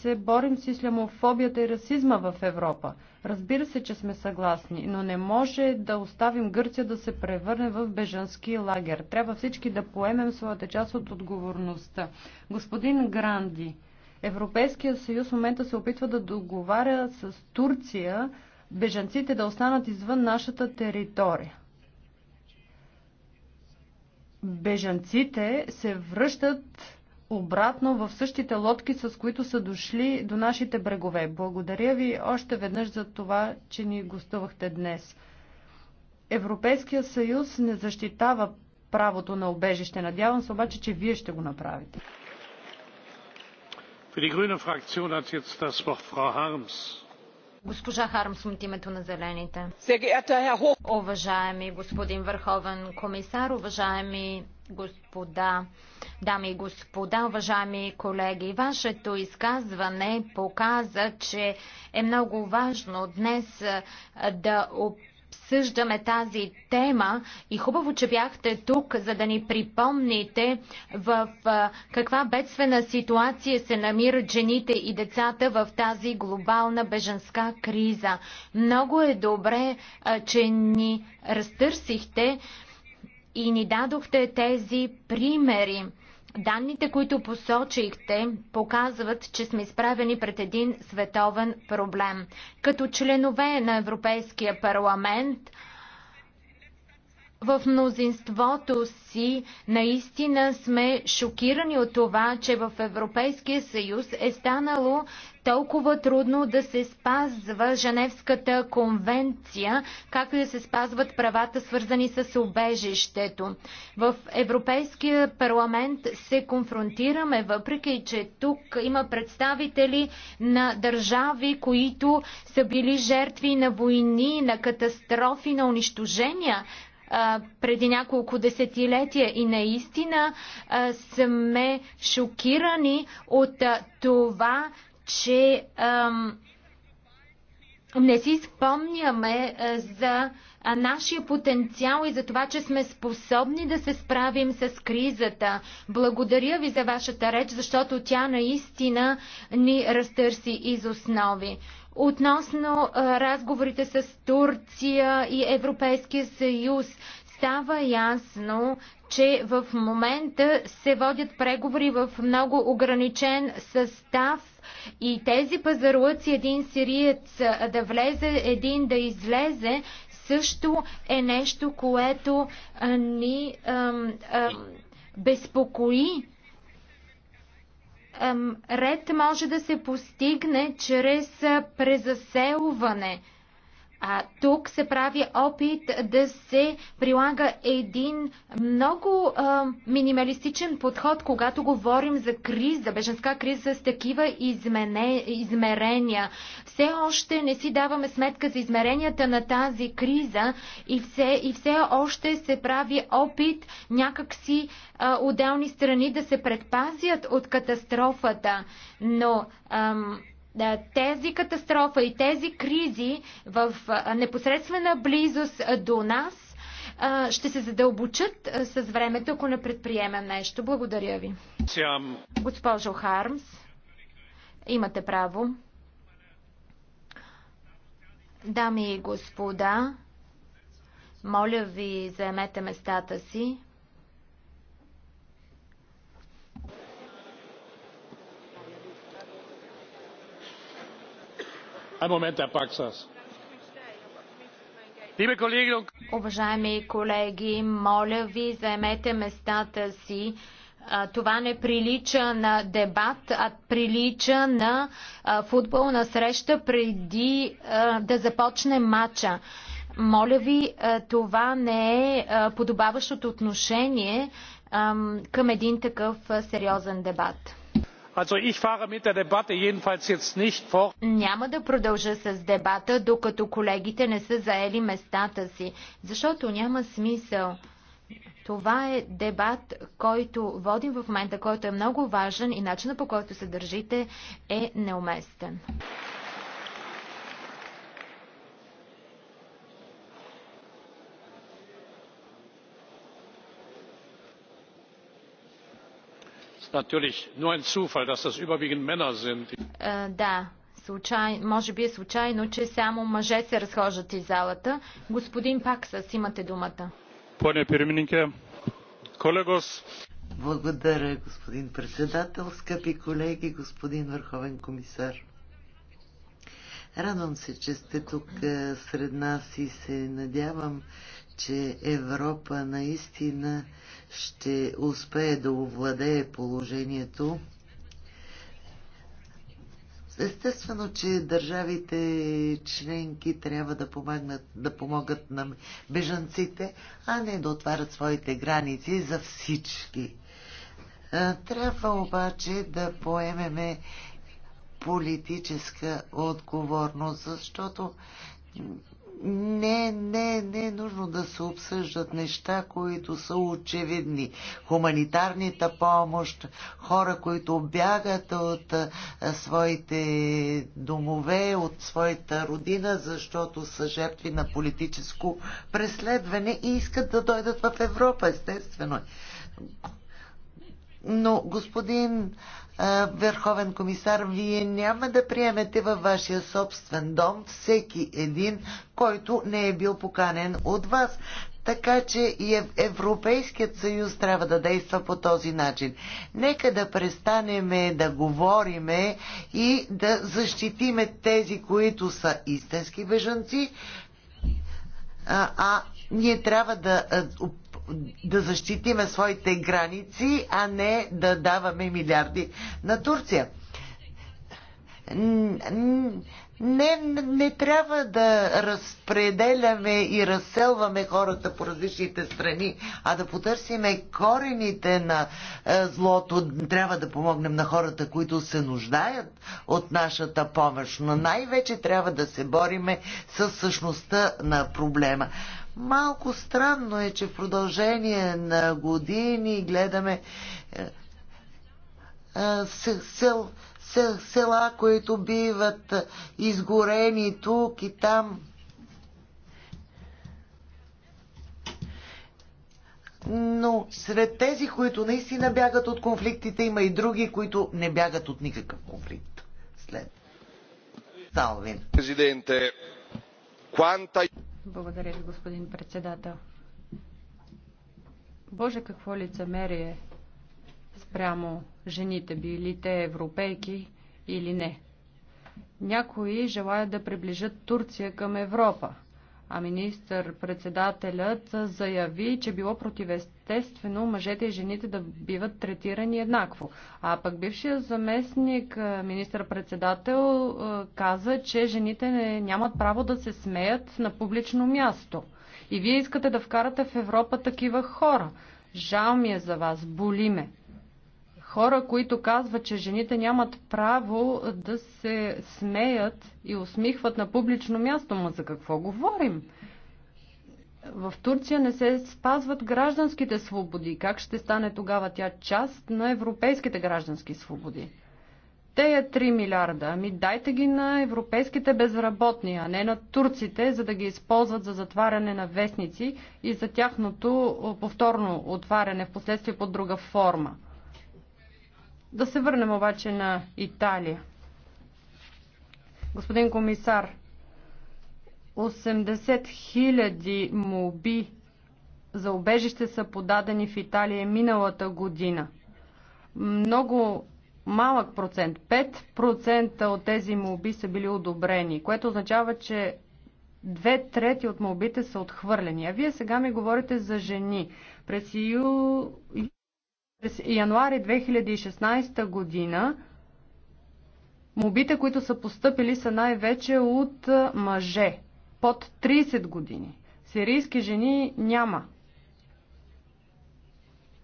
се борим с ислямофобията и расизма в Европа. Разбира се, че сме съгласни, но не може да оставим Гърция да се превърне в бежански лагер. Трябва всички да поемем своята част от отговорността. Господин Гранди, Европейския съюз в момента се опитва да договаря с Турция бежанците да останат извън нашата територия. Бежанците се връщат обратно в същите лодки, с които са дошли до нашите брегове. Благодаря ви още веднъж за това, че ни гостувахте днес. Европейския съюз не защитава правото на обежище. Надявам се обаче, че вие ще го направите. Für die grüne Fraktion hat jetzt das Wort Frau Harms. Госпожа Хармс от името на Зелените. Уважаеми господин Върховен комисар, уважаеми господа, дами и господа, уважаеми колеги, вашето изказване показа, че е много важно днес да опитаме обсъждаме тази тема и хубаво, че бяхте тук, за да ни припомните в каква бедствена ситуация се намират жените и децата в тази глобална беженска криза. Много е добре, че ни разтърсихте и ни дадохте тези примери. Данните, които посочихте, показват, че сме изправени пред един световен проблем. Като членове на Европейския парламент, в мнозинството си наистина сме шокирани от това, че в Европейския съюз е станало толкова трудно да се спазва Женевската конвенция, както и да се спазват правата, свързани с обежището. В Европейския парламент се конфронтираме, въпреки че тук има представители на държави, които са били жертви на войни, на катастрофи, на унищожения преди няколко десетилетия и наистина сме шокирани от това, че не си спомняме за нашия потенциал и за това, че сме способни да се справим с кризата. Благодаря ви за вашата реч, защото тя наистина ни разтърси из основи. Относно а, разговорите с Турция и Европейския съюз, става ясно, че в момента се водят преговори в много ограничен състав и тези пазарлъци, един сириец да влезе, един да излезе, също е нещо, което а, ни а, а, безпокои ред може да се постигне чрез презаселване. А, тук се прави опит да се прилага един много а, минималистичен подход, когато говорим за криза, беженска криза с такива измене, измерения. Все още не си даваме сметка за измеренията на тази криза и все, и все още се прави опит някакси а, отделни страни да се предпазят от катастрофата. Но ам, тези катастрофа и тези кризи в непосредствена близост до нас ще се задълбочат с времето, ако не предприемем нещо. Благодаря ви. Госпожо Хармс, имате право. Дами и господа, моля ви, заемете местата си. Уважаеми колеги, моля ви, заемете местата си. Това не прилича на дебат, а прилича на футболна среща преди да започне матча. Моля ви, това не е подобаващото отношение към един такъв сериозен дебат. Няма да продължа с дебата, докато колегите не са заели местата си, защото няма смисъл. Това е дебат, който водим в момента, който е много важен и начинът по който се държите е неуместен. natürlich nur ein Zufall, dass das überwiegend Männer sind. Е, да, може би е случайно, че само мъже се разхождат из залата. Господин Паксас, имате думата. Поне пирмининке, колегос. Благодаря, господин председател, скъпи колеги, господин върховен комисар. Радвам се, че сте тук е, сред нас и се надявам, че Европа наистина ще успее да овладее положението. Естествено, че държавите членки трябва да, помагнат, да помогат на бежанците, а не да отварят своите граници за всички. Трябва обаче да поемеме политическа отговорност, защото не, не, не е нужно да се обсъждат неща, които са очевидни. Хуманитарната помощ, хора, които бягат от своите домове, от своята родина, защото са жертви на политическо преследване и искат да дойдат в Европа, естествено. Но господин Върховен комисар, вие няма да приемете във вашия собствен дом всеки един, който не е бил поканен от вас. Така че и Европейският съюз трябва да действа по този начин. Нека да престанеме да говориме и да защитиме тези, които са истински бежанци, а, а ние трябва да да защитиме своите граници, а не да даваме милиарди на Турция. Не, не трябва да разпределяме и разселваме хората по различните страни, а да потърсиме корените на е, злото. Трябва да помогнем на хората, които се нуждаят от нашата помощ, но най-вече трябва да се бориме с същността на проблема. Малко странно е, че в продължение на години гледаме сел, е, сел, села, които биват изгорени тук и там. Но сред тези, които наистина бягат от конфликтите, има и други, които не бягат от никакъв конфликт. След. Салвин. Президенте, quanta... Благодаря ви, господин председател. Боже, какво лицемерие спрямо жените, били те европейки или не. Някои желаят да приближат Турция към Европа а министър-председателят заяви, че било противестествено мъжете и жените да биват третирани еднакво. А пък бившия заместник министър-председател каза, че жените не, нямат право да се смеят на публично място. И вие искате да вкарате в Европа такива хора. Жал ми е за вас, боли ме. Хора, които казват, че жените нямат право да се смеят и усмихват на публично място. Ма за какво говорим? В Турция не се спазват гражданските свободи. Как ще стане тогава тя част на европейските граждански свободи? Тея 3 е милиарда, ами дайте ги на европейските безработни, а не на турците, за да ги използват за затваряне на вестници и за тяхното повторно отваряне в последствие под друга форма. Да се върнем обаче на Италия. Господин комисар, 80 000 моби за обежище са подадени в Италия миналата година. Много малък процент, 5% от тези молби са били одобрени, което означава, че две трети от молбите са отхвърлени. А вие сега ми говорите за жени. През ю... През януари 2016 година мобите, които са поступили, са най-вече от мъже под 30 години. Сирийски жени няма.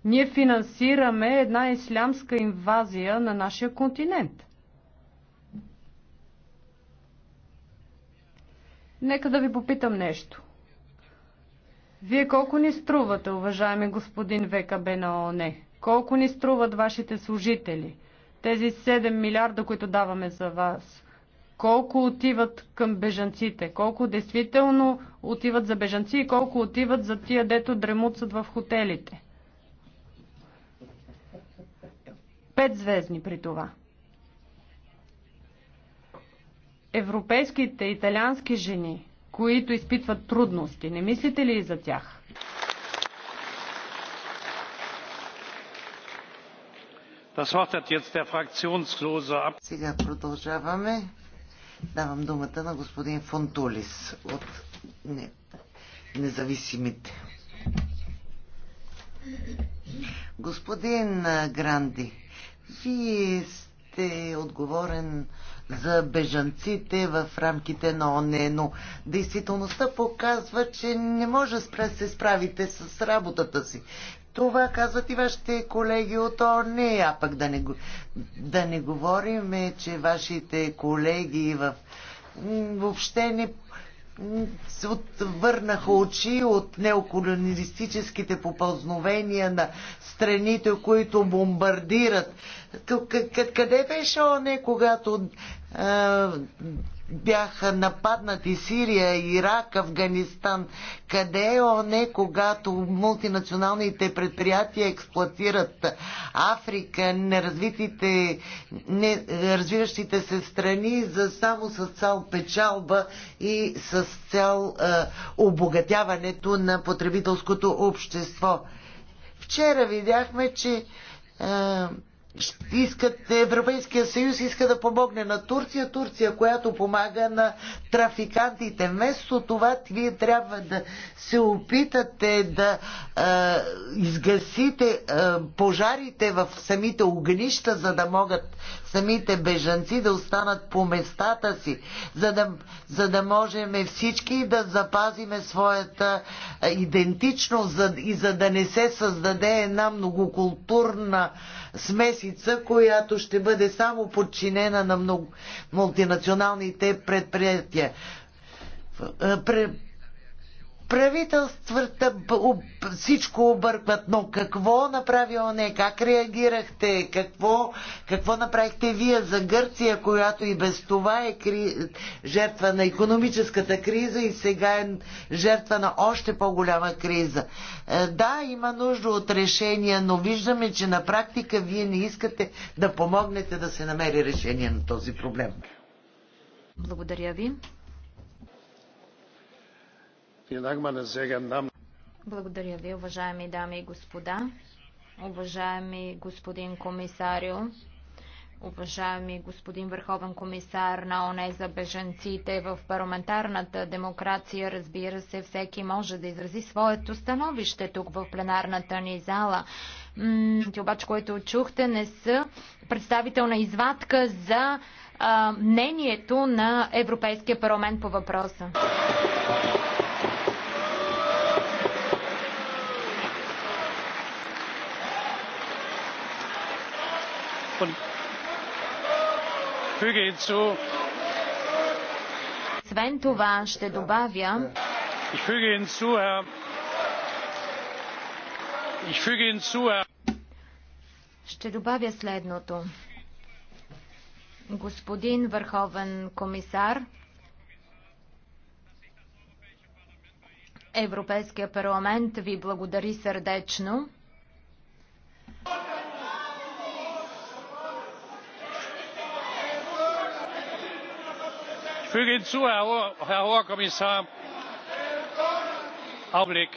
Ние финансираме една ислямска инвазия на нашия континент. Нека да ви попитам нещо. Вие колко ни струвате, уважаеми господин ВКБ на ОНЕ? Колко ни струват вашите служители? Тези 7 милиарда, които даваме за вас, колко отиват към бежанците? Колко действително отиват за бежанци и колко отиват за тия, дето дремуцат в хотелите? Пет звездни при това. Европейските, италиански жени, които изпитват трудности, не мислите ли и за тях? Сега продължаваме. Давам думата на господин Фонтулис от независимите. Господин Гранди, вие сте отговорен за бежанците в рамките на ОНЕ, но действителността показва, че не може спре се справите с работата си. Това казват и вашите колеги от ОНЕ, а пък да не, да не говорим, че вашите колеги в, въобще не се отвърнаха очи от неоколонистическите попълзновения на страните, които бомбардират. Къде беше ОНЕ, когато бяха нападнати Сирия, Ирак, Афганистан. Къде е ОНЕ, когато мултинационалните предприятия експлуатират Африка, неразвитите, неразвиващите се страни за само с цял печалба и с цял е, обогатяването на потребителското общество? Вчера видяхме, че е, искат, Европейския съюз иска да помогне на Турция, Турция, която помага на трафикантите. Вместо това, вие трябва да се опитате да а, изгасите а, пожарите в самите огнища, за да могат самите бежанци да останат по местата си, за да, за да можем всички да запазиме своята идентичност за, и за да не се създаде една многокултурна смеси лисица, която ще бъде само подчинена на много мултинационалните предприятия правителствата всичко объркват, но какво направи ОНЕ, как реагирахте, какво, какво направихте вие за Гърция, която и без това е кри... жертва на економическата криза и сега е жертва на още по-голяма криза. Е, да, има нужда от решения, но виждаме, че на практика вие не искате да помогнете да се намери решение на този проблем. Благодаря ви. Благодаря ви, уважаеми дами и господа, уважаеми господин комисарио, уважаеми господин върховен комисар на ОНЕ за беженците в парламентарната демокрация, разбира се, всеки може да изрази своето становище тук в пленарната ни зала. Ти обаче, което чухте, не са представителна извадка за а, мнението на Европейския парламент по въпроса. und füge hinzu Sven това ще добавя Ich füge hinzu, Herr Ich füge hinzu, Herr Ще добавя следното. Господин Върховен комисар, Европейския парламент ви благодари сърдечно füge hinzu herr hoher kommissar augenblick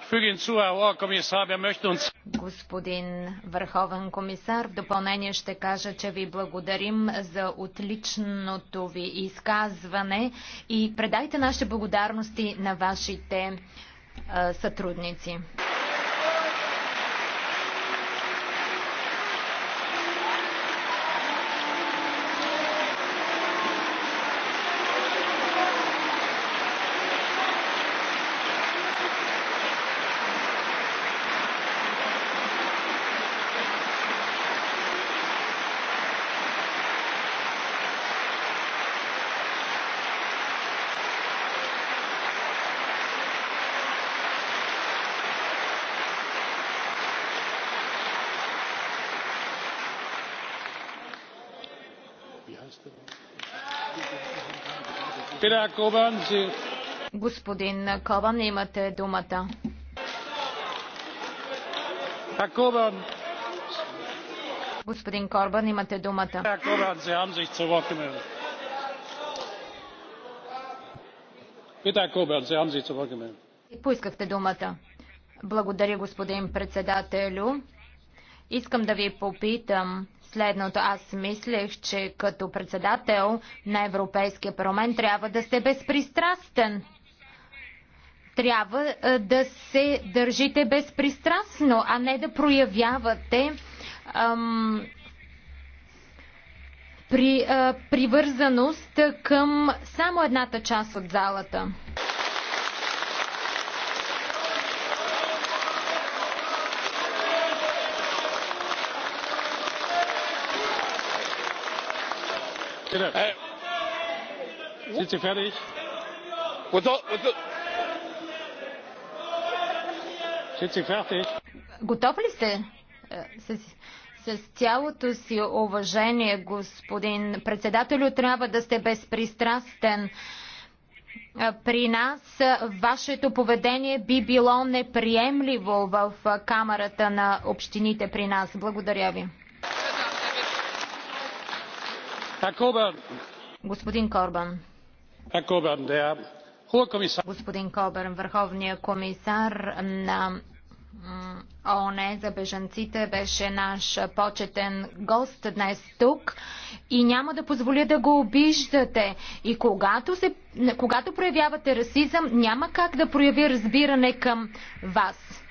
ich füge hinzu herr hoher kommissar wir möchten uns. господин върховен комисар в допълнение ще кажа че ви благодарим за отличното ви изказване и предайте нашите благодарности на вашите сътрудници. Господин Кобан, имате думата. Господин Корбан, имате думата. Поискахте думата. Благодаря, господин председателю. Искам да ви попитам следното. Аз мислех, че като председател на Европейския парламент трябва да сте безпристрастен. Трябва е, да се държите безпристрастно, а не да проявявате ам, при, а, е, привързаност към само едната част от залата. Äh, Sind Sie fertig? Sind Sie fertig? Готов ли сте? Е, с, с цялото си уважение, господин председателю, трябва да сте безпристрастен. Е, при нас вашето поведение би било неприемливо в е, Камерата на общините при нас. Благодаря ви. Господин Корбан. Господин върховният комисар на ООН за бежанците беше наш почетен гост днес тук и няма да позволя да го обиждате. И когато, се, когато проявявате расизъм, няма как да прояви разбиране към вас.